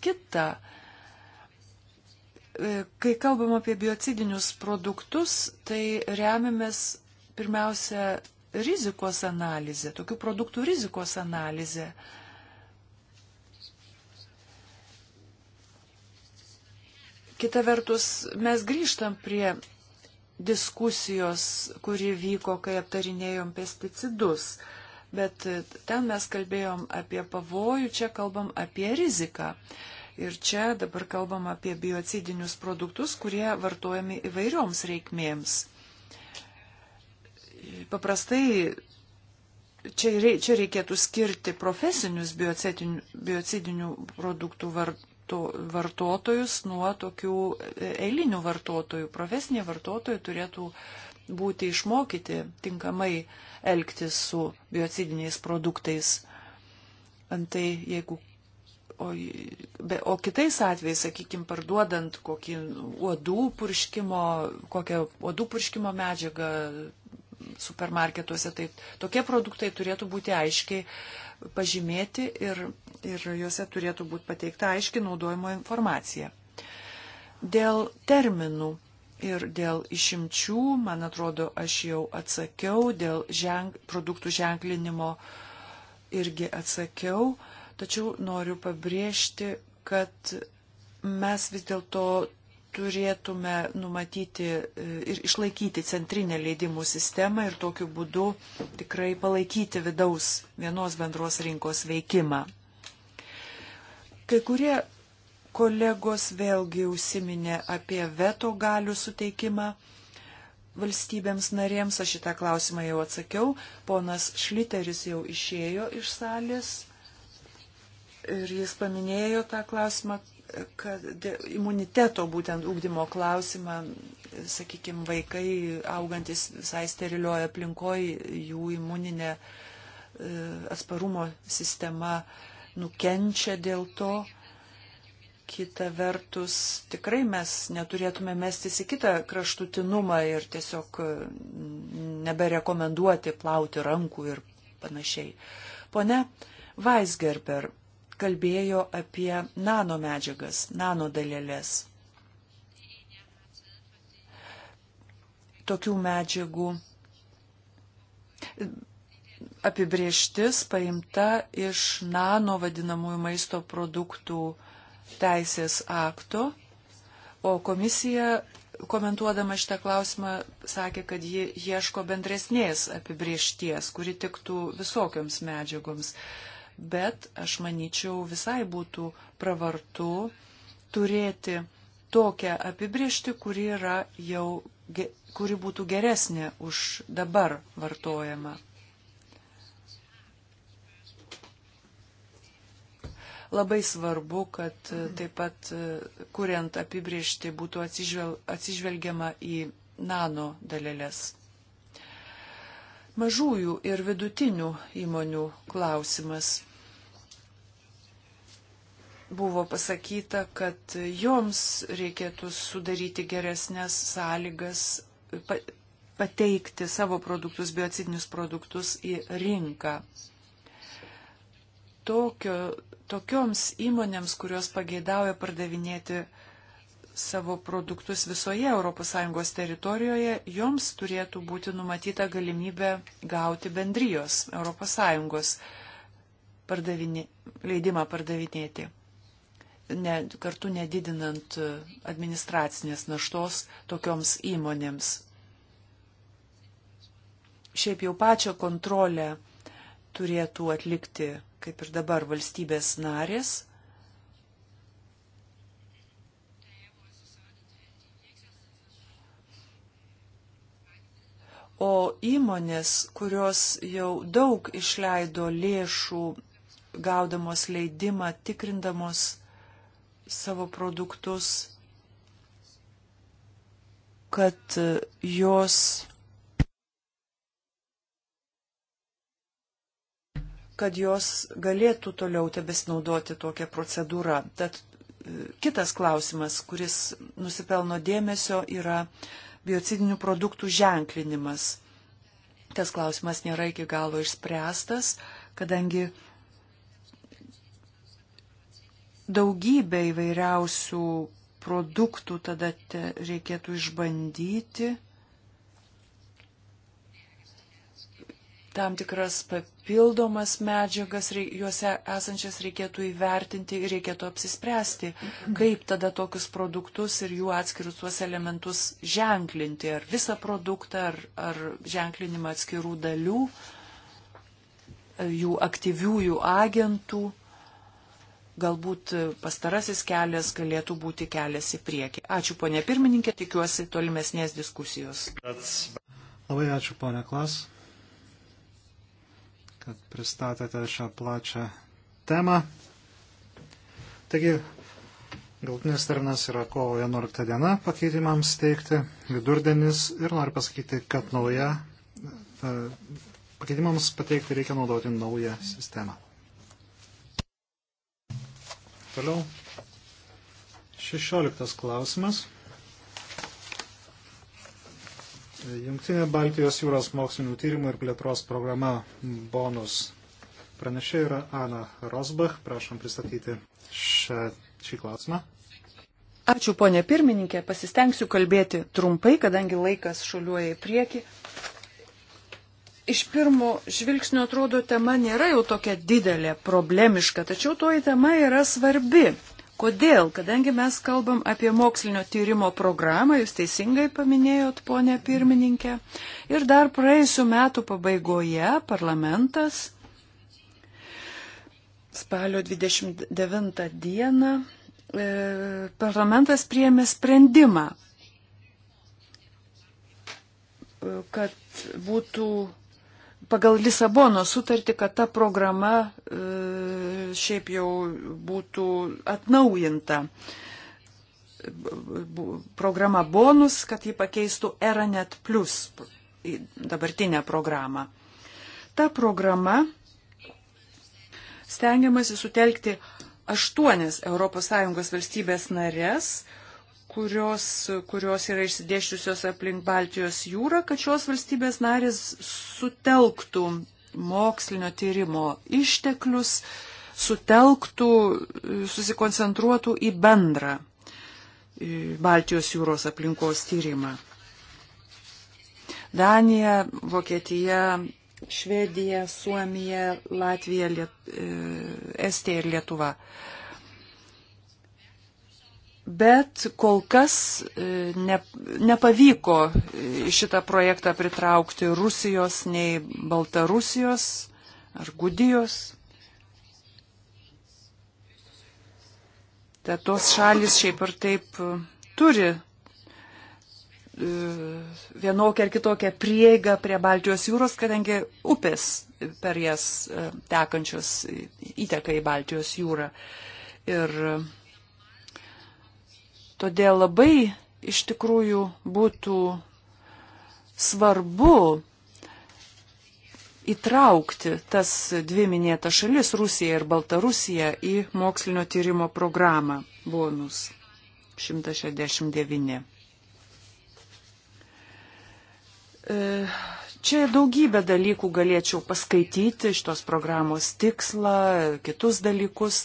kitą. E, kai kalbam apie biocidinius produktus, tai remiamės pirmiausia rizikos analizė, tokių produktų rizikos analizė. Uh, Kita vertus, mes grįžtam prie diskusijos, kuri vyko, kai aptarinėjom pesticidus, bet ten mes kalbėjom apie pavojų, čia kalbam apie riziką. Ir čia dabar kalbam apie biocidinius produktus, kurie vartojami įvairioms reikmėms. Paprastai čia reikėtų skirti profesinius biocidinių produktų to, vartotojus nuo tokių eilinių vartotojų. Profesiniai vartotojai turėtų būti išmokyti tinkamai elgtis su biocidiniais produktais. Antai, jeigu, o, be, o kitais atvejais, sakykime, parduodant kokį uodų purškimo, kokią uodų purškimo medžiagą, supermarketuose. Tai tokie produktai turėtų būti aiškiai pažymėti ir, ir juose turėtų būti pateikta aiškiai naudojimo informacija. Dėl terminų ir dėl išimčių, man atrodo, aš jau atsakiau, dėl ženk, produktų ženklinimo irgi atsakiau, tačiau noriu pabrėžti, kad mes vis dėlto turėtume numatyti e, ir išlaikyti centrinę leidimų sistemą ir tokiu būdu tikrai palaikyti vidaus vienos bendros rinkos veikimą. Kai kurie kolegos vėlgi užsiminė apie veto galių suteikimą valstybėms narėms, aš šitą klausimą jau atsakiau, ponas Šliteris jau išėjo iš salės ir jis paminėjo tą klausimą, kad imuniteto būtent ūkdymo klausimą, sakykime, vaikai augantis visai sterilioje aplinkoje, jų imuninė e, atsparumo sistema nukenčia dėl to. Kita vertus, tikrai mes neturėtume mestis į kitą kraštutinumą ir tiesiog e, neberekomenduoti plauti rankų ir panašiai. Pone Weisgerber, kalbėjo apie nanomedžiagas, nanodalelės. Tokių medžiagų apibrieštis paimta iš nano vadinamųjų maisto produktų teisės akto, o komisija komentuodama šitą klausimą, sakė, kad ji ieško bendresnės apibriešties, kuri tiktų visokioms medžiagoms bet aš manyčiau visai būtų pravartu turėti tokią apibriežtį, kuri, yra jau, kuri būtų geresnė už dabar vartojama. Labai svarbu, kad e, taip pat, e, kuriant apibriežti, būtų atsižvel, atsižvelgiama į nano dalelės. Mažųjų ir vidutinių įmonių klausimas buvo pasakyta, kad joms reikėtų sudaryti geresnės sąlygas pateikti savo produktus, biocidinius produktus į rinką. Tokio, tokioms įmonėms, kurios pageidauja pardavinėti savo produktus visoje ES teritorijoje, joms turėtų būti numatyta galimybė gauti bendrijos ES pardavini, leidimą pardavinėti ne, kartu nedidinant administracinės naštos tokioms įmonėms. Šiaip jau pačią kontrolę turėtų atlikti, kaip ir dabar, valstybės narės. O įmonės, kurios jau daug išleido lėšų, gaudamos leidimą, tikrindamos savo produktus, kad e, jos kad jos galėtų toliau tebesinaudoti tokią procedūrą. Tad e, kitas klausimas, kuris nusipelno dėmesio, yra biocidinių produktų ženklinimas. Tas klausimas nėra iki galo išspręstas, kadangi daugybę įvairiausių produktų tada reikėtų išbandyti. Tam tikras papildomas medžiagas, juose esančias reikėtų įvertinti ir reikėtų apsispręsti, kaip tada tokius produktus ir jų atskirus tuos elementus ženklinti, ar visą produktą, ar, ar ženklinimą atskirų dalių, jų aktyviųjų agentų galbūt pastarasis kelias galėtų būti kelias į priekį. Ačiū, ponė pirmininkė, tikiuosi tolimesnės diskusijos. Labai ačiū, ponė Klas, kad pristatėte šią plačią temą. Taigi, galtinis terminas yra kovo 11 diena pakeitimams teikti, vidurdienis ir noriu pasakyti, kad nauja, e, pakeitimams pateikti reikia naudoti naują sistemą. Toliau. Šešioliktas klausimas. Jungtinė Baltijos jūros mokslinių tyrimų ir plėtros programa bonus. Pranešė yra Ana Rosbach. Prašom pristatyti šią, šį klausimą. Ačiū, ponė pirmininkė. Pasistengsiu kalbėti trumpai, kadangi laikas šuliuoja į priekį iš pirmo žvilgsnio atrodo tema nėra jau tokia didelė, problemiška, tačiau toji tema yra svarbi. Kodėl? Kadangi mes kalbam apie mokslinio tyrimo programą, jūs teisingai paminėjot, ponė pirmininkė, ir dar praėjusiu metu pabaigoje parlamentas spalio 29 dieną e, parlamentas priėmė sprendimą, kad būtų pagal Lisabono sutartį, kad ta programa e, šiaip jau būtų atnaujinta. Programa bonus, kad ji pakeistų Eranet Plus dabartinę programą. Ta programa stengiamasi sutelkti aštuonias ES valstybės narės, kurios, kurios yra išsidėščiusios aplink Baltijos jūrą, kad šios valstybės narės sutelktų mokslinio tyrimo išteklius, sutelktų, susikoncentruotų į bendrą Baltijos jūros aplinkos tyrimą. Danija, Vokietija, Švedija, Suomija, Latvija, Liet... E, Estija ir Lietuva. E, bet kol kas e, ne, nepavyko e, šitą projektą pritraukti Rusijos, nei Baltarusijos ar Gudijos. Tad tos šalis šiaip ar taip e, turi vienokią ar kitokią prieigą prie Baltijos jūros, kadangi upės per jas tekančios įteka į Baltijos jūrą. Ir Todėl labai iš tikrųjų būtų svarbu įtraukti tas dvi minėtas šalis, Rusija ir Baltarusija, į mokslinio tyrimo programą bonus 169. E, čia daugybę dalykų galėčiau paskaityti, šitos programos tikslą, kitus dalykus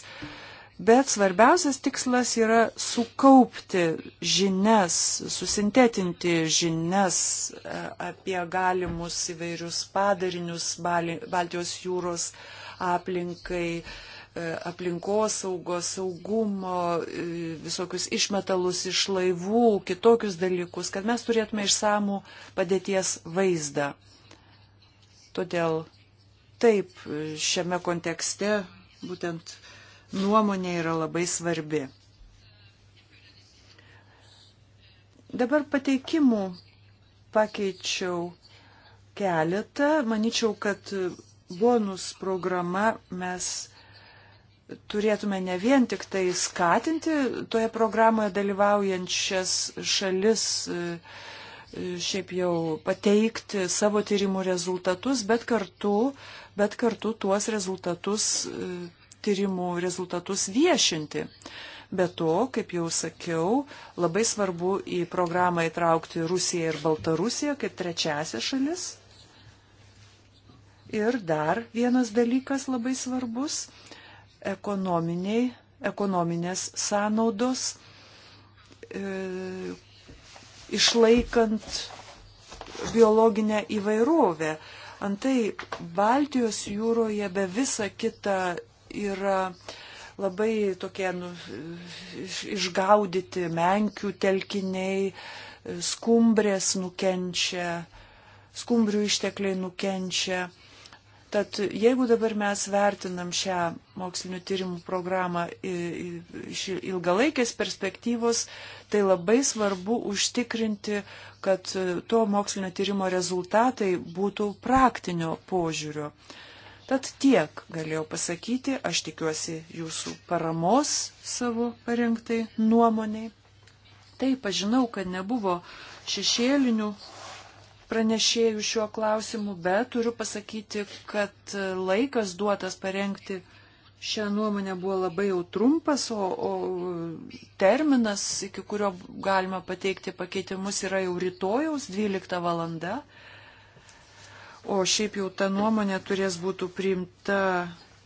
bet svarbiausias tikslas yra sukaupti žinias, susintetinti žinias e, apie galimus įvairius padarinius Baltijos jūros aplinkai, e, aplinkos saugos, saugumo, e, visokius išmetalus iš laivų, kitokius dalykus, kad mes turėtume išsamų padėties vaizdą. Todėl taip šiame kontekste būtent uh, nuomonė yra labai svarbi. Dabar pateikimų pakeičiau keletą. Manyčiau, kad bonus programa mes turėtume ne vien tik tai skatinti toje programoje dalyvaujančias šalis e, e, šiaip jau pateikti savo tyrimų rezultatus, bet kartu, bet kartu tuos rezultatus uh, tyrimų rezultatus viešinti. Be to, kaip jau sakiau, labai svarbu į programą įtraukti Rusiją ir Baltarusiją kaip trečiasią šalis. Ir dar vienas dalykas labai svarbus - ekonominiai, ekonominės sąnaudos, e, išlaikant biologinę įvairovę. Antai Baltijos jūroje be visą kitą yra labai tokie nu, išgaudyti menkių telkiniai, skumbrės nukenčia, skumbrių ištekliai nukenčia. Tad jeigu dabar mes vertinam šią mokslinių tyrimų programą iš ilgalaikės perspektyvos, tai labai svarbu užtikrinti, kad to mokslinio tyrimo rezultatai būtų praktinio požiūrio. Uh, Tad tiek galėjau pasakyti, aš tikiuosi jūsų paramos savo parengtai nuomoniai. Taip, aš žinau, kad nebuvo šešėlinių pranešėjų šiuo klausimu, bet turiu pasakyti, kad laikas duotas parengti šią nuomonę buvo labai jau trumpas, o, o terminas, iki kurio galima pateikti pakeitimus, yra jau rytojaus 12 valanda. O šiaip jau ta nuomonė turės būti priimta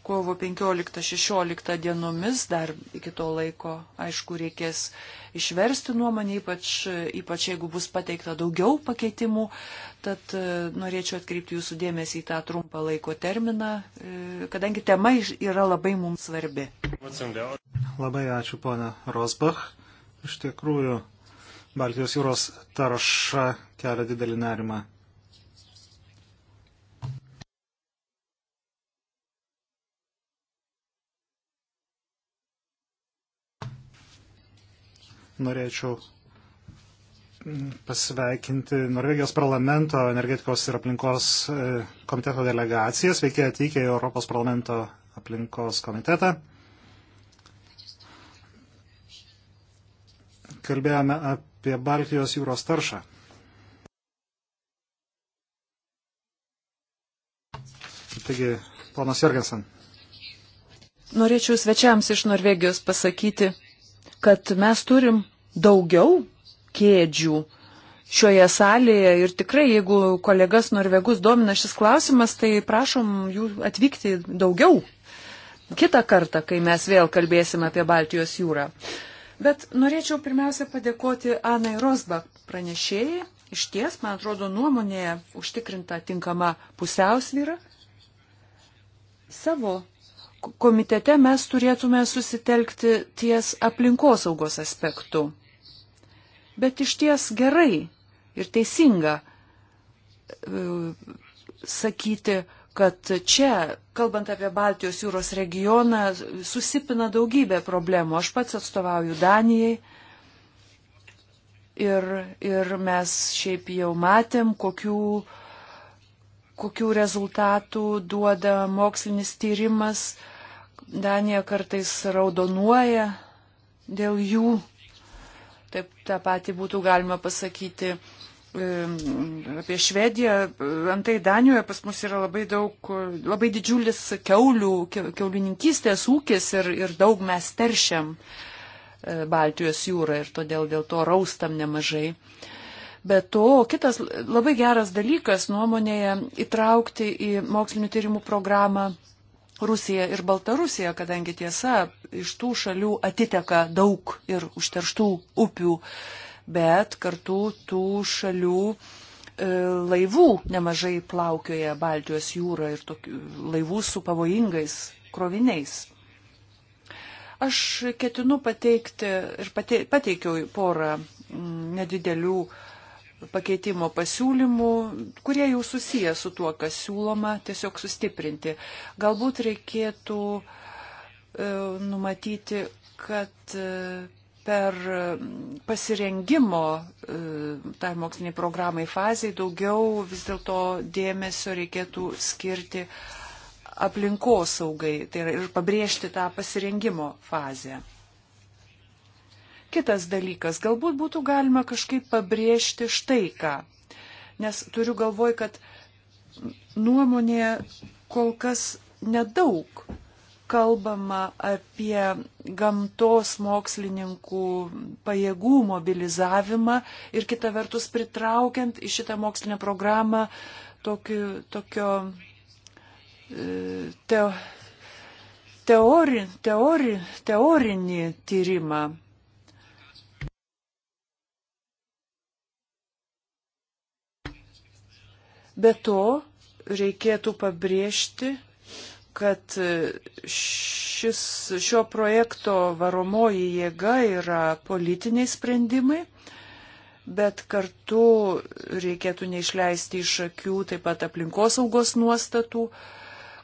kovo 15-16 dienomis, dar iki to laiko, aišku, reikės išversti nuomonę, ypač, ypač jeigu bus pateikta daugiau pakeitimų, tad e, norėčiau atkreipti jūsų dėmesį į tą trumpą laiko terminą, e, kadangi tema yra labai mums svarbi. Labai ačiū, ponė Rosbach. Iš tikrųjų, Baltijos jūros tarša kelia didelį nerimą. norėčiau pasveikinti Norvegijos parlamento energetikos ir aplinkos e, komiteto delegaciją. Sveiki atvykę į Europos parlamento aplinkos komitetą. Kalbėjome apie Baltijos jūros taršą. Taigi, ponas Jorgensen. Norėčiau svečiams iš Norvegijos pasakyti, kad mes turim daugiau kėdžių šioje salėje ir tikrai, jeigu kolegas norvegus domina šis klausimas, tai prašom jų atvykti daugiau kitą kartą, kai mes vėl kalbėsime apie Baltijos jūrą. Bet norėčiau pirmiausia padėkoti Anai Rosbach pranešėjai. Iš ties, man atrodo, nuomonėje užtikrinta tinkama pusiausvyra. Savo komitete mes turėtume susitelkti ties aplinkosaugos aspektu. Bet iš ties gerai ir teisinga e, sakyti, kad čia, kalbant apie Baltijos jūros regioną, susipina daugybė problemų. Aš pats atstovauju Danijai ir, ir mes šiaip jau matėm, kokių uh, kokių rezultatų duoda mokslinis tyrimas. Danija kartais raudonuoja dėl jų. Taip tą patį būtų galima pasakyti apie Švediją. Antai Danijoje pas mus yra labai daug, labai didžiulis keulių, keulininkystės ūkis ir, ir daug mes teršiam e, Baltijos jūrą ir todėl dėl to raustam nemažai. Uh, Be to, kitas labai geras dalykas nuomonėje įtraukti į mokslinių tyrimų programą Rusiją ir Baltarusiją, kadangi tiesa, iš tų šalių atiteka daug ir užterštų upių, bet kartu tų šalių e, laivų nemažai plaukioja Baltijos jūra ir tokių laivų su pavojingais kroviniais. Aš ketinu pateikti ir pateikiau porą mm, nedidelių uh, pakeitimo pasiūlymų, kurie jau susiję su tuo, kas siūloma, tiesiog sustiprinti. Galbūt reikėtų e, numatyti, kad e, per pasirengimo e, tai moksliniai programai fazai daugiau vis dėlto dėmesio reikėtų skirti aplinkosaugai, tai yra ir pabrėžti tą pasirengimo fazę. Kitas dalykas, galbūt būtų galima kažkaip pabrėžti štai ką, nes turiu galvoj, kad nuomonė kol kas nedaug kalbama apie gamtos mokslininkų pajėgų mobilizavimą ir kita vertus pritraukiant į šitą mokslinę programą tokiu, tokio e, te, teori, teori, teorinį tyrimą Be to, reikėtų pabrėžti, kad šis, šio projekto varomoji jėga yra politiniai sprendimai, bet kartu reikėtų neišleisti iš akių taip pat aplinkosaugos nuostatų.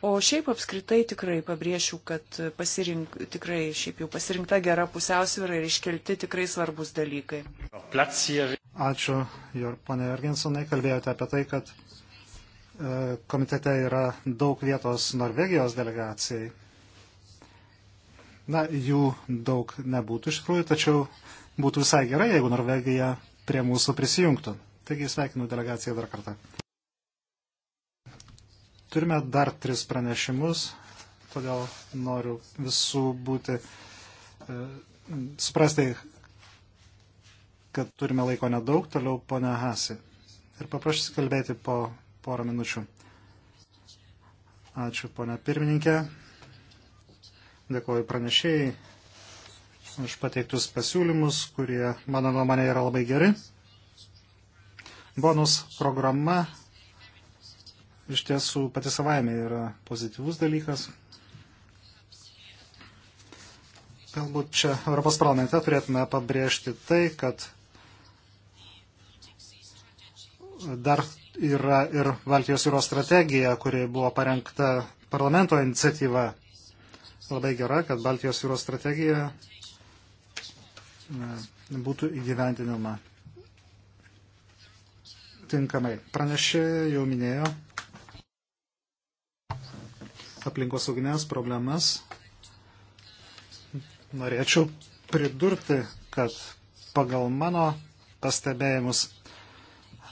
O šiaip apskritai tikrai pabrėšiu, kad pasirink, tikrai šiaip jau pasirinkta gera pusiausvyrą ir iškelti tikrai svarbus dalykai. Ačiū, Jor, ponė Jorgensonai, kalbėjote apie tai, kad E, komitete yra daug vietos Norvegijos delegacijai. Na, jų daug nebūtų iš tikrųjų, tačiau būtų visai gerai, jeigu Norvegija prie mūsų prisijungtų. Taigi sveikinu delegaciją dar kartą. Turime dar tris pranešimus, todėl noriu visų būti, e, suprasti, kad turime laiko nedaug, toliau ponia Hasi. Ir paprašysiu kalbėti po porą minučių. Ačiū, ponia pirmininkė. Dėkuoju pranešėjai už pateiktus pasiūlymus, kurie, mano nuomonė, yra labai geri. Bonus programa iš tiesų pati savaime yra pozityvus dalykas. Galbūt čia Europos parlamente turėtume pabrėžti tai, kad dar yra ir Baltijos jūros strategija, kuri buvo parengta parlamento iniciatyva. Labai gera, kad Baltijos jūros strategija būtų įgyvendinama tinkamai. Pranešė jau minėjo aplinkosauginės problemas. Norėčiau pridurti, kad pagal mano pastebėjimus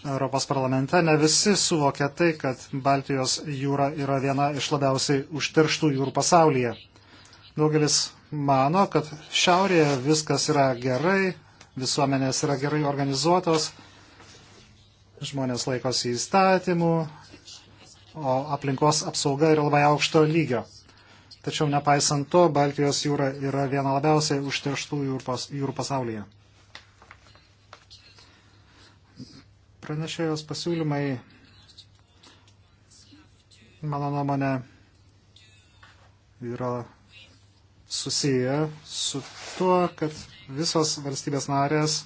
Europos parlamente ne visi suvokia tai, kad Baltijos jūra yra viena iš labiausiai užterštų jūrų pasaulyje. Daugelis mano, kad šiaurėje viskas yra gerai, visuomenės yra gerai organizuotos, žmonės laikosi įstatymų, o aplinkos apsauga yra labai aukšto lygio. Tačiau nepaisant to, Baltijos jūra yra viena labiausiai užterštų jūrų, pas, jūrų pasaulyje. Pranešėjos pasiūlymai, mano nuomonė, yra susiję su tuo, kad visos valstybės narės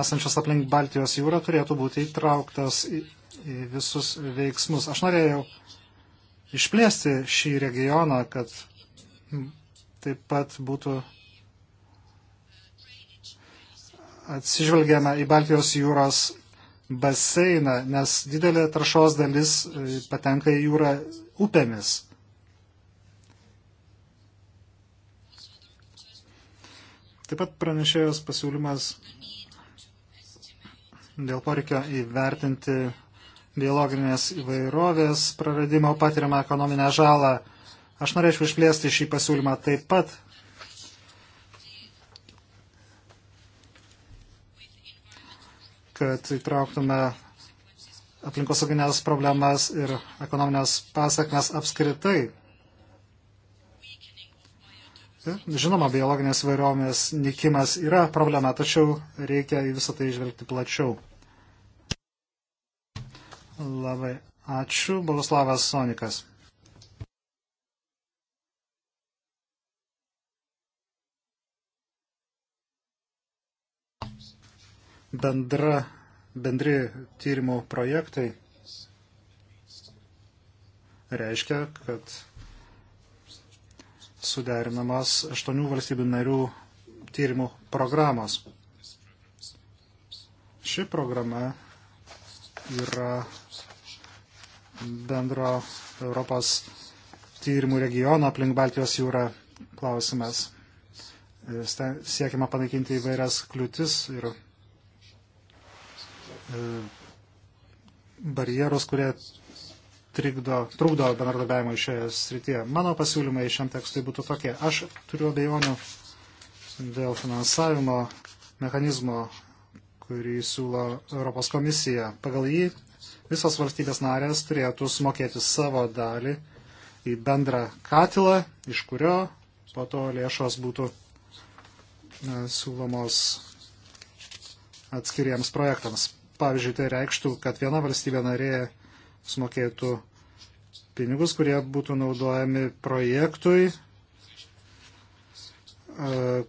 esančios aplink Baltijos jūrą turėtų būti įtrauktas į, į visus veiksmus. Aš norėjau išplėsti šį regioną, kad taip pat būtų atsižvelgiama į Baltijos jūros baseiną, nes didelė taršos dalis e, patenka į jūrą upėmis. Taip pat pranešėjos pasiūlymas dėl poreikio įvertinti biologinės įvairovės praradimo patiriamą ekonominę žalą. Aš norėčiau išplėsti šį pasiūlymą taip pat, kad įtrauktume aplinkosauginės problemas ir ekonominės pasakmes apskritai. Žinoma, biologinės vairomės nikimas yra problema, tačiau reikia į visą tai žvelgti plačiau. Labai ačiū, Boguslavas Sonikas. bendra, bendri tyrimo projektai reiškia, kad suderinamas aštuonių valstybių narių tyrimų programos. Ši programa yra bendro Europos tyrimų regiono aplink Baltijos jūrą klausimas. Siekima panaikinti įvairias kliūtis ir E, barjerus, kurie trikdo, trukdo bendradarbiavimui šioje srityje. Mano pasiūlymai šiam tekstui būtų tokie. Aš turiu abejonių dėl finansavimo mechanizmo, kurį siūlo Europos komisija. Pagal jį visos valstybės narės turėtų sumokėti savo dalį į bendrą katilą, iš kurio po to lėšos būtų e, siūlomos atskiriems projektams pavyzdžiui, tai reikštų, kad viena valstybė narė sumokėtų pinigus, kurie būtų naudojami projektui, e,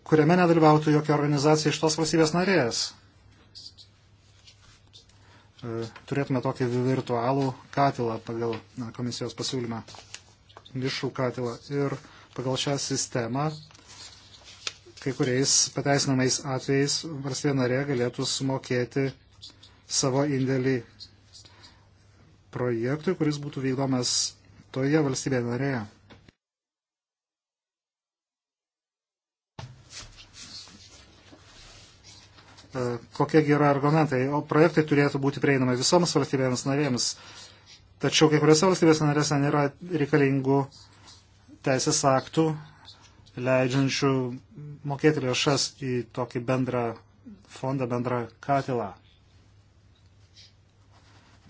kuriame nedalyvautų jokia organizacija iš tos valstybės narės. E, turėtume tokį virtualų katilą pagal komisijos pasiūlymą, viršų katilą. Ir pagal šią sistemą kai kuriais pateisinamais atvejais valstybė narė galėtų sumokėti savo indėlį projektui, kuris būtų vykdomas toje valstybėje narėje. E, Kokie yra argumentai? O projektai turėtų būti prieinami visoms valstybėms narėms, tačiau kai kuriuose valstybės narėse nėra reikalingų teisės aktų, leidžiančių mokėti lėšas į tokį bendrą fondą, bendrą katilą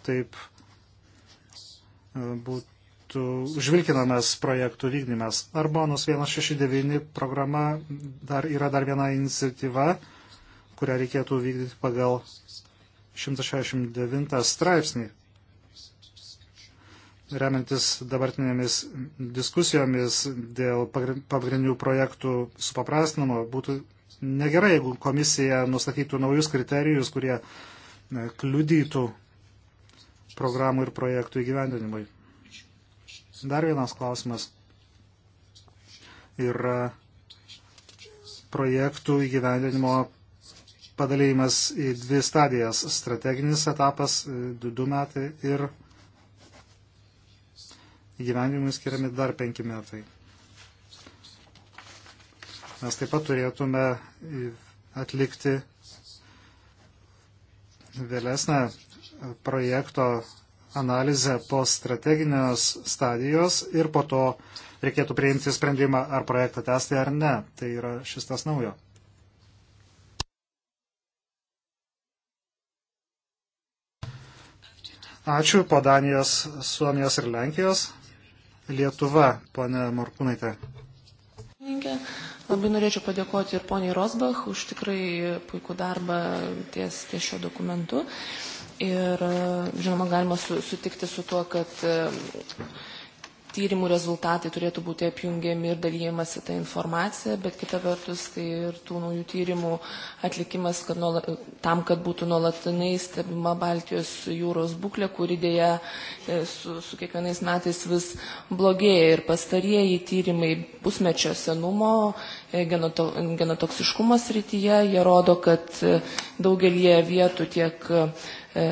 taip e, būtų užvilkinamas projektų vykdymas. Ar bonus 169 programa dar yra dar viena iniciatyva, kurią reikėtų vykdyti pagal 169 straipsnį. Remiantis dabartinėmis diskusijomis dėl pagrindinių projektų supaprastinimo, būtų negerai, jeigu komisija nustatytų naujus kriterijus, kurie e, kliudytų programų ir projektų įgyvendinimui. Dar vienas klausimas yra projektų įgyvendinimo padalymas į dvi stadijas. Strateginis etapas e, du, du metai ir įgyvendinimui skiriami dar penki metai. Mes taip pat turėtume atlikti vėlesnę projekto analizę po strateginės stadijos ir po to reikėtų priimti sprendimą, ar projektą tęsti ar ne. Tai yra šis tas naujo. Ačiū po Danijos, Suomijos ir Lenkijos. Lietuva, ponė Morkūnaitė. Labai norėčiau padėkoti ir poniai Rosbach už tikrai puikų darbą ties, ties šio dokumentu. Uh, Ir žinoma, galima su, sutikti su tuo, kad tyrimų rezultatai turėtų būti apjungiami ir dalyjimasi tą informaciją, bet kita vertus tai ir tų naujų tyrimų atlikimas kad nuola, tam, kad būtų nuolatinai stebima Baltijos jūros būklė, kuri dėja e, su, su kiekvienais metais vis blogėja ir pastarieji tyrimai pusmečio senumo e, genoto, genotoksiškumo srityje, jie rodo, kad e, daugelie vietų tiek e,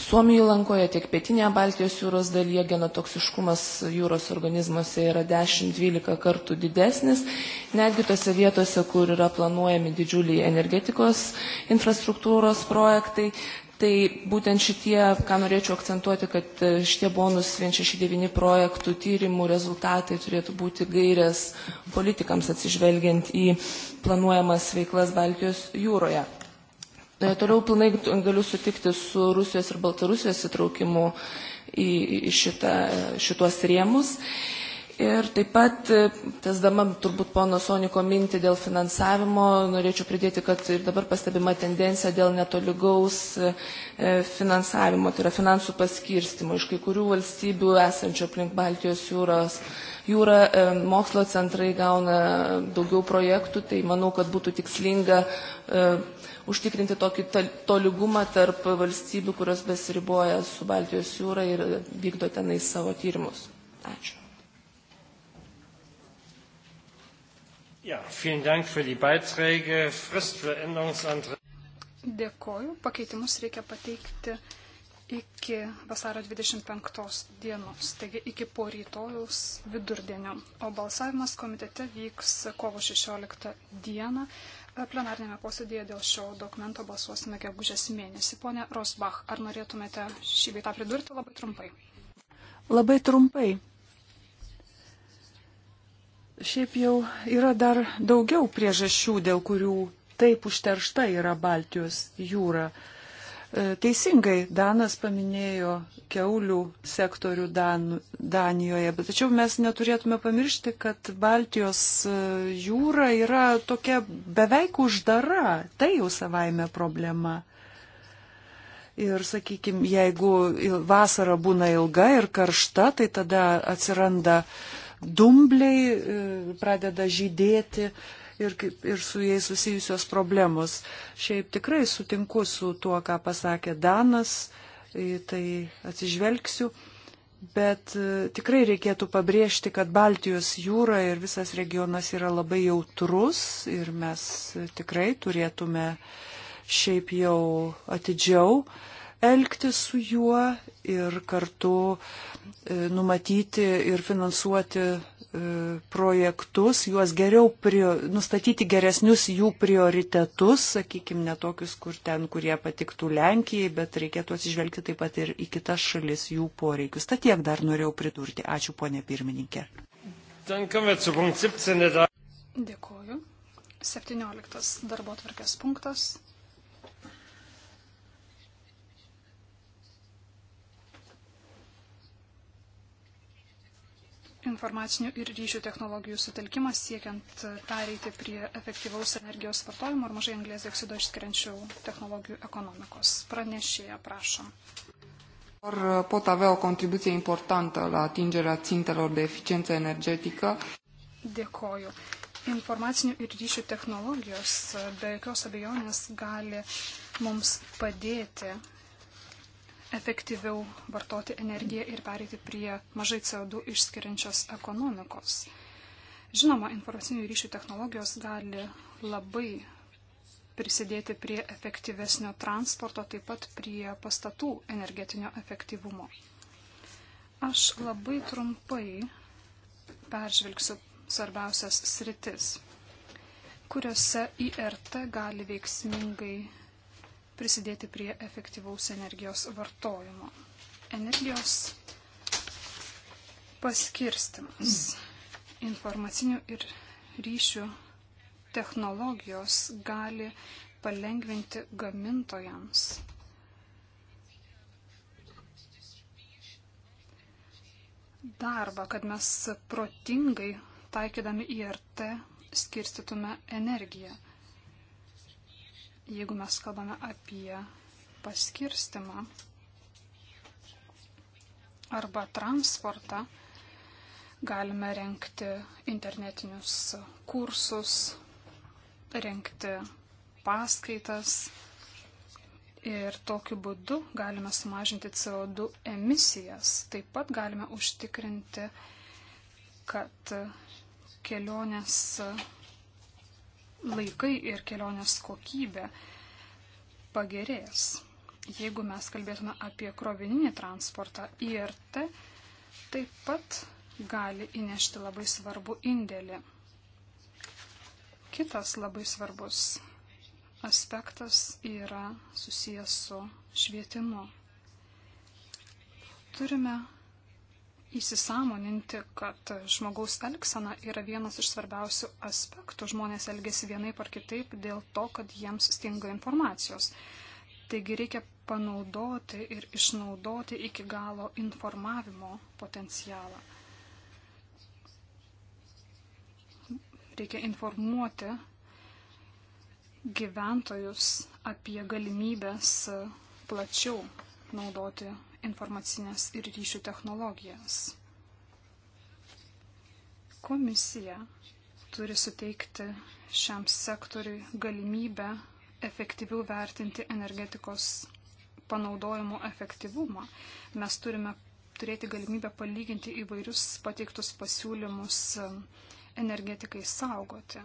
Suomijų lankoje, tiek pietinėje Baltijos jūros dalyje genotoksiškumas jūros organizmuose yra 10-12 kartų didesnis. Netgi tose vietose, kur yra planuojami didžiuliai energetikos infrastruktūros projektai, tai būtent šitie, ką norėčiau akcentuoti, kad e, šitie bonus 169 projektų tyrimų rezultatai turėtų būti gairės politikams atsižvelgiant į planuojamas veiklas Baltijos jūroje. Toliau pilnai galiu sutikti su Rusijos ir Baltarusijos įtraukimu į, į šitą, šituos rėmus. Ir taip pat, e, tesdama turbūt pono Soniko mintį dėl finansavimo, norėčiau pridėti, kad ir dabar pastebima tendencija dėl netolygaus e, e, finansavimo, tai yra finansų paskirstimo iš kai kurių valstybių esančių aplink Baltijos jūros jūrą, mokslo centrai gauna daugiau projektų, tai manau, kad būtų tikslinga užtikrinti tokį tolygumą tarp valstybių, kurios besiriboja su Baltijos jūra ir vykdo tenai savo tyrimus. Ačiū. Ja, vielen Dank für die Beiträge. Frist für Änderungsanträge. Dėkoju. Pakeitimus reikia pateikti iki vasaro 25 dienos, taigi iki po rytojus vidurdienio. O balsavimas komitete vyks kovo 16 dieną. Plenarnėme posėdėje dėl šio dokumento balsuosime gegužės mėnesį. Pone Rosbach, ar norėtumėte šį beitą pridurti labai trumpai? Labai trumpai. Šiaip jau yra dar daugiau priežasčių, dėl kurių taip užteršta yra Baltijos jūra. Uh, E, teisingai, Danas paminėjo keulių sektorių Dan, Danijoje, bet tačiau mes neturėtume pamiršti, kad Baltijos e, jūra yra tokia beveik uždara, tai jau savaime problema. Ir, sakykime, jeigu vasara būna ilga ir karšta, tai tada atsiranda dumbliai, e, pradeda žydėti ir, ir su jais susijusios problemos. Šiaip tikrai sutinku su tuo, ką pasakė Danas, tai atsižvelgsiu. Bet e, tikrai reikėtų pabrėžti, kad Baltijos jūra ir visas regionas yra labai jautrus ir mes tikrai turėtume šiaip jau atidžiau elgtis su juo ir kartu e, numatyti ir finansuoti E, projektus, juos geriau prio, nustatyti geresnius jų prioritetus, sakykime, netokius, kur ten, kurie patiktų Lenkijai, bet reikėtų atsižvelgti taip pat ir į kitas šalis jų poreikius. Tad tiek dar norėjau pridurti. Ačiū, ponė pirmininkė. Dėkuoju. 17 darbo tvarkės punktas. informacinių ir ryšių technologijų sutelkimas siekiant e, pereiti prie efektyvaus energijos vartojimo ir mažai anglės dioksido išskiriančių technologijų ekonomikos. Pranešėja, prašom. Ar e, pot avea o contribuție importantă la atingerea țintelor de eficiență energetică? Dėkoju. Informacinių ir ryšių technologijos e, be jokios abejonės gali mums padėti efektyviau vartoti energiją ir pereiti prie mažai CO2 išskiriančios ekonomikos. Žinoma, informacinių ryšių technologijos gali labai prisidėti prie efektyvesnio transporto, taip pat prie pastatų energetinio efektyvumo. Aš labai trumpai peržvelgsiu svarbiausias sritis, kuriuose IRT gali veiksmingai prisidėti prie efektyvaus energijos vartojimo. Energijos paskirstimas informacinių ir ryšių technologijos gali palengvinti gamintojams darbą, kad mes protingai taikydami IRT skirstytume energiją jeigu mes kalbame apie paskirstimą arba transportą, galime renkti internetinius kursus, renkti paskaitas ir tokiu būdu galime sumažinti CO2 emisijas. Taip pat galime užtikrinti, kad kelionės laikai ir kelionės kokybė pagerės. Jeigu mes kalbėtume apie krovininį transportą IRT, taip pat gali įnešti labai svarbu indėlį. Kitas labai svarbus aspektas yra susijęs su švietimu. Turime įsisamoninti, kad žmogaus elgsena yra vienas iš svarbiausių aspektų. Žmonės elgesi vienaip ar kitaip dėl to, kad jiems stinga informacijos. Taigi reikia panaudoti ir išnaudoti iki galo informavimo potencialą. Reikia informuoti gyventojus apie galimybės plačiau naudoti informacinės ir ryšių technologijas. Komisija turi suteikti šiam sektoriui galimybę efektyviau vertinti energetikos panaudojimo efektyvumą. Mes turime turėti galimybę palyginti įvairius pateiktus pasiūlymus energetikai saugoti.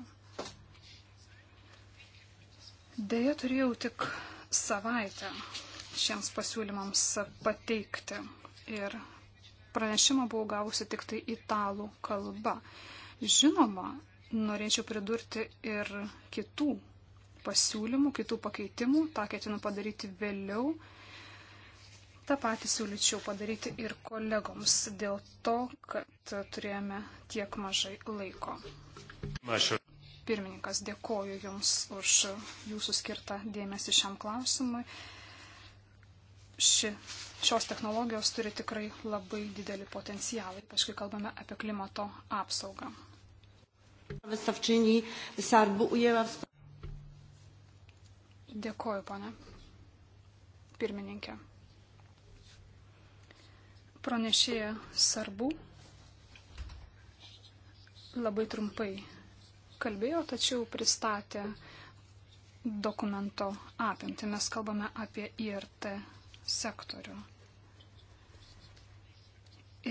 Deja, turėjau tik savaitę šiems pasiūlymams pateikti. Ir pranešimą buvau gavusi tik tai italų kalba. Žinoma, norėčiau pridurti ir kitų pasiūlymų, kitų pakeitimų, tą ketinu padaryti vėliau. Ta patį siūlyčiau padaryti ir kolegoms dėl to, kad turėjome tiek mažai laiko. Pirmininkas, dėkoju Jums už Jūsų skirtą dėmesį šiam klausimui ši, šios technologijos turi tikrai labai didelį potencialą, ypač kai kalbame apie klimato apsaugą. Dėkoju, pane pirmininkė. Pranešėja Sarbu labai trumpai kalbėjo, tačiau pristatė dokumento apimtį. Mes kalbame apie IRT sektorių.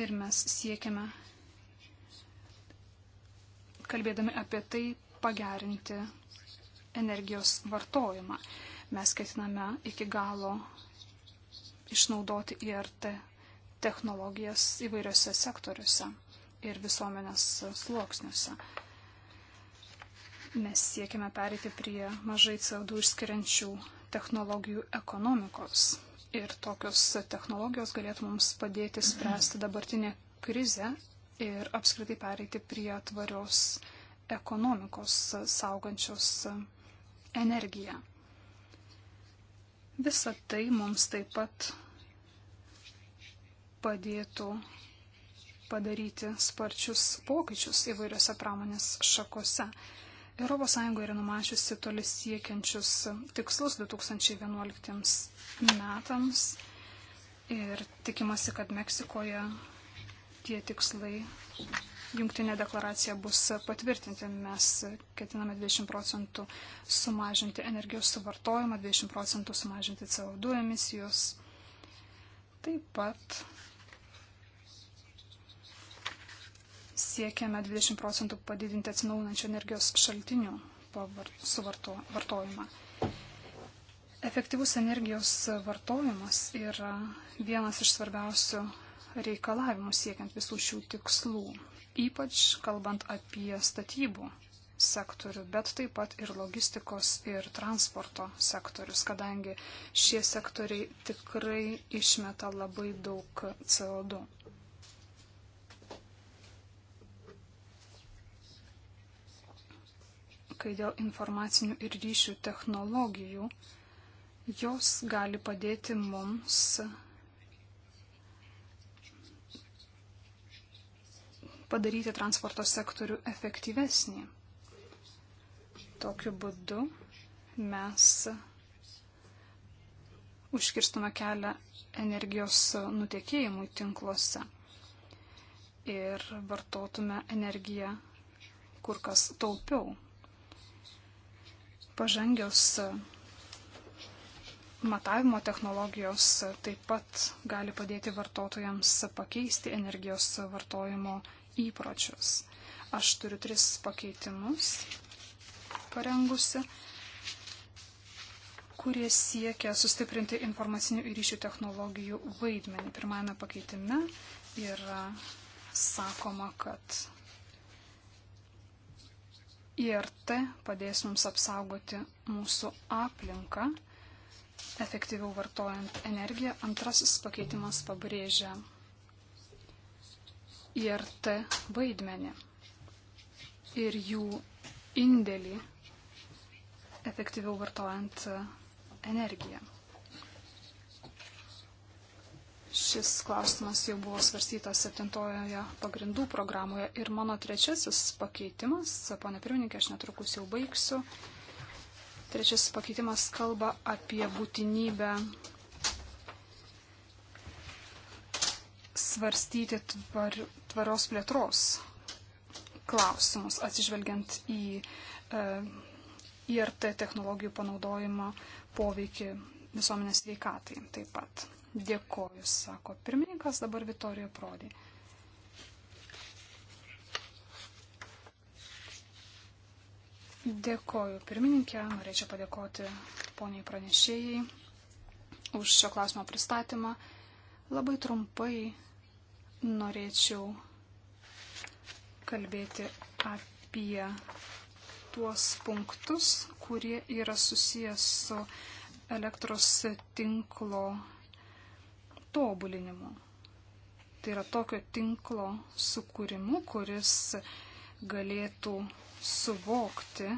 Ir mes siekiame, kalbėdami apie tai, pagerinti energijos vartojimą. Mes ketiname iki galo išnaudoti IRT technologijas įvairiose sektoriuose ir visuomenės sluoksniuose. Mes siekime perėti prie mažai CO2 išskiriančių technologijų ekonomikos. Ir tokios technologijos galėtų mums padėti spręsti dabartinę krizę ir apskritai pereiti prie tvarios ekonomikos saugančios energiją. Visa tai mums taip pat padėtų padaryti sparčius pokyčius įvairiose pramonės šakose. ES yra numačiusi toli siekiančius tikslus 2011 metams ir tikimasi, kad Meksikoje tie tikslai jungtinė deklaracija bus patvirtinti. Mes ketiname 20 procentų sumažinti energijos suvartojimą, 20 procentų sumažinti CO2 emisijos. Taip pat siekiame 20 procentų padidinti atsinaujinančių energijos šaltinių suvartojimą. Suvarto, Efektyvus energijos vartojimas yra vienas iš svarbiausių reikalavimų siekiant visų šių tikslų, ypač kalbant apie statybų sektorių, bet taip pat ir logistikos ir transporto sektorius, kadangi šie sektoriai tikrai išmeta labai daug CO2. Kai dėl informacinių ir ryšių technologijų, Jos gali padėti mums padaryti transporto sektorių efektyvesnį. Tokiu būdu mes užkirstume kelią energijos nutekėjimui tinkluose ir vartotume energiją kur kas taupiau. Pažangios matavimo technologijos taip pat gali padėti vartotojams pakeisti energijos vartojimo įpročius. Aš turiu tris pakeitimus parengusi, kurie siekia sustiprinti informacinių ir ryšių technologijų vaidmenį. Pirmajame pakeitime yra sakoma, kad IRT padės mums apsaugoti mūsų aplinką efektyviau vartojant energiją. Antrasis pakeitimas pabrėžia IRT vaidmenį ir jų indėlį efektyviau vartojant energiją. Šis klausimas jau buvo svarstytas septintojoje pagrindų programoje ir mano trečiasis pakeitimas, ponė pirmininkė, aš netrukus jau baigsiu, Trečias pakeitimas kalba apie būtinybę svarstyti tvar, tvarios plėtros klausimus, atsižvelgiant į e, IRT technologijų panaudojimą poveikį visuomenės veikatai taip pat. Dėkoju, sako pirmininkas, dabar Vitorija Prodė. Dėkoju pirmininkė, norėčiau padėkoti poniai pranešėjai už šio klausimo pristatymą. Labai trumpai norėčiau kalbėti apie tuos punktus, kurie yra susijęs su elektros tinklo tobulinimu. Tai yra tokio tinklo sukūrimu, kuris galėtų suvokti,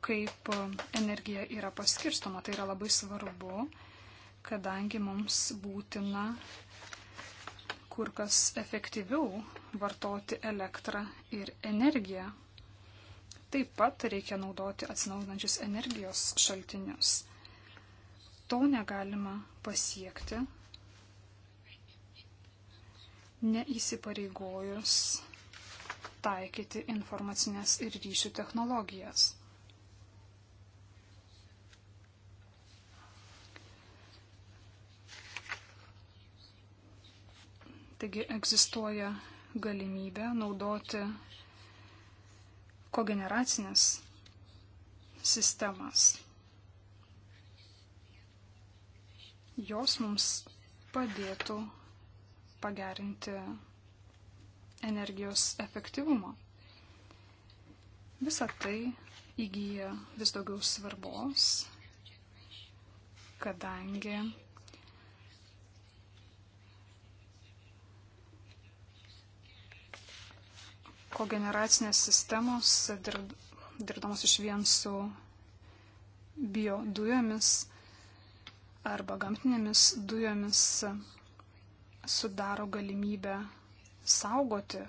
kaip energija yra paskirstoma. Tai yra labai svarbu, kadangi mums būtina kur kas efektyviau vartoti elektrą ir energiją. Taip pat reikia naudoti atsinaujinančius energijos šaltinius. To negalima pasiekti neįsipareigojus taikyti informacinės ir ryšių technologijas. Taigi egzistuoja galimybė naudoti kogeneracinės sistemas. Jos mums padėtų pagerinti energijos efektyvumo. Visa tai įgyja vis daugiau svarbos, kadangi kogeneracinės sistemos, dirbdamos iš vien su biodujomis arba gamtinėmis dujomis, sudaro galimybę saugoti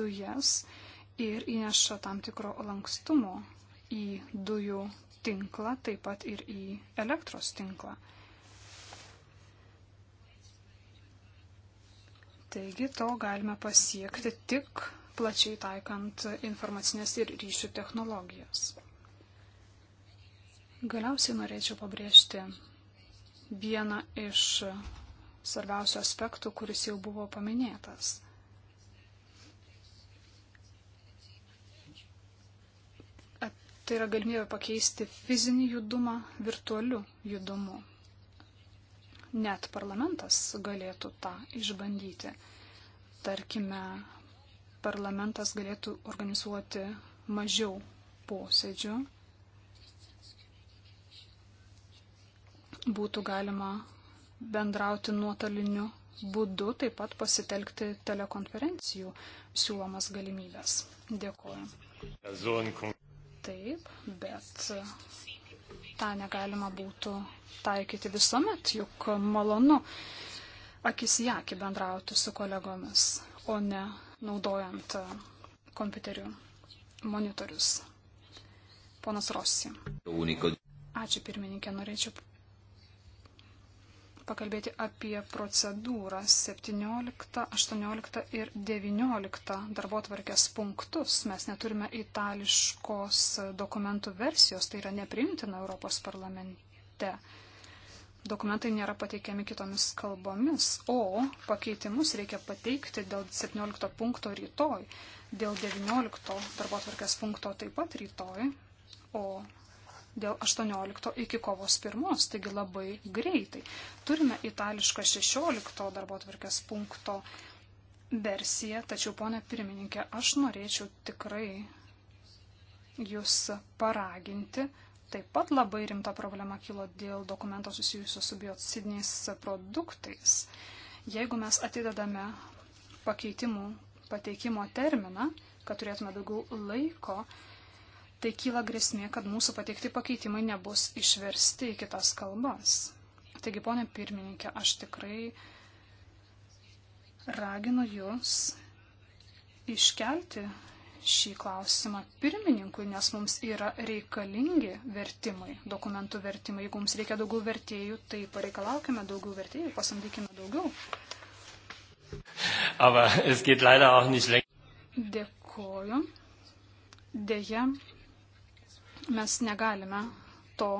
dujas ir įneša tam tikro lankstumo į dujų tinklą, taip pat ir į elektros tinklą. Taigi to galime pasiekti tik plačiai taikant informacinės ir ryšių technologijas. Galiausiai norėčiau pabrėžti vieną iš svarbiausių aspektų, kuris jau buvo paminėtas. Tai yra galimybė pakeisti fizinį judumą virtualiu judumu. Net parlamentas galėtų tą išbandyti. Tarkime, parlamentas galėtų organizuoti mažiau posėdžių. Būtų galima bendrauti nuotoliniu būdu, taip pat pasitelkti telekonferencijų siūlomas galimybės. Dėkuoju. Taip, bet tą negalima būtų taikyti visuomet, juk malonu akis į akį bendrauti su kolegomis, o ne naudojant kompiuterių monitorius. Ponas Rossi. Ačiū pirmininkė, norėčiau pakalbėti apie procedūrą 17, 18 ir 19 darbo tvarkės punktus. Mes neturime itališkos dokumentų versijos, tai yra neprimtina Europos parlamente. Dokumentai nėra pateikiami kitomis kalbomis, o pakeitimus reikia pateikti dėl 17 punkto rytoj, dėl 19 darbo tvarkės punkto taip pat rytoj, o dėl 18 iki kovos 1, taigi labai greitai. Turime itališką 16 darbo atvarkės punkto versiją, tačiau, ponė pirmininkė, aš norėčiau tikrai jūs paraginti. Taip pat labai rimta problema kilo dėl dokumento susijusio su biocidiniais produktais. Jeigu mes atidedame pakeitimų pateikimo terminą, kad turėtume daugiau laiko, tai kyla grėsmė, kad mūsų pateikti pakeitimai nebus išversti į kitas kalbas. Taigi, ponė pirmininkė, aš tikrai raginu Jūs iškelti šį klausimą pirmininkui, nes mums yra reikalingi vertimai, dokumentų vertimai. Jeigu mums reikia daugiau vertėjų, tai pareikalaukime daugiau vertėjų, pasamdykime daugiau. Aber es geht leider auch nicht länger. Dėkoju. Deja, Mes negalime to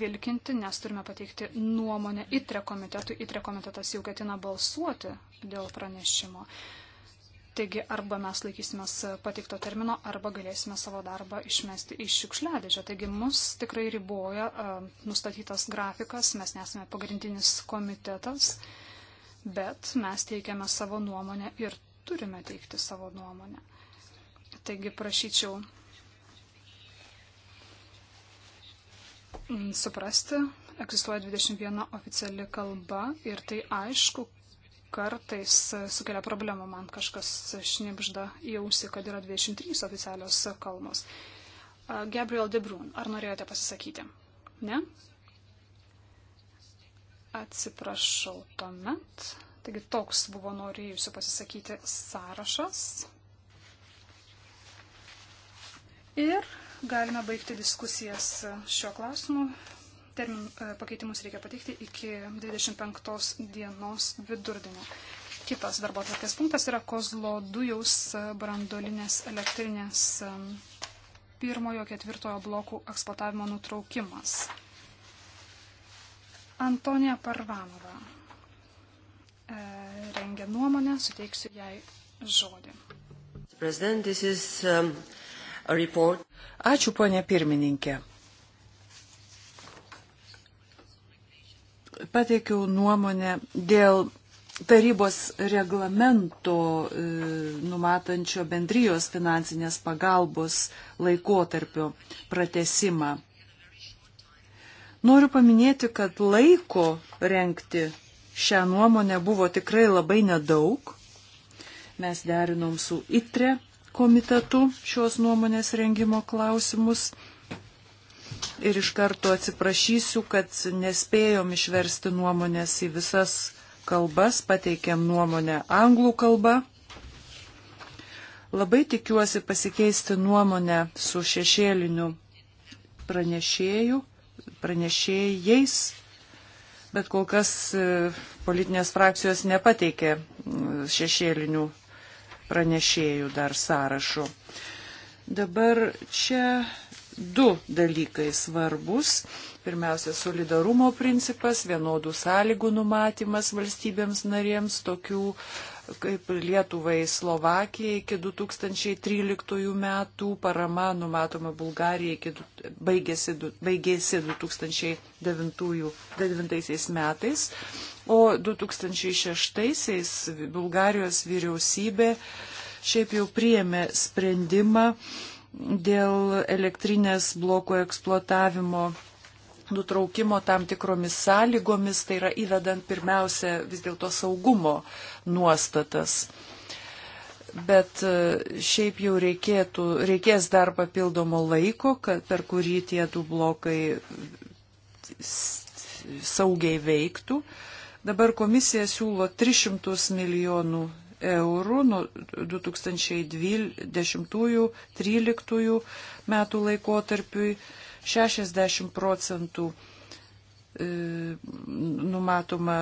vilkinti, nes turime pateikti nuomonę ITRE komitetui. ITRE komitetas jau ketina balsuoti dėl pranešimo. Taigi arba mes laikysimės patikto termino, arba galėsime savo darbą išmesti iš šiukšliadėžę. Taigi mus tikrai riboja e, nustatytas grafikas, mes nesame pagrindinis komitetas, bet mes teikiame savo nuomonę ir turime teikti savo nuomonę. Taigi prašyčiau Mm, suprasti. Egzistuoja 21 oficiali kalba ir tai aišku, kartais sukelia problemų, man kažkas šnipžda į ausį, kad yra 23 oficialios kalbos. Gabriel Debrun, ar norėjote pasisakyti? Ne? Atsiprašau tuomet. Taigi toks buvo norėjusių pasisakyti sąrašas. Ir galime baigti diskusijas šiuo klausimu. Termin, e, pakeitimus reikia pateikti iki 25 dienos vidurdienio. Kitas darbo atvarkės punktas yra Kozlo dujaus brandolinės elektrinės e, pirmojo ketvirtojo blokų eksploatavimo nutraukimas. Antonija Parvanova e, rengia nuomonę, suteiksiu jai žodį. President, this is um, Ačiū, ponė pirmininkė. Pateikiau nuomonę dėl tarybos reglamento e, numatančio bendrijos finansinės pagalbos laikotarpio pratesimą. Noriu paminėti, kad laiko renkti šią nuomonę buvo tikrai labai nedaug. Mes derinom su ITRE komitetu šios nuomonės rengimo klausimus. Ir iš karto atsiprašysiu, kad nespėjom išversti nuomonės į visas kalbas, pateikėm nuomonę anglų kalba. Labai tikiuosi pasikeisti nuomonę su šešėliniu pranešėju, pranešėjais, bet kol kas e, politinės frakcijos nepateikė e, šešėlinių pranešėjų dar sąrašu. Dabar čia du dalykai svarbus. Pirmiausia, solidarumo principas, vienodų sąlygų numatymas valstybėms narėms, tokių kaip Lietuvai, Slovakijai iki 2013 metų, parama numatoma Bulgarijai iki, baigėsi, baigėsi 2009 metais. O 2006-aisiais Bulgarijos vyriausybė šiaip jau priėmė sprendimą dėl elektrinės bloko eksploatavimo nutraukimo tam tikromis sąlygomis, tai yra įvedant pirmiausia vis dėlto saugumo nuostatas. Bet e, šiaip jau reikėtų, reikės dar papildomo laiko, kad, per kurį tie du blokai saugiai veiktų. Uh, Dabar komisija siūlo 300 milijonų eurų nuo 2012-2013 metų laikotarpiui 60 procentų e, numatoma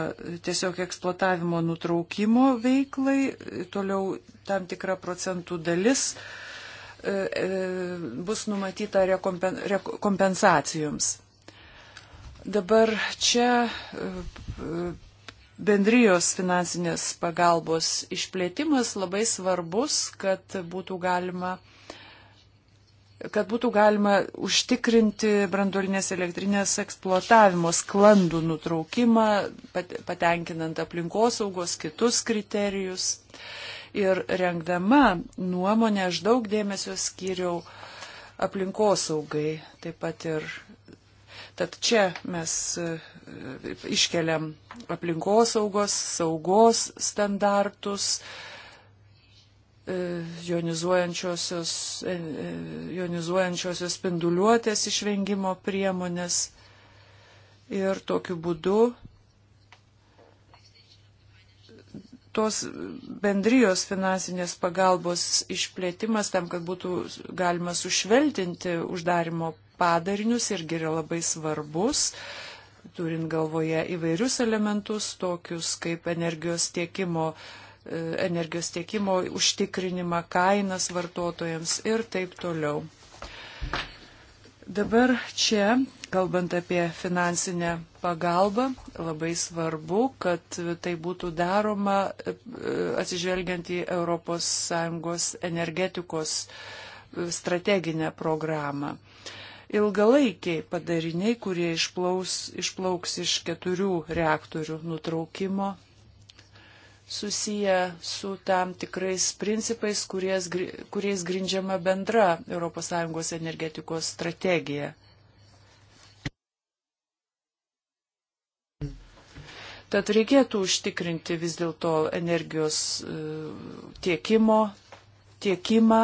tiesiog eksploatavimo nutraukimo veiklai, toliau tam tikra procentų dalis e, e, bus numatyta kompensacijoms. Dabar čia bendrijos finansinės pagalbos išplėtimas labai svarbus, kad būtų galima kad būtų galima užtikrinti branduolinės elektrinės eksploatavimo sklandų nutraukimą, patenkinant aplinkosaugos kitus kriterijus. Ir rengdama nuomonę aš daug dėmesio skyriau aplinkosaugai, taip pat ir Tad čia mes e, iškeliam aplinkosaugos, saugos standartus, e, jonizuojančiosios, e, jonizuojančiosios spinduliuotės išvengimo priemonės. Ir tokiu būdu tos bendrijos finansinės pagalbos išplėtimas tam, kad būtų galima sušveltinti uždarimo padarinius irgi yra labai svarbus, turint galvoje įvairius elementus, tokius kaip energijos tiekimo e, energijos tiekimo užtikrinimą, kainas vartotojams ir taip toliau. Dabar čia, kalbant apie finansinę pagalbą, labai svarbu, kad tai būtų daroma e, atsižvelgiant į ES energetikos e, strateginę programą ilgalaikiai padariniai, kurie išplaus, išplauks iš keturių reaktorių nutraukimo, susiję su tam tikrais principais, kuries, kuriais grindžiama bendra ES energetikos strategija. Tad reikėtų užtikrinti vis dėlto energijos e, tiekimo, tiekimą, tiekimą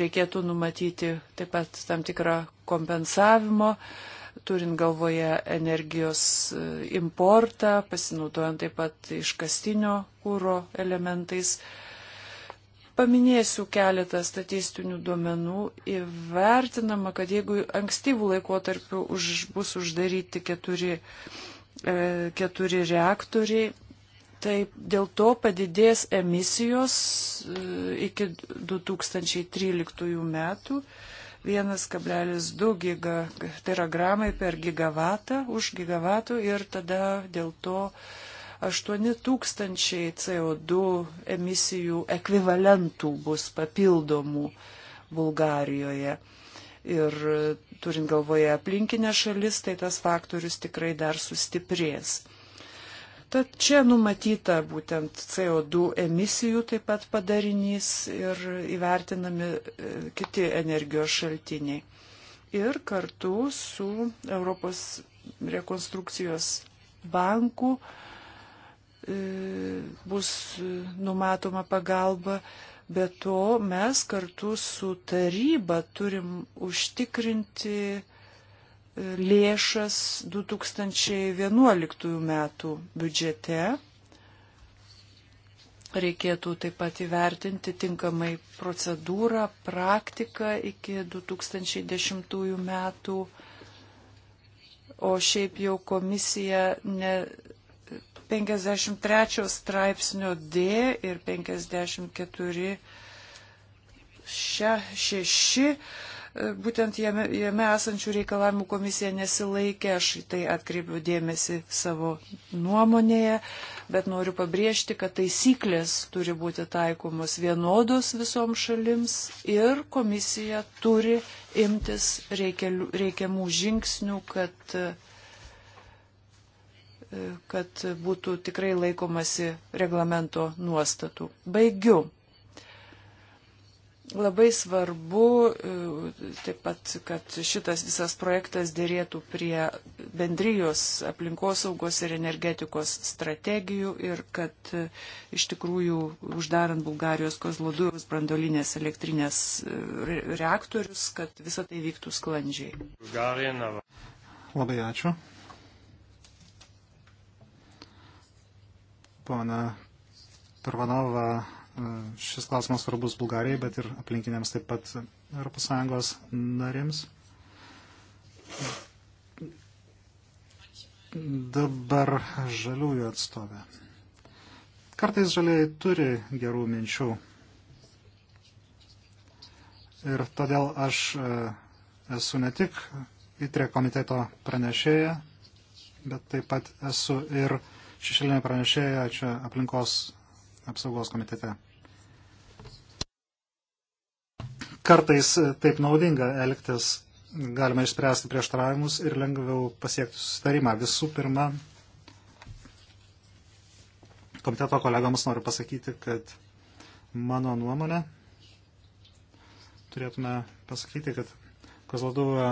reikėtų numatyti taip pat tam tikrą kompensavimo, turint galvoje energijos e, importą, pasinaudojant taip pat iškastinio kūro elementais. Paminėsiu keletą statistinių duomenų. Įvertinama, kad jeigu ankstyvų laikotarpių už, bus uždaryti keturi, e, keturi reaktoriai, Taip, dėl to padidės emisijos e, iki 2013 metų 1,2 giga, tai yra gramai per gigavatą už gigavatų ir tada dėl to 8000 CO2 emisijų ekvivalentų bus papildomų Bulgarijoje. Ir turint galvoje aplinkinę šalis, tai tas faktorius tikrai dar sustiprės. Tad čia numatyta būtent CO2 emisijų taip pat padarinys ir įvertinami e, kiti energijos šaltiniai. Ir kartu su Europos rekonstrukcijos banku e, bus numatoma pagalba Be to mes kartu su taryba turim užtikrinti lėšas 2011 metų biudžete. Reikėtų taip pat įvertinti tinkamai procedūrą, praktiką iki 2010 metų. O šiaip jau komisija ne 53 straipsnio D ir 54 6 būtent jame, jame esančių reikalavimų komisija nesilaikė, aš tai atkreipiu dėmesį savo nuomonėje, bet noriu pabrėžti, kad taisyklės turi būti taikomos vienodos visoms šalims ir komisija turi imtis reikelių, reikiamų žingsnių, kad kad būtų tikrai laikomasi reglamento nuostatų. Baigiu Labai svarbu e, taip pat, kad šitas visas projektas dėrėtų prie bendrijos aplinkosaugos ir energetikos strategijų ir kad e, iš tikrųjų uždarant Bulgarijos kozlodujus brandolinės elektrinės e, reaktorius, kad visa tai vyktų sklandžiai. Labai ačiū. Pana Parvanova E, šis klausimas svarbus Bulgarijai, bet ir aplinkiniams taip pat ES narėms. Dabar žaliųjų atstovė. Kartais žaliai turi gerų minčių. Ir todėl aš e, esu ne tik įtrė e komiteto pranešėja, bet taip pat esu ir šešėlinė pranešėja čia aplinkos apsaugos komitete. kartais e, taip naudinga elgtis, galima išspręsti prieštaravimus ir lengviau pasiekti susitarimą. Visų pirma, komiteto kolegams noriu pasakyti, kad mano nuomonė turėtume pasakyti, kad Kozlodovo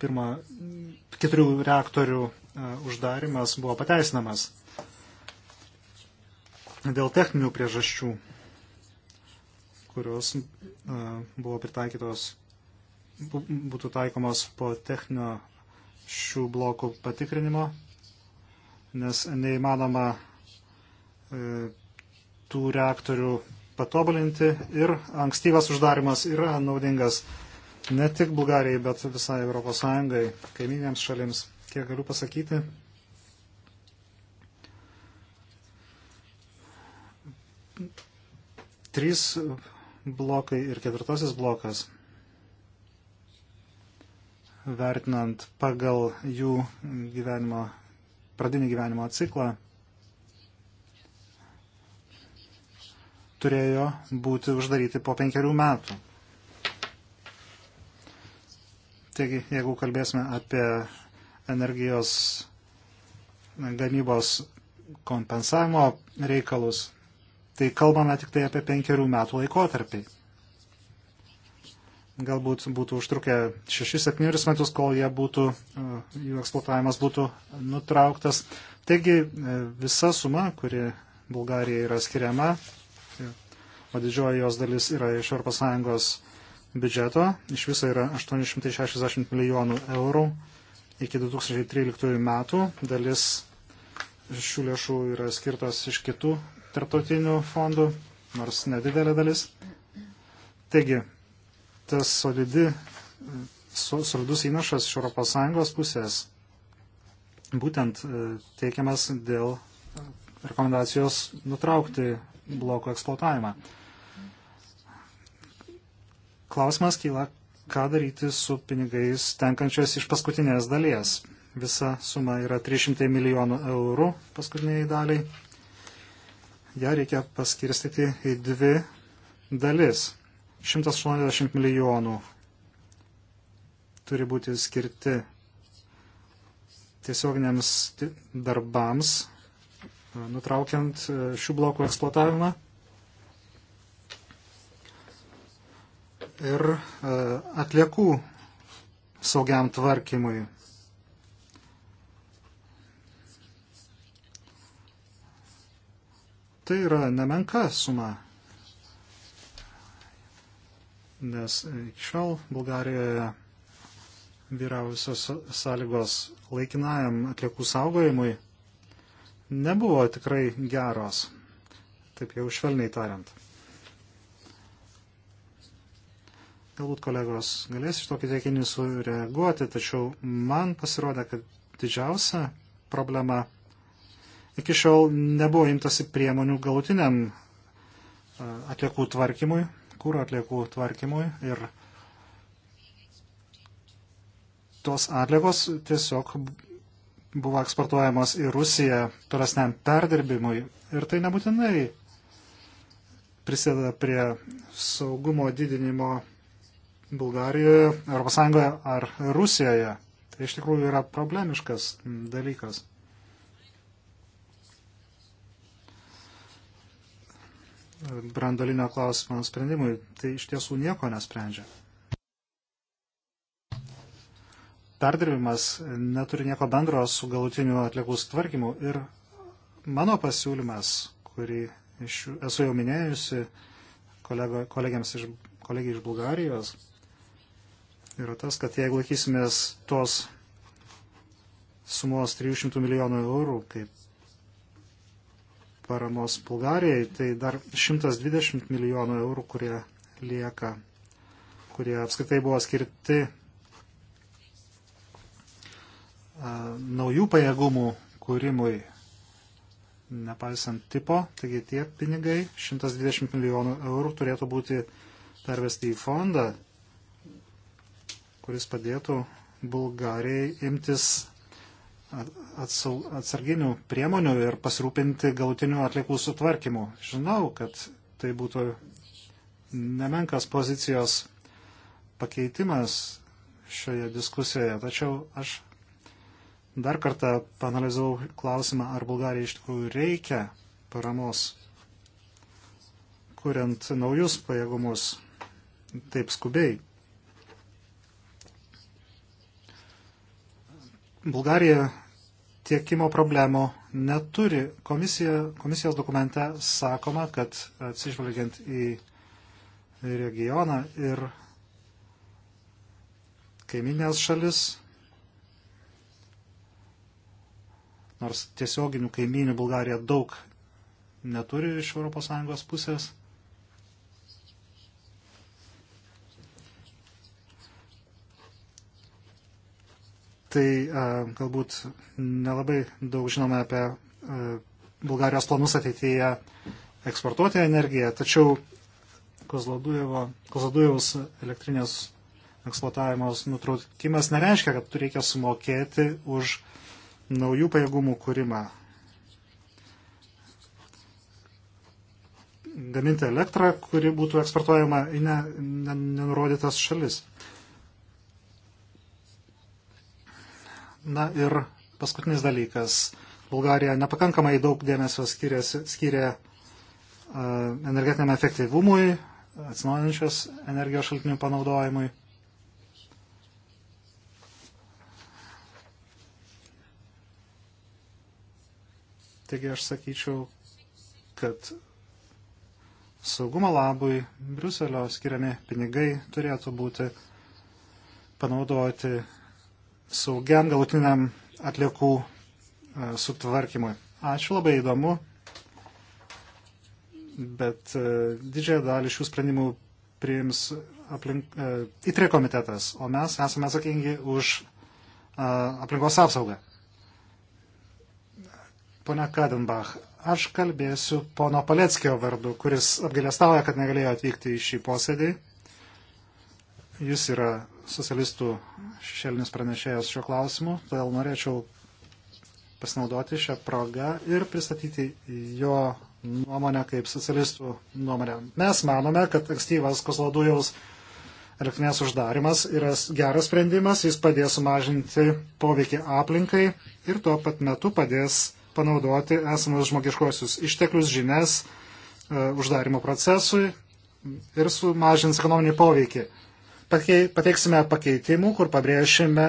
pirmo keturių reaktorių e, uždarimas buvo pateisinamas dėl techninių priežasčių kurios buvo pritaikytos, būtų taikomos po techninio šių blokų patikrinimo, nes neįmanoma e, tų reaktorių patobulinti ir ankstyvas uždarimas yra naudingas ne tik Bulgarijai, bet visai Europos Sąjungai, kaiminėms šalims. Kiek galiu pasakyti, trys blokai ir ketvirtasis blokas, vertinant pagal jų gyvenimo, pradinį gyvenimo ciklą, turėjo būti uždaryti po penkerių metų. Taigi, jeigu kalbėsime apie energijos gamybos kompensavimo reikalus, tai kalbame tik tai apie penkerių metų laikotarpį. Galbūt būtų užtrukę 6-7 metus, kol būtų, e, jų eksploatavimas būtų nutrauktas. Taigi e, visa suma, kuri Bulgarija yra skiriama, e, o didžioji jos dalis yra iš ES biudžeto, iš viso yra 860 milijonų eurų iki 2013 metų. Dalis šių lėšų yra skirtos iš kitų tarptautinių fondų, nors nedidelė dalis. Taigi, tas solidi, solidus įnašas iš ES pusės būtent e, teikiamas dėl rekomendacijos nutraukti bloko eksploatavimą. Klausimas kyla, ką daryti su pinigais tenkančiais iš paskutinės dalies. Visa suma yra 300 milijonų eurų paskutiniai daliai ją reikia paskirstyti į dvi dalis. 180 milijonų turi būti skirti tiesioginiams darbams, e, nutraukiant e, šių blokų eksploatavimą. Ir e, atliekų saugiam tvarkymui Tai yra nemenka suma, nes iki šiol Bulgarijoje vyriausios sąlygos laikinajam atliekų saugojimui nebuvo tikrai geros, taip jau švelniai tariant. Galbūt kolegos galės iš tokį teiginį sureaguoti, tačiau man pasirodė, kad didžiausia problema Iki šiol nebuvo imtasi priemonių galutiniam e, atliekų tvarkymui, kūro atliekų tvarkymui ir tos atliekos tiesiog buvo eksportuojamos į Rusiją tolesniam perdirbimui ir tai nebūtinai prisideda prie saugumo didinimo Bulgarijoje, ES ar Rusijoje. Tai iš tikrųjų yra problemiškas dalykas. brandolinio klausimo sprendimui, tai iš tiesų nieko nesprendžia. Perdirbimas neturi nieko bendro su galutiniu atliekų sutvarkymu ir mano pasiūlymas, kurį iš, esu jau minėjusi kolego, iš, kolegiai iš Bulgarijos, yra tas, kad jeigu laikysimės tos sumos 300 milijonų eurų kaip paramos Bulgarijai, tai dar 120 milijonų eurų, kurie lieka, kurie apskritai buvo skirti uh, naujų pajėgumų kūrimui, nepaisant tipo, taigi tie pinigai, 120 milijonų eurų turėtų būti pervesti į fondą, kuris padėtų Bulgarijai imtis atsarginių priemonių ir pasirūpinti galutinių atliekų sutvarkymu. Žinau, kad tai būtų nemenkas pozicijos pakeitimas šioje diskusijoje, tačiau aš dar kartą panalizavau klausimą, ar Bulgarijai iš tikrųjų reikia paramos, kuriant naujus pajėgumus taip skubiai. Bulgarija tiekimo problemų neturi. Komisija, komisijos dokumente sakoma, kad atsižvelgiant į regioną ir kaiminės šalis, nors tiesioginių kaiminių Bulgarija daug neturi iš ES pusės, tai e, galbūt nelabai daug žinome apie e, Bulgarijos planus ateityje eksportuoti energiją, tačiau Kozlodujevaus elektrinės eksploatavimas nutraukimas nereiškia, kad reikia sumokėti už naujų pajėgumų kūrimą. Gaminti elektrą, kuri būtų eksportuojama į ne, ne, nenurodytas šalis. Na ir paskutinis dalykas. Bulgarija nepakankamai daug dėmesio skiria e, energetiniam efektyvumui, atsinaujančios energijos šaltinių panaudojimui. Taigi aš sakyčiau, kad saugumo labui Briuselio skiriami pinigai turėtų būti panaudoti saugiam galutiniam atliekų e, sutvarkymui. Ačiū labai įdomu, bet e, didžiąją dalį šių sprendimų priims aplink, e, įtrė komitetas, o mes esame atsakingi už aplinkos apsaugą. Pone Kadenbach, aš kalbėsiu pono Paleckio vardu, kuris apgailestauja, kad negalėjo atvykti į šį posėdį. Jis yra socialistų šešėlinis pranešėjas šio klausimu, todėl norėčiau pasinaudoti šią progą ir pristatyti jo nuomonę kaip socialistų nuomonę. Mes manome, kad ankstyvas Koslodujaus elektrinės uždarimas yra geras sprendimas, jis padės sumažinti poveikį aplinkai ir tuo pat metu padės panaudoti esamus žmogiškosius išteklius, žinias e, uždarimo procesui ir sumažins ekonominį poveikį. Pateiksime pakeitimų, kur pabrėšime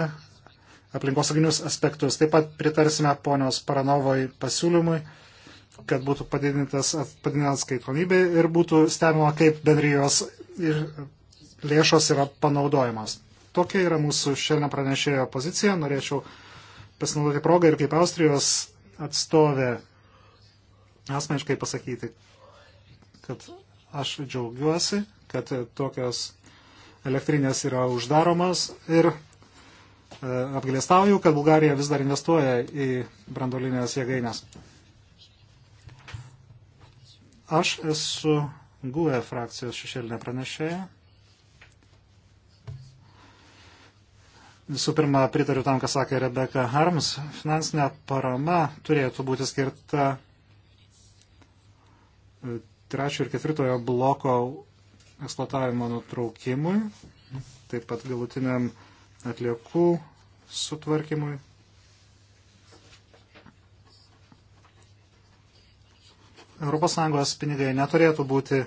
aplinkosauginius aspektus. Taip pat pritarsime ponios Paranovoj pasiūlymui, kad būtų padidintas padidintas skaitomybė ir būtų stebima, kaip bendrijos lėšos yra panaudojamos. Tokia yra mūsų šiandien pranešėjo pozicija. Norėčiau pasinaudoti progą ir kaip Austrijos atstovė asmeniškai pasakyti, kad aš džiaugiuosi, kad tokios elektrinės yra uždaromas ir e, apgalėstauju, kad Bulgarija vis dar investuoja į brandolinės jėgainės. Aš esu GUE frakcijos šešėlinė pranešėja. Visų pirma, pritariu tam, ką sakė Rebeka Harms. Finansinė parama turėtų būti skirta e, trečio ir ketvirtojo bloko eksploatavimo nutraukimui, taip pat galutiniam atliekų sutvarkymui. ES pinigai neturėtų būti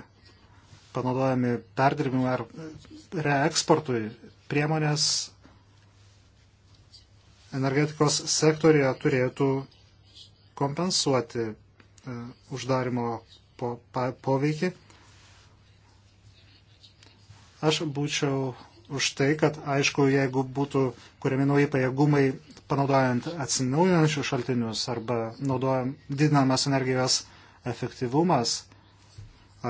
panaudojami perdirbimui ar reeksportui. Priemonės energetikos sektorija turėtų kompensuoti e, uždarimo poveikį. Po, po Aš būčiau už tai, kad aišku, jeigu būtų kuriami nauji pajėgumai panaudojant atsinaujinančius šaltinius arba naudojant didinamas energijos efektyvumas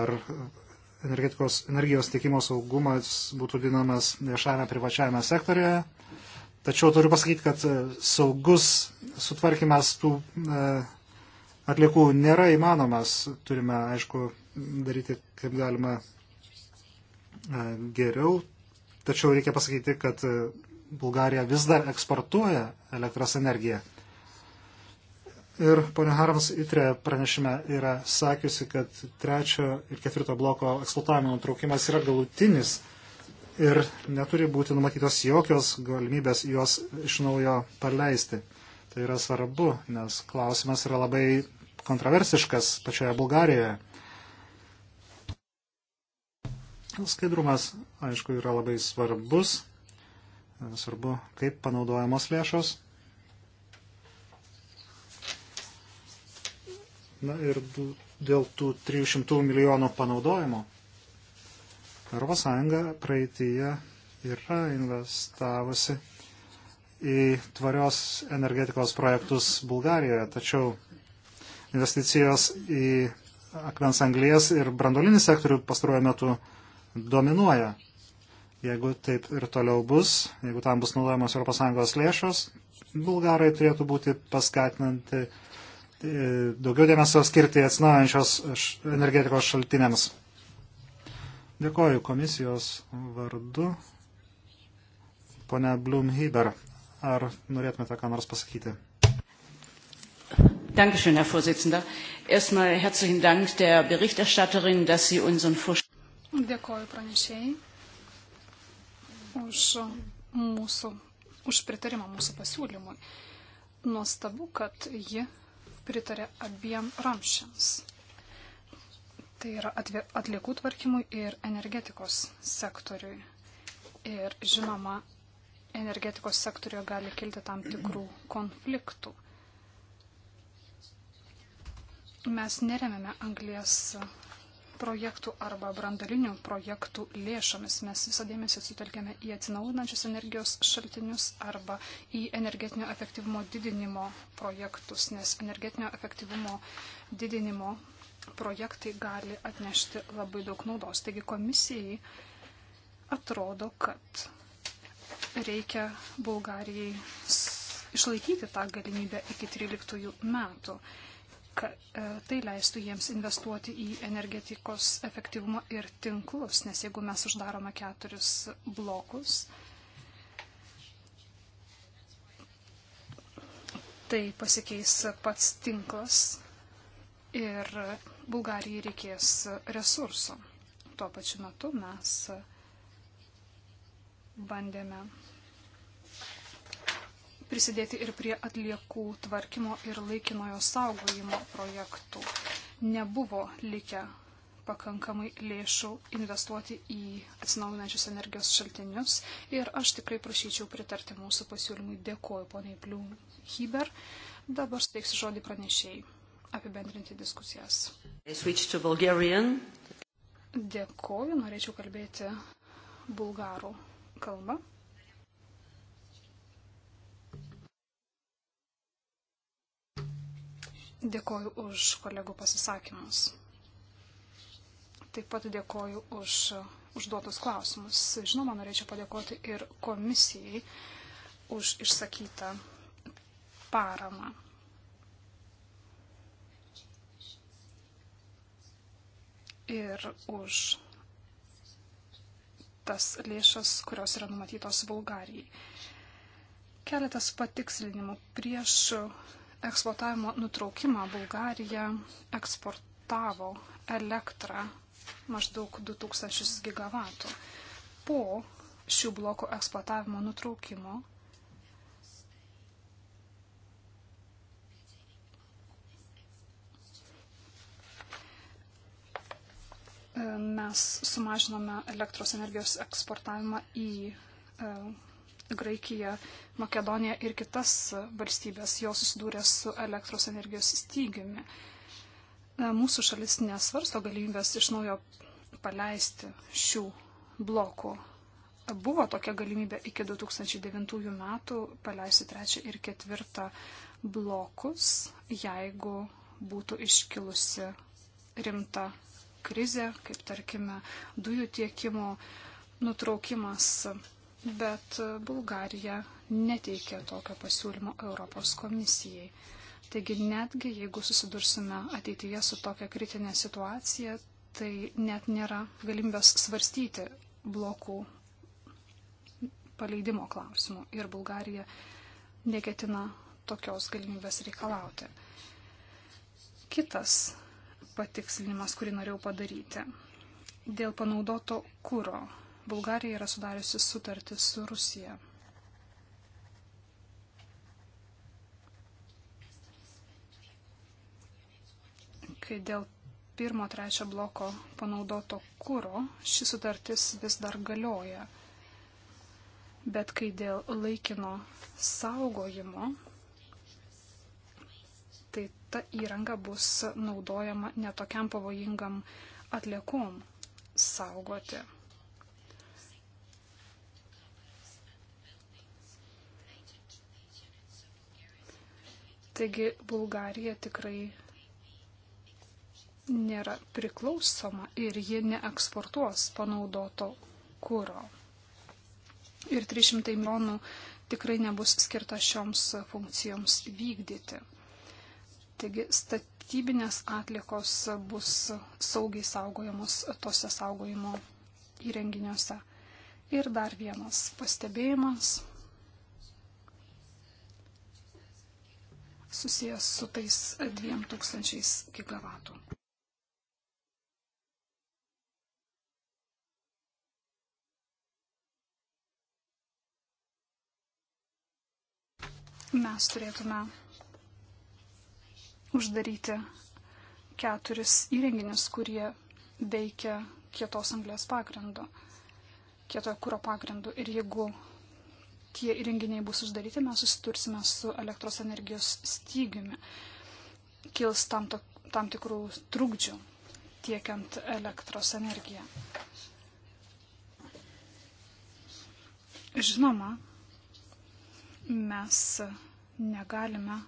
ar energetikos, energijos tiekimo saugumas būtų didinamas viešame privačiame sektorėje. Tačiau turiu pasakyti, kad e, saugus sutvarkymas tų e, atliekų nėra įmanomas. Turime, aišku, daryti kaip galima E, geriau, tačiau reikia pasakyti, kad e, Bulgarija vis dar eksportuoja elektros energiją. Ir ponia Harams Itre pranešime yra sakiusi, kad trečio ir ketvirto bloko eksploatavimo nutraukimas yra galutinis ir neturi būti numatytos jokios galimybės juos iš naujo paleisti. Tai yra svarbu, nes klausimas yra labai kontroversiškas pačioje Bulgarijoje. Skaidrumas, aišku, yra labai svarbus. Svarbu, kaip panaudojamos lėšos. Na ir dėl tų 300 milijonų panaudojimo. ES praeitįje yra investavusi į tvarios energetikos projektus Bulgarijoje, tačiau investicijos į akmens anglijas ir brandolinį sektorių pastaruoju metu dominuoja. Jeigu taip ir toliau bus, jeigu tam bus naudojamos ES lėšos, bulgarai turėtų būti paskatinanti e, daugiau dėmesio skirti atsinaujančios energetikos šaltiniams. Dėkoju komisijos vardu. Pone Blumhiber, ar norėtumėte ką nors pasakyti? Dankeschön, Herr Vorsitzender. Erstmal herzlichen Dank der Berichterstatterin, dass sie unseren Vorschlag. Dėkoju pranešėjai už, mūsų, už pritarimą mūsų pasiūlymui. Nuostabu, kad ji pritarė abiem ramšiams. Tai yra atliekų tvarkymui ir energetikos sektoriui. Ir žinoma, energetikos sektoriuje gali kilti tam tikrų konfliktų. Mes neremėme anglės projektų arba brandalinių projektų lėšomis. Mes visą dėmesį sutelkėme į atsinaujinančius energijos šaltinius arba į energetinio efektyvumo didinimo projektus, nes energetinio efektyvumo didinimo projektai gali atnešti labai daug naudos. Taigi komisijai atrodo, kad reikia Bulgarijai išlaikyti tą galimybę iki 13 metų. E, tai leistų jiems investuoti į energetikos efektyvumą ir tinklus, nes jeigu mes uždarome keturis blokus, tai pasikeis pats tinklas ir Bulgarijai reikės resursų. Tuo pačiu metu mes bandėme prisidėti ir prie atliekų tvarkymo ir laikinojo saugojimo projektų. Nebuvo likę pakankamai lėšų investuoti į atsinaujinančius energijos šaltinius ir aš tikrai prašyčiau pritarti mūsų pasiūlymui. Dėkuoju poniai Plium Hiber. Dabar steiksiu žodį pranešėjai apibendrinti diskusijas. Dėkuoju, norėčiau kalbėti bulgarų kalbą. Dėkoju už kolegų pasisakymus. Taip pat dėkoju už užduotus klausimus. Žinoma, norėčiau padėkoti ir komisijai už išsakytą paramą. Ir už tas lėšas, kurios yra numatytos Bulgarijai. Keletas patikslinimų prieš eksploatavimo nutraukimą Bulgarija eksportavo elektrą maždaug 2000 gigavatų. Po šių blokų eksploatavimo nutraukimo mes sumažinome elektros energijos eksportavimą į e, Graikiją, Makedoniją ir kitas valstybės, jos susidūrė su elektros energijos stygiumi. Mūsų šalis nesvarsto galimybės iš naujo paleisti šių blokų. Buvo tokia galimybė iki 2009 metų paleisti trečią ir ketvirtą blokus, jeigu būtų iškilusi rimta krizė, kaip tarkime dujų tiekimo nutraukimas bet Bulgarija neteikė tokio pasiūlymo Europos komisijai. Taigi netgi jeigu susidursime ateityje su tokia kritinė situacija, tai net nėra galimybės svarstyti blokų paleidimo klausimų ir Bulgarija neketina tokios galimybės reikalauti. Kitas patikslinimas, kurį norėjau padaryti, dėl panaudoto kūro Bulgarija yra sudariusi sutartį su Rusija. Kai dėl pirmo trečio bloko panaudoto kūro ši sutartis vis dar galioja. Bet kai dėl laikino saugojimo, tai ta įranga bus naudojama netokiam pavojingam atliekom saugoti. Taigi Bulgarija tikrai nėra priklausoma ir ji neeksportuos panaudoto kūro. Ir 300 milijonų tikrai nebus skirta šioms funkcijoms vykdyti. Taigi statybinės atlikos bus saugiai saugojamos tose saugojimo įrenginiuose. Ir dar vienas pastebėjimas susijęs su tais 2000 gigavatų. Mes turėtume uždaryti keturis įrenginius, kurie veikia kietos anglės pagrindu, kietojo kūro pagrindu. Ir jeigu tie įrenginiai bus uždaryti, mes susitursime su elektros energijos stygiumi. Kils tam, to, tam tikrų trukdžių tiekiant elektros energiją. Žinoma, mes negalime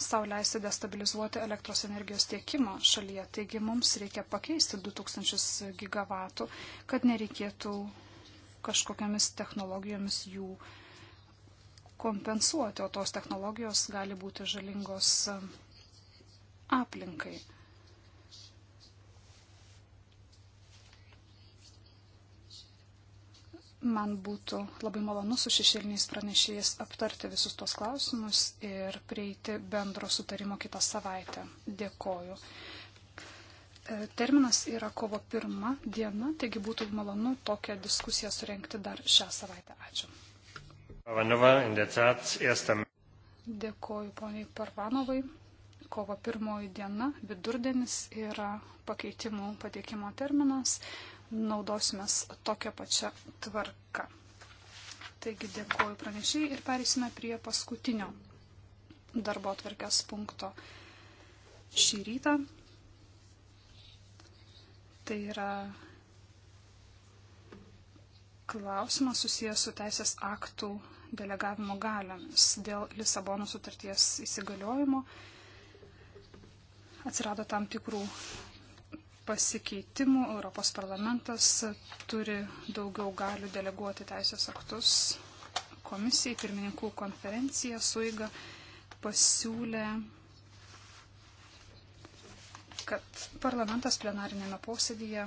sauliaisti destabilizuoti elektros energijos tiekimo šalyje. Taigi mums reikia pakeisti 2000 gigavatų, kad nereikėtų kažkokiamis technologijomis jų kompensuoti, o tos technologijos gali būti žalingos e, aplinkai. Man būtų labai malonu su šešėliniais pranešėjais aptarti visus tos klausimus ir prieiti bendro sutarimo kitą savaitę. Dėkoju. E, terminas yra kovo pirma diena, taigi būtų malonu tokią diskusiją surenkti dar šią savaitę. Ačiū. Dėkoju poniai Parvanovai. Kovo pirmoji diena, vidurdienis yra pakeitimų pateikimo terminas. Naudosimės tokią pačią tvarką. Taigi dėkoju pranešiai ir perėsime prie paskutinio darbo atvarkės punkto šį rytą. Tai yra klausimas susijęs su teisės aktų delegavimo galiomis. Dėl Lisabono sutarties įsigaliojimo atsirado tam tikrų pasikeitimų. Europos parlamentas turi daugiau galių deleguoti teisės aktus komisijai, pirmininkų konferencija suiga pasiūlė kad parlamentas plenarinėme posėdėje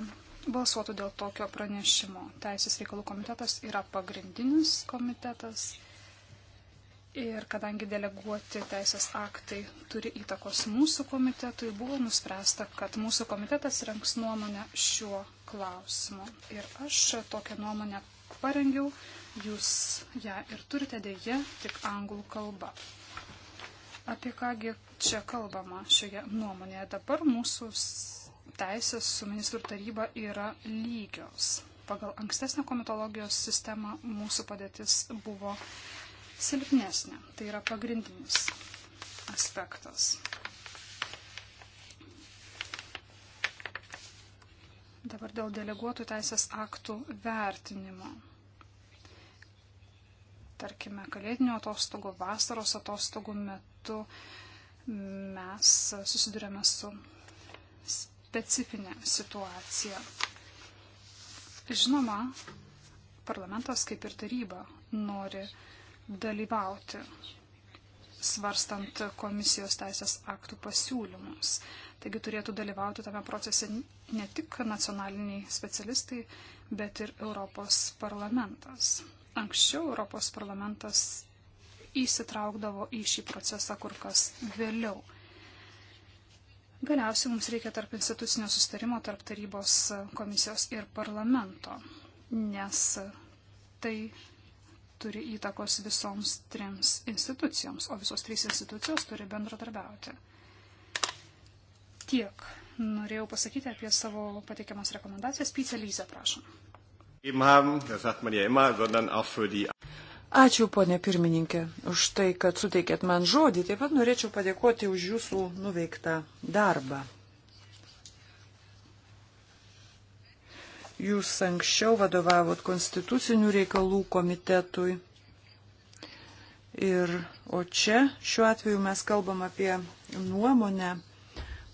balsuotų dėl tokio pranešimo. Teisės reikalų komitetas yra pagrindinis komitetas ir kadangi deleguoti teisės aktai turi įtakos mūsų komitetui, buvo nuspręsta, kad mūsų komitetas renks nuomonę šiuo klausimu. Ir aš tokią nuomonę parengiau, jūs ją ir turite dėje tik anglų kalba. Apie kągi čia kalbama šioje nuomonėje. Dabar mūsų teisės su ministrų taryba yra lygios. Pagal ankstesnę komitologijos sistemą mūsų padėtis buvo silpnesnė. Tai yra pagrindinis aspektas. Dabar dėl deleguotų teisės aktų vertinimo. Tarkime, kalėdinio atostogų, vasaros atostogų metu metu mes susidurėme su specifinė situacija. Žinoma, parlamentas kaip ir taryba nori dalyvauti svarstant komisijos teisės aktų pasiūlymus. Taigi turėtų dalyvauti tame procese ne tik nacionaliniai specialistai, bet ir Europos parlamentas. Anksčiau Europos parlamentas įsitraukdavo į šį procesą kur kas vėliau. Galiausiai mums reikia tarp institucinio sustarimo tarp tarybos komisijos ir parlamento, nes tai turi įtakos visoms trims institucijoms, o visos trys institucijos turi bendradarbiauti. Tiek norėjau pasakyti apie savo pateikiamas rekomendacijas. Pice Lyze, prašom. Ačiū, ponė pirmininkė, už tai, kad suteikėt man žodį. Taip pat norėčiau padėkoti už jūsų nuveiktą darbą. Jūs anksčiau vadovavot konstitucinių reikalų komitetui. Ir, o čia šiuo atveju mes kalbam apie nuomonę,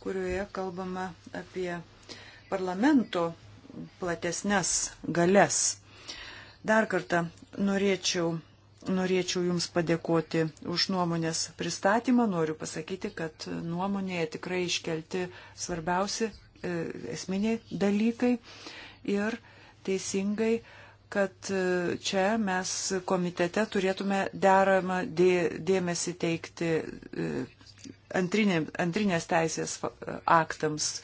kurioje kalbama apie parlamento platesnės galės. Dar kartą norėčiau norėčiau Jums padėkoti už nuomonės pristatymą. Noriu pasakyti, kad nuomonėje tikrai iškelti svarbiausi e, esminiai dalykai ir teisingai, kad e, čia mes komitete turėtume deramą dėmesį teikti e, antrinė, antrinės teisės aktams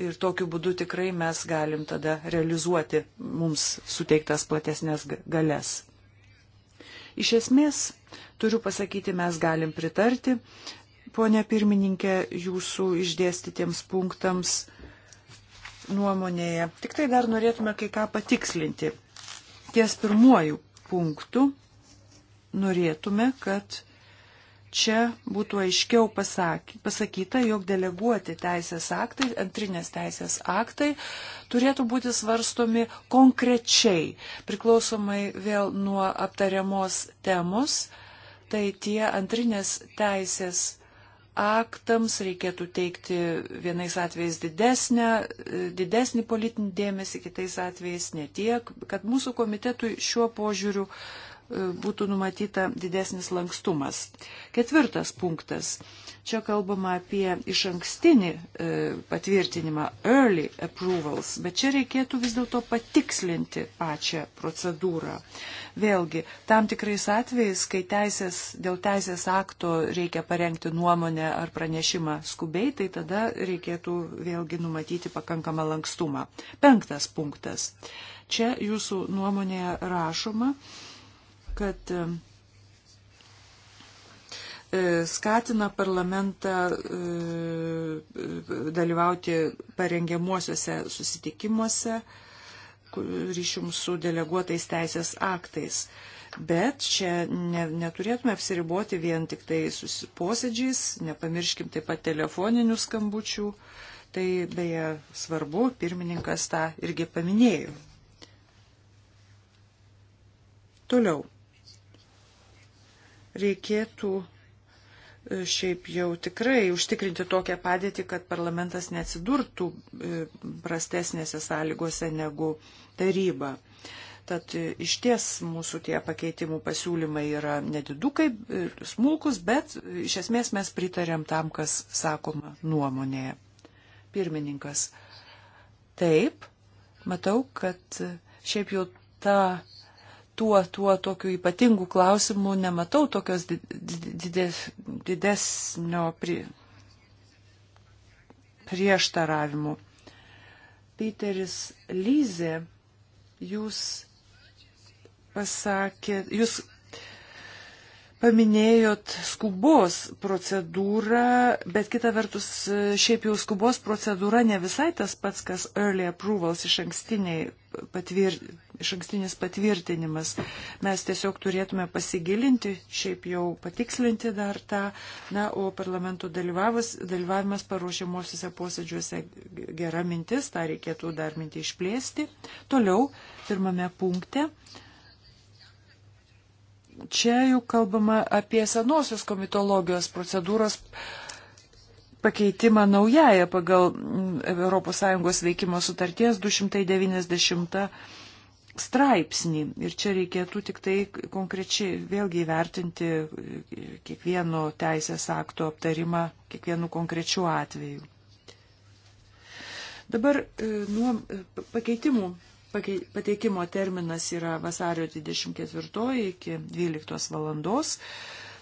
ir tokiu būdu tikrai mes galim tada realizuoti mums suteiktas platesnės galės. Iš esmės, turiu pasakyti, mes galim pritarti, ponė pirmininkė, jūsų išdėstytiems punktams nuomonėje. Tik tai dar norėtume kai ką patikslinti. Ties pirmuoju punktu norėtume, kad čia būtų aiškiau pasakyta, jog deleguoti teisės aktai, antrinės teisės aktai turėtų būti svarstomi konkrečiai, priklausomai vėl nuo aptariamos temos, tai tie antrinės teisės aktams reikėtų teikti vienais atvejais didesnę, didesnį politinį dėmesį, kitais atvejais netiek, kad mūsų komitetui šiuo požiūriu uh, E, būtų numatyta didesnis lankstumas. Ketvirtas punktas. Čia kalbama apie iš ankstinį e, patvirtinimą, early approvals, bet čia reikėtų vis dėlto patikslinti pačią procedūrą. Vėlgi, tam tikrais atvejais, kai teisės, dėl teisės akto reikia parengti nuomonę ar pranešimą skubiai, tai tada reikėtų vėlgi numatyti pakankamą lankstumą. Penktas punktas. Čia jūsų nuomonėje rašoma, kad e, e, skatina parlamentą e, dalyvauti parengiamuosiuose susitikimuose ryšium su deleguotais teisės aktais. Bet čia ne, neturėtume apsiriboti vien tik tai posėdžiais, nepamirškim taip pat telefoninių skambučių. Tai beje svarbu, pirmininkas tą irgi paminėjo. Toliau reikėtų e, šiaip jau tikrai užtikrinti tokią padėtį, kad parlamentas neatsidurtų e, prastesnėse sąlygose negu taryba. Tad e, iš ties mūsų tie pakeitimų pasiūlymai yra nedidukai, smulkus, bet iš esmės mes pritarėm tam, kas sakoma nuomonėje. Pirmininkas. Taip, matau, kad šiaip jau ta tuo, tuo tokiu ypatingu klausimu nematau tokios dides, didesnio pri, prieštaravimo. Peteris Lyze, jūs pasakėt, jūs paminėjot skubos procedūrą, bet kita vertus, šiaip jau skubos procedūra ne visai tas pats, kas early approvals iš ankstiniai patvir, iš ankstinis patvirtinimas. Mes tiesiog turėtume pasigilinti, šiaip jau patikslinti dar tą, na, o parlamento dalyvavimas paruošimuosiuose posėdžiuose gera mintis, tą reikėtų dar mintį išplėsti. Toliau, pirmame punkte. Čia jau kalbama apie senosios komitologijos procedūros pakeitimą naująją pagal mm, ES veikimo sutarties 290 straipsnį. Ir čia reikėtų tik tai konkrečiai vėlgi įvertinti kiekvieno teisės akto aptarimą kiekvienu konkrečiu atveju. Dabar e, nuo e, pakeitimų pateikimo terminas yra vasario 24 iki 12 valandos.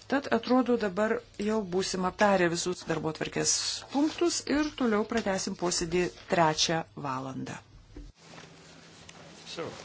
Tad atrodo dabar jau būsim aptarę visus darbo tvarkės punktus ir toliau pratesim posėdį trečią valandą. So.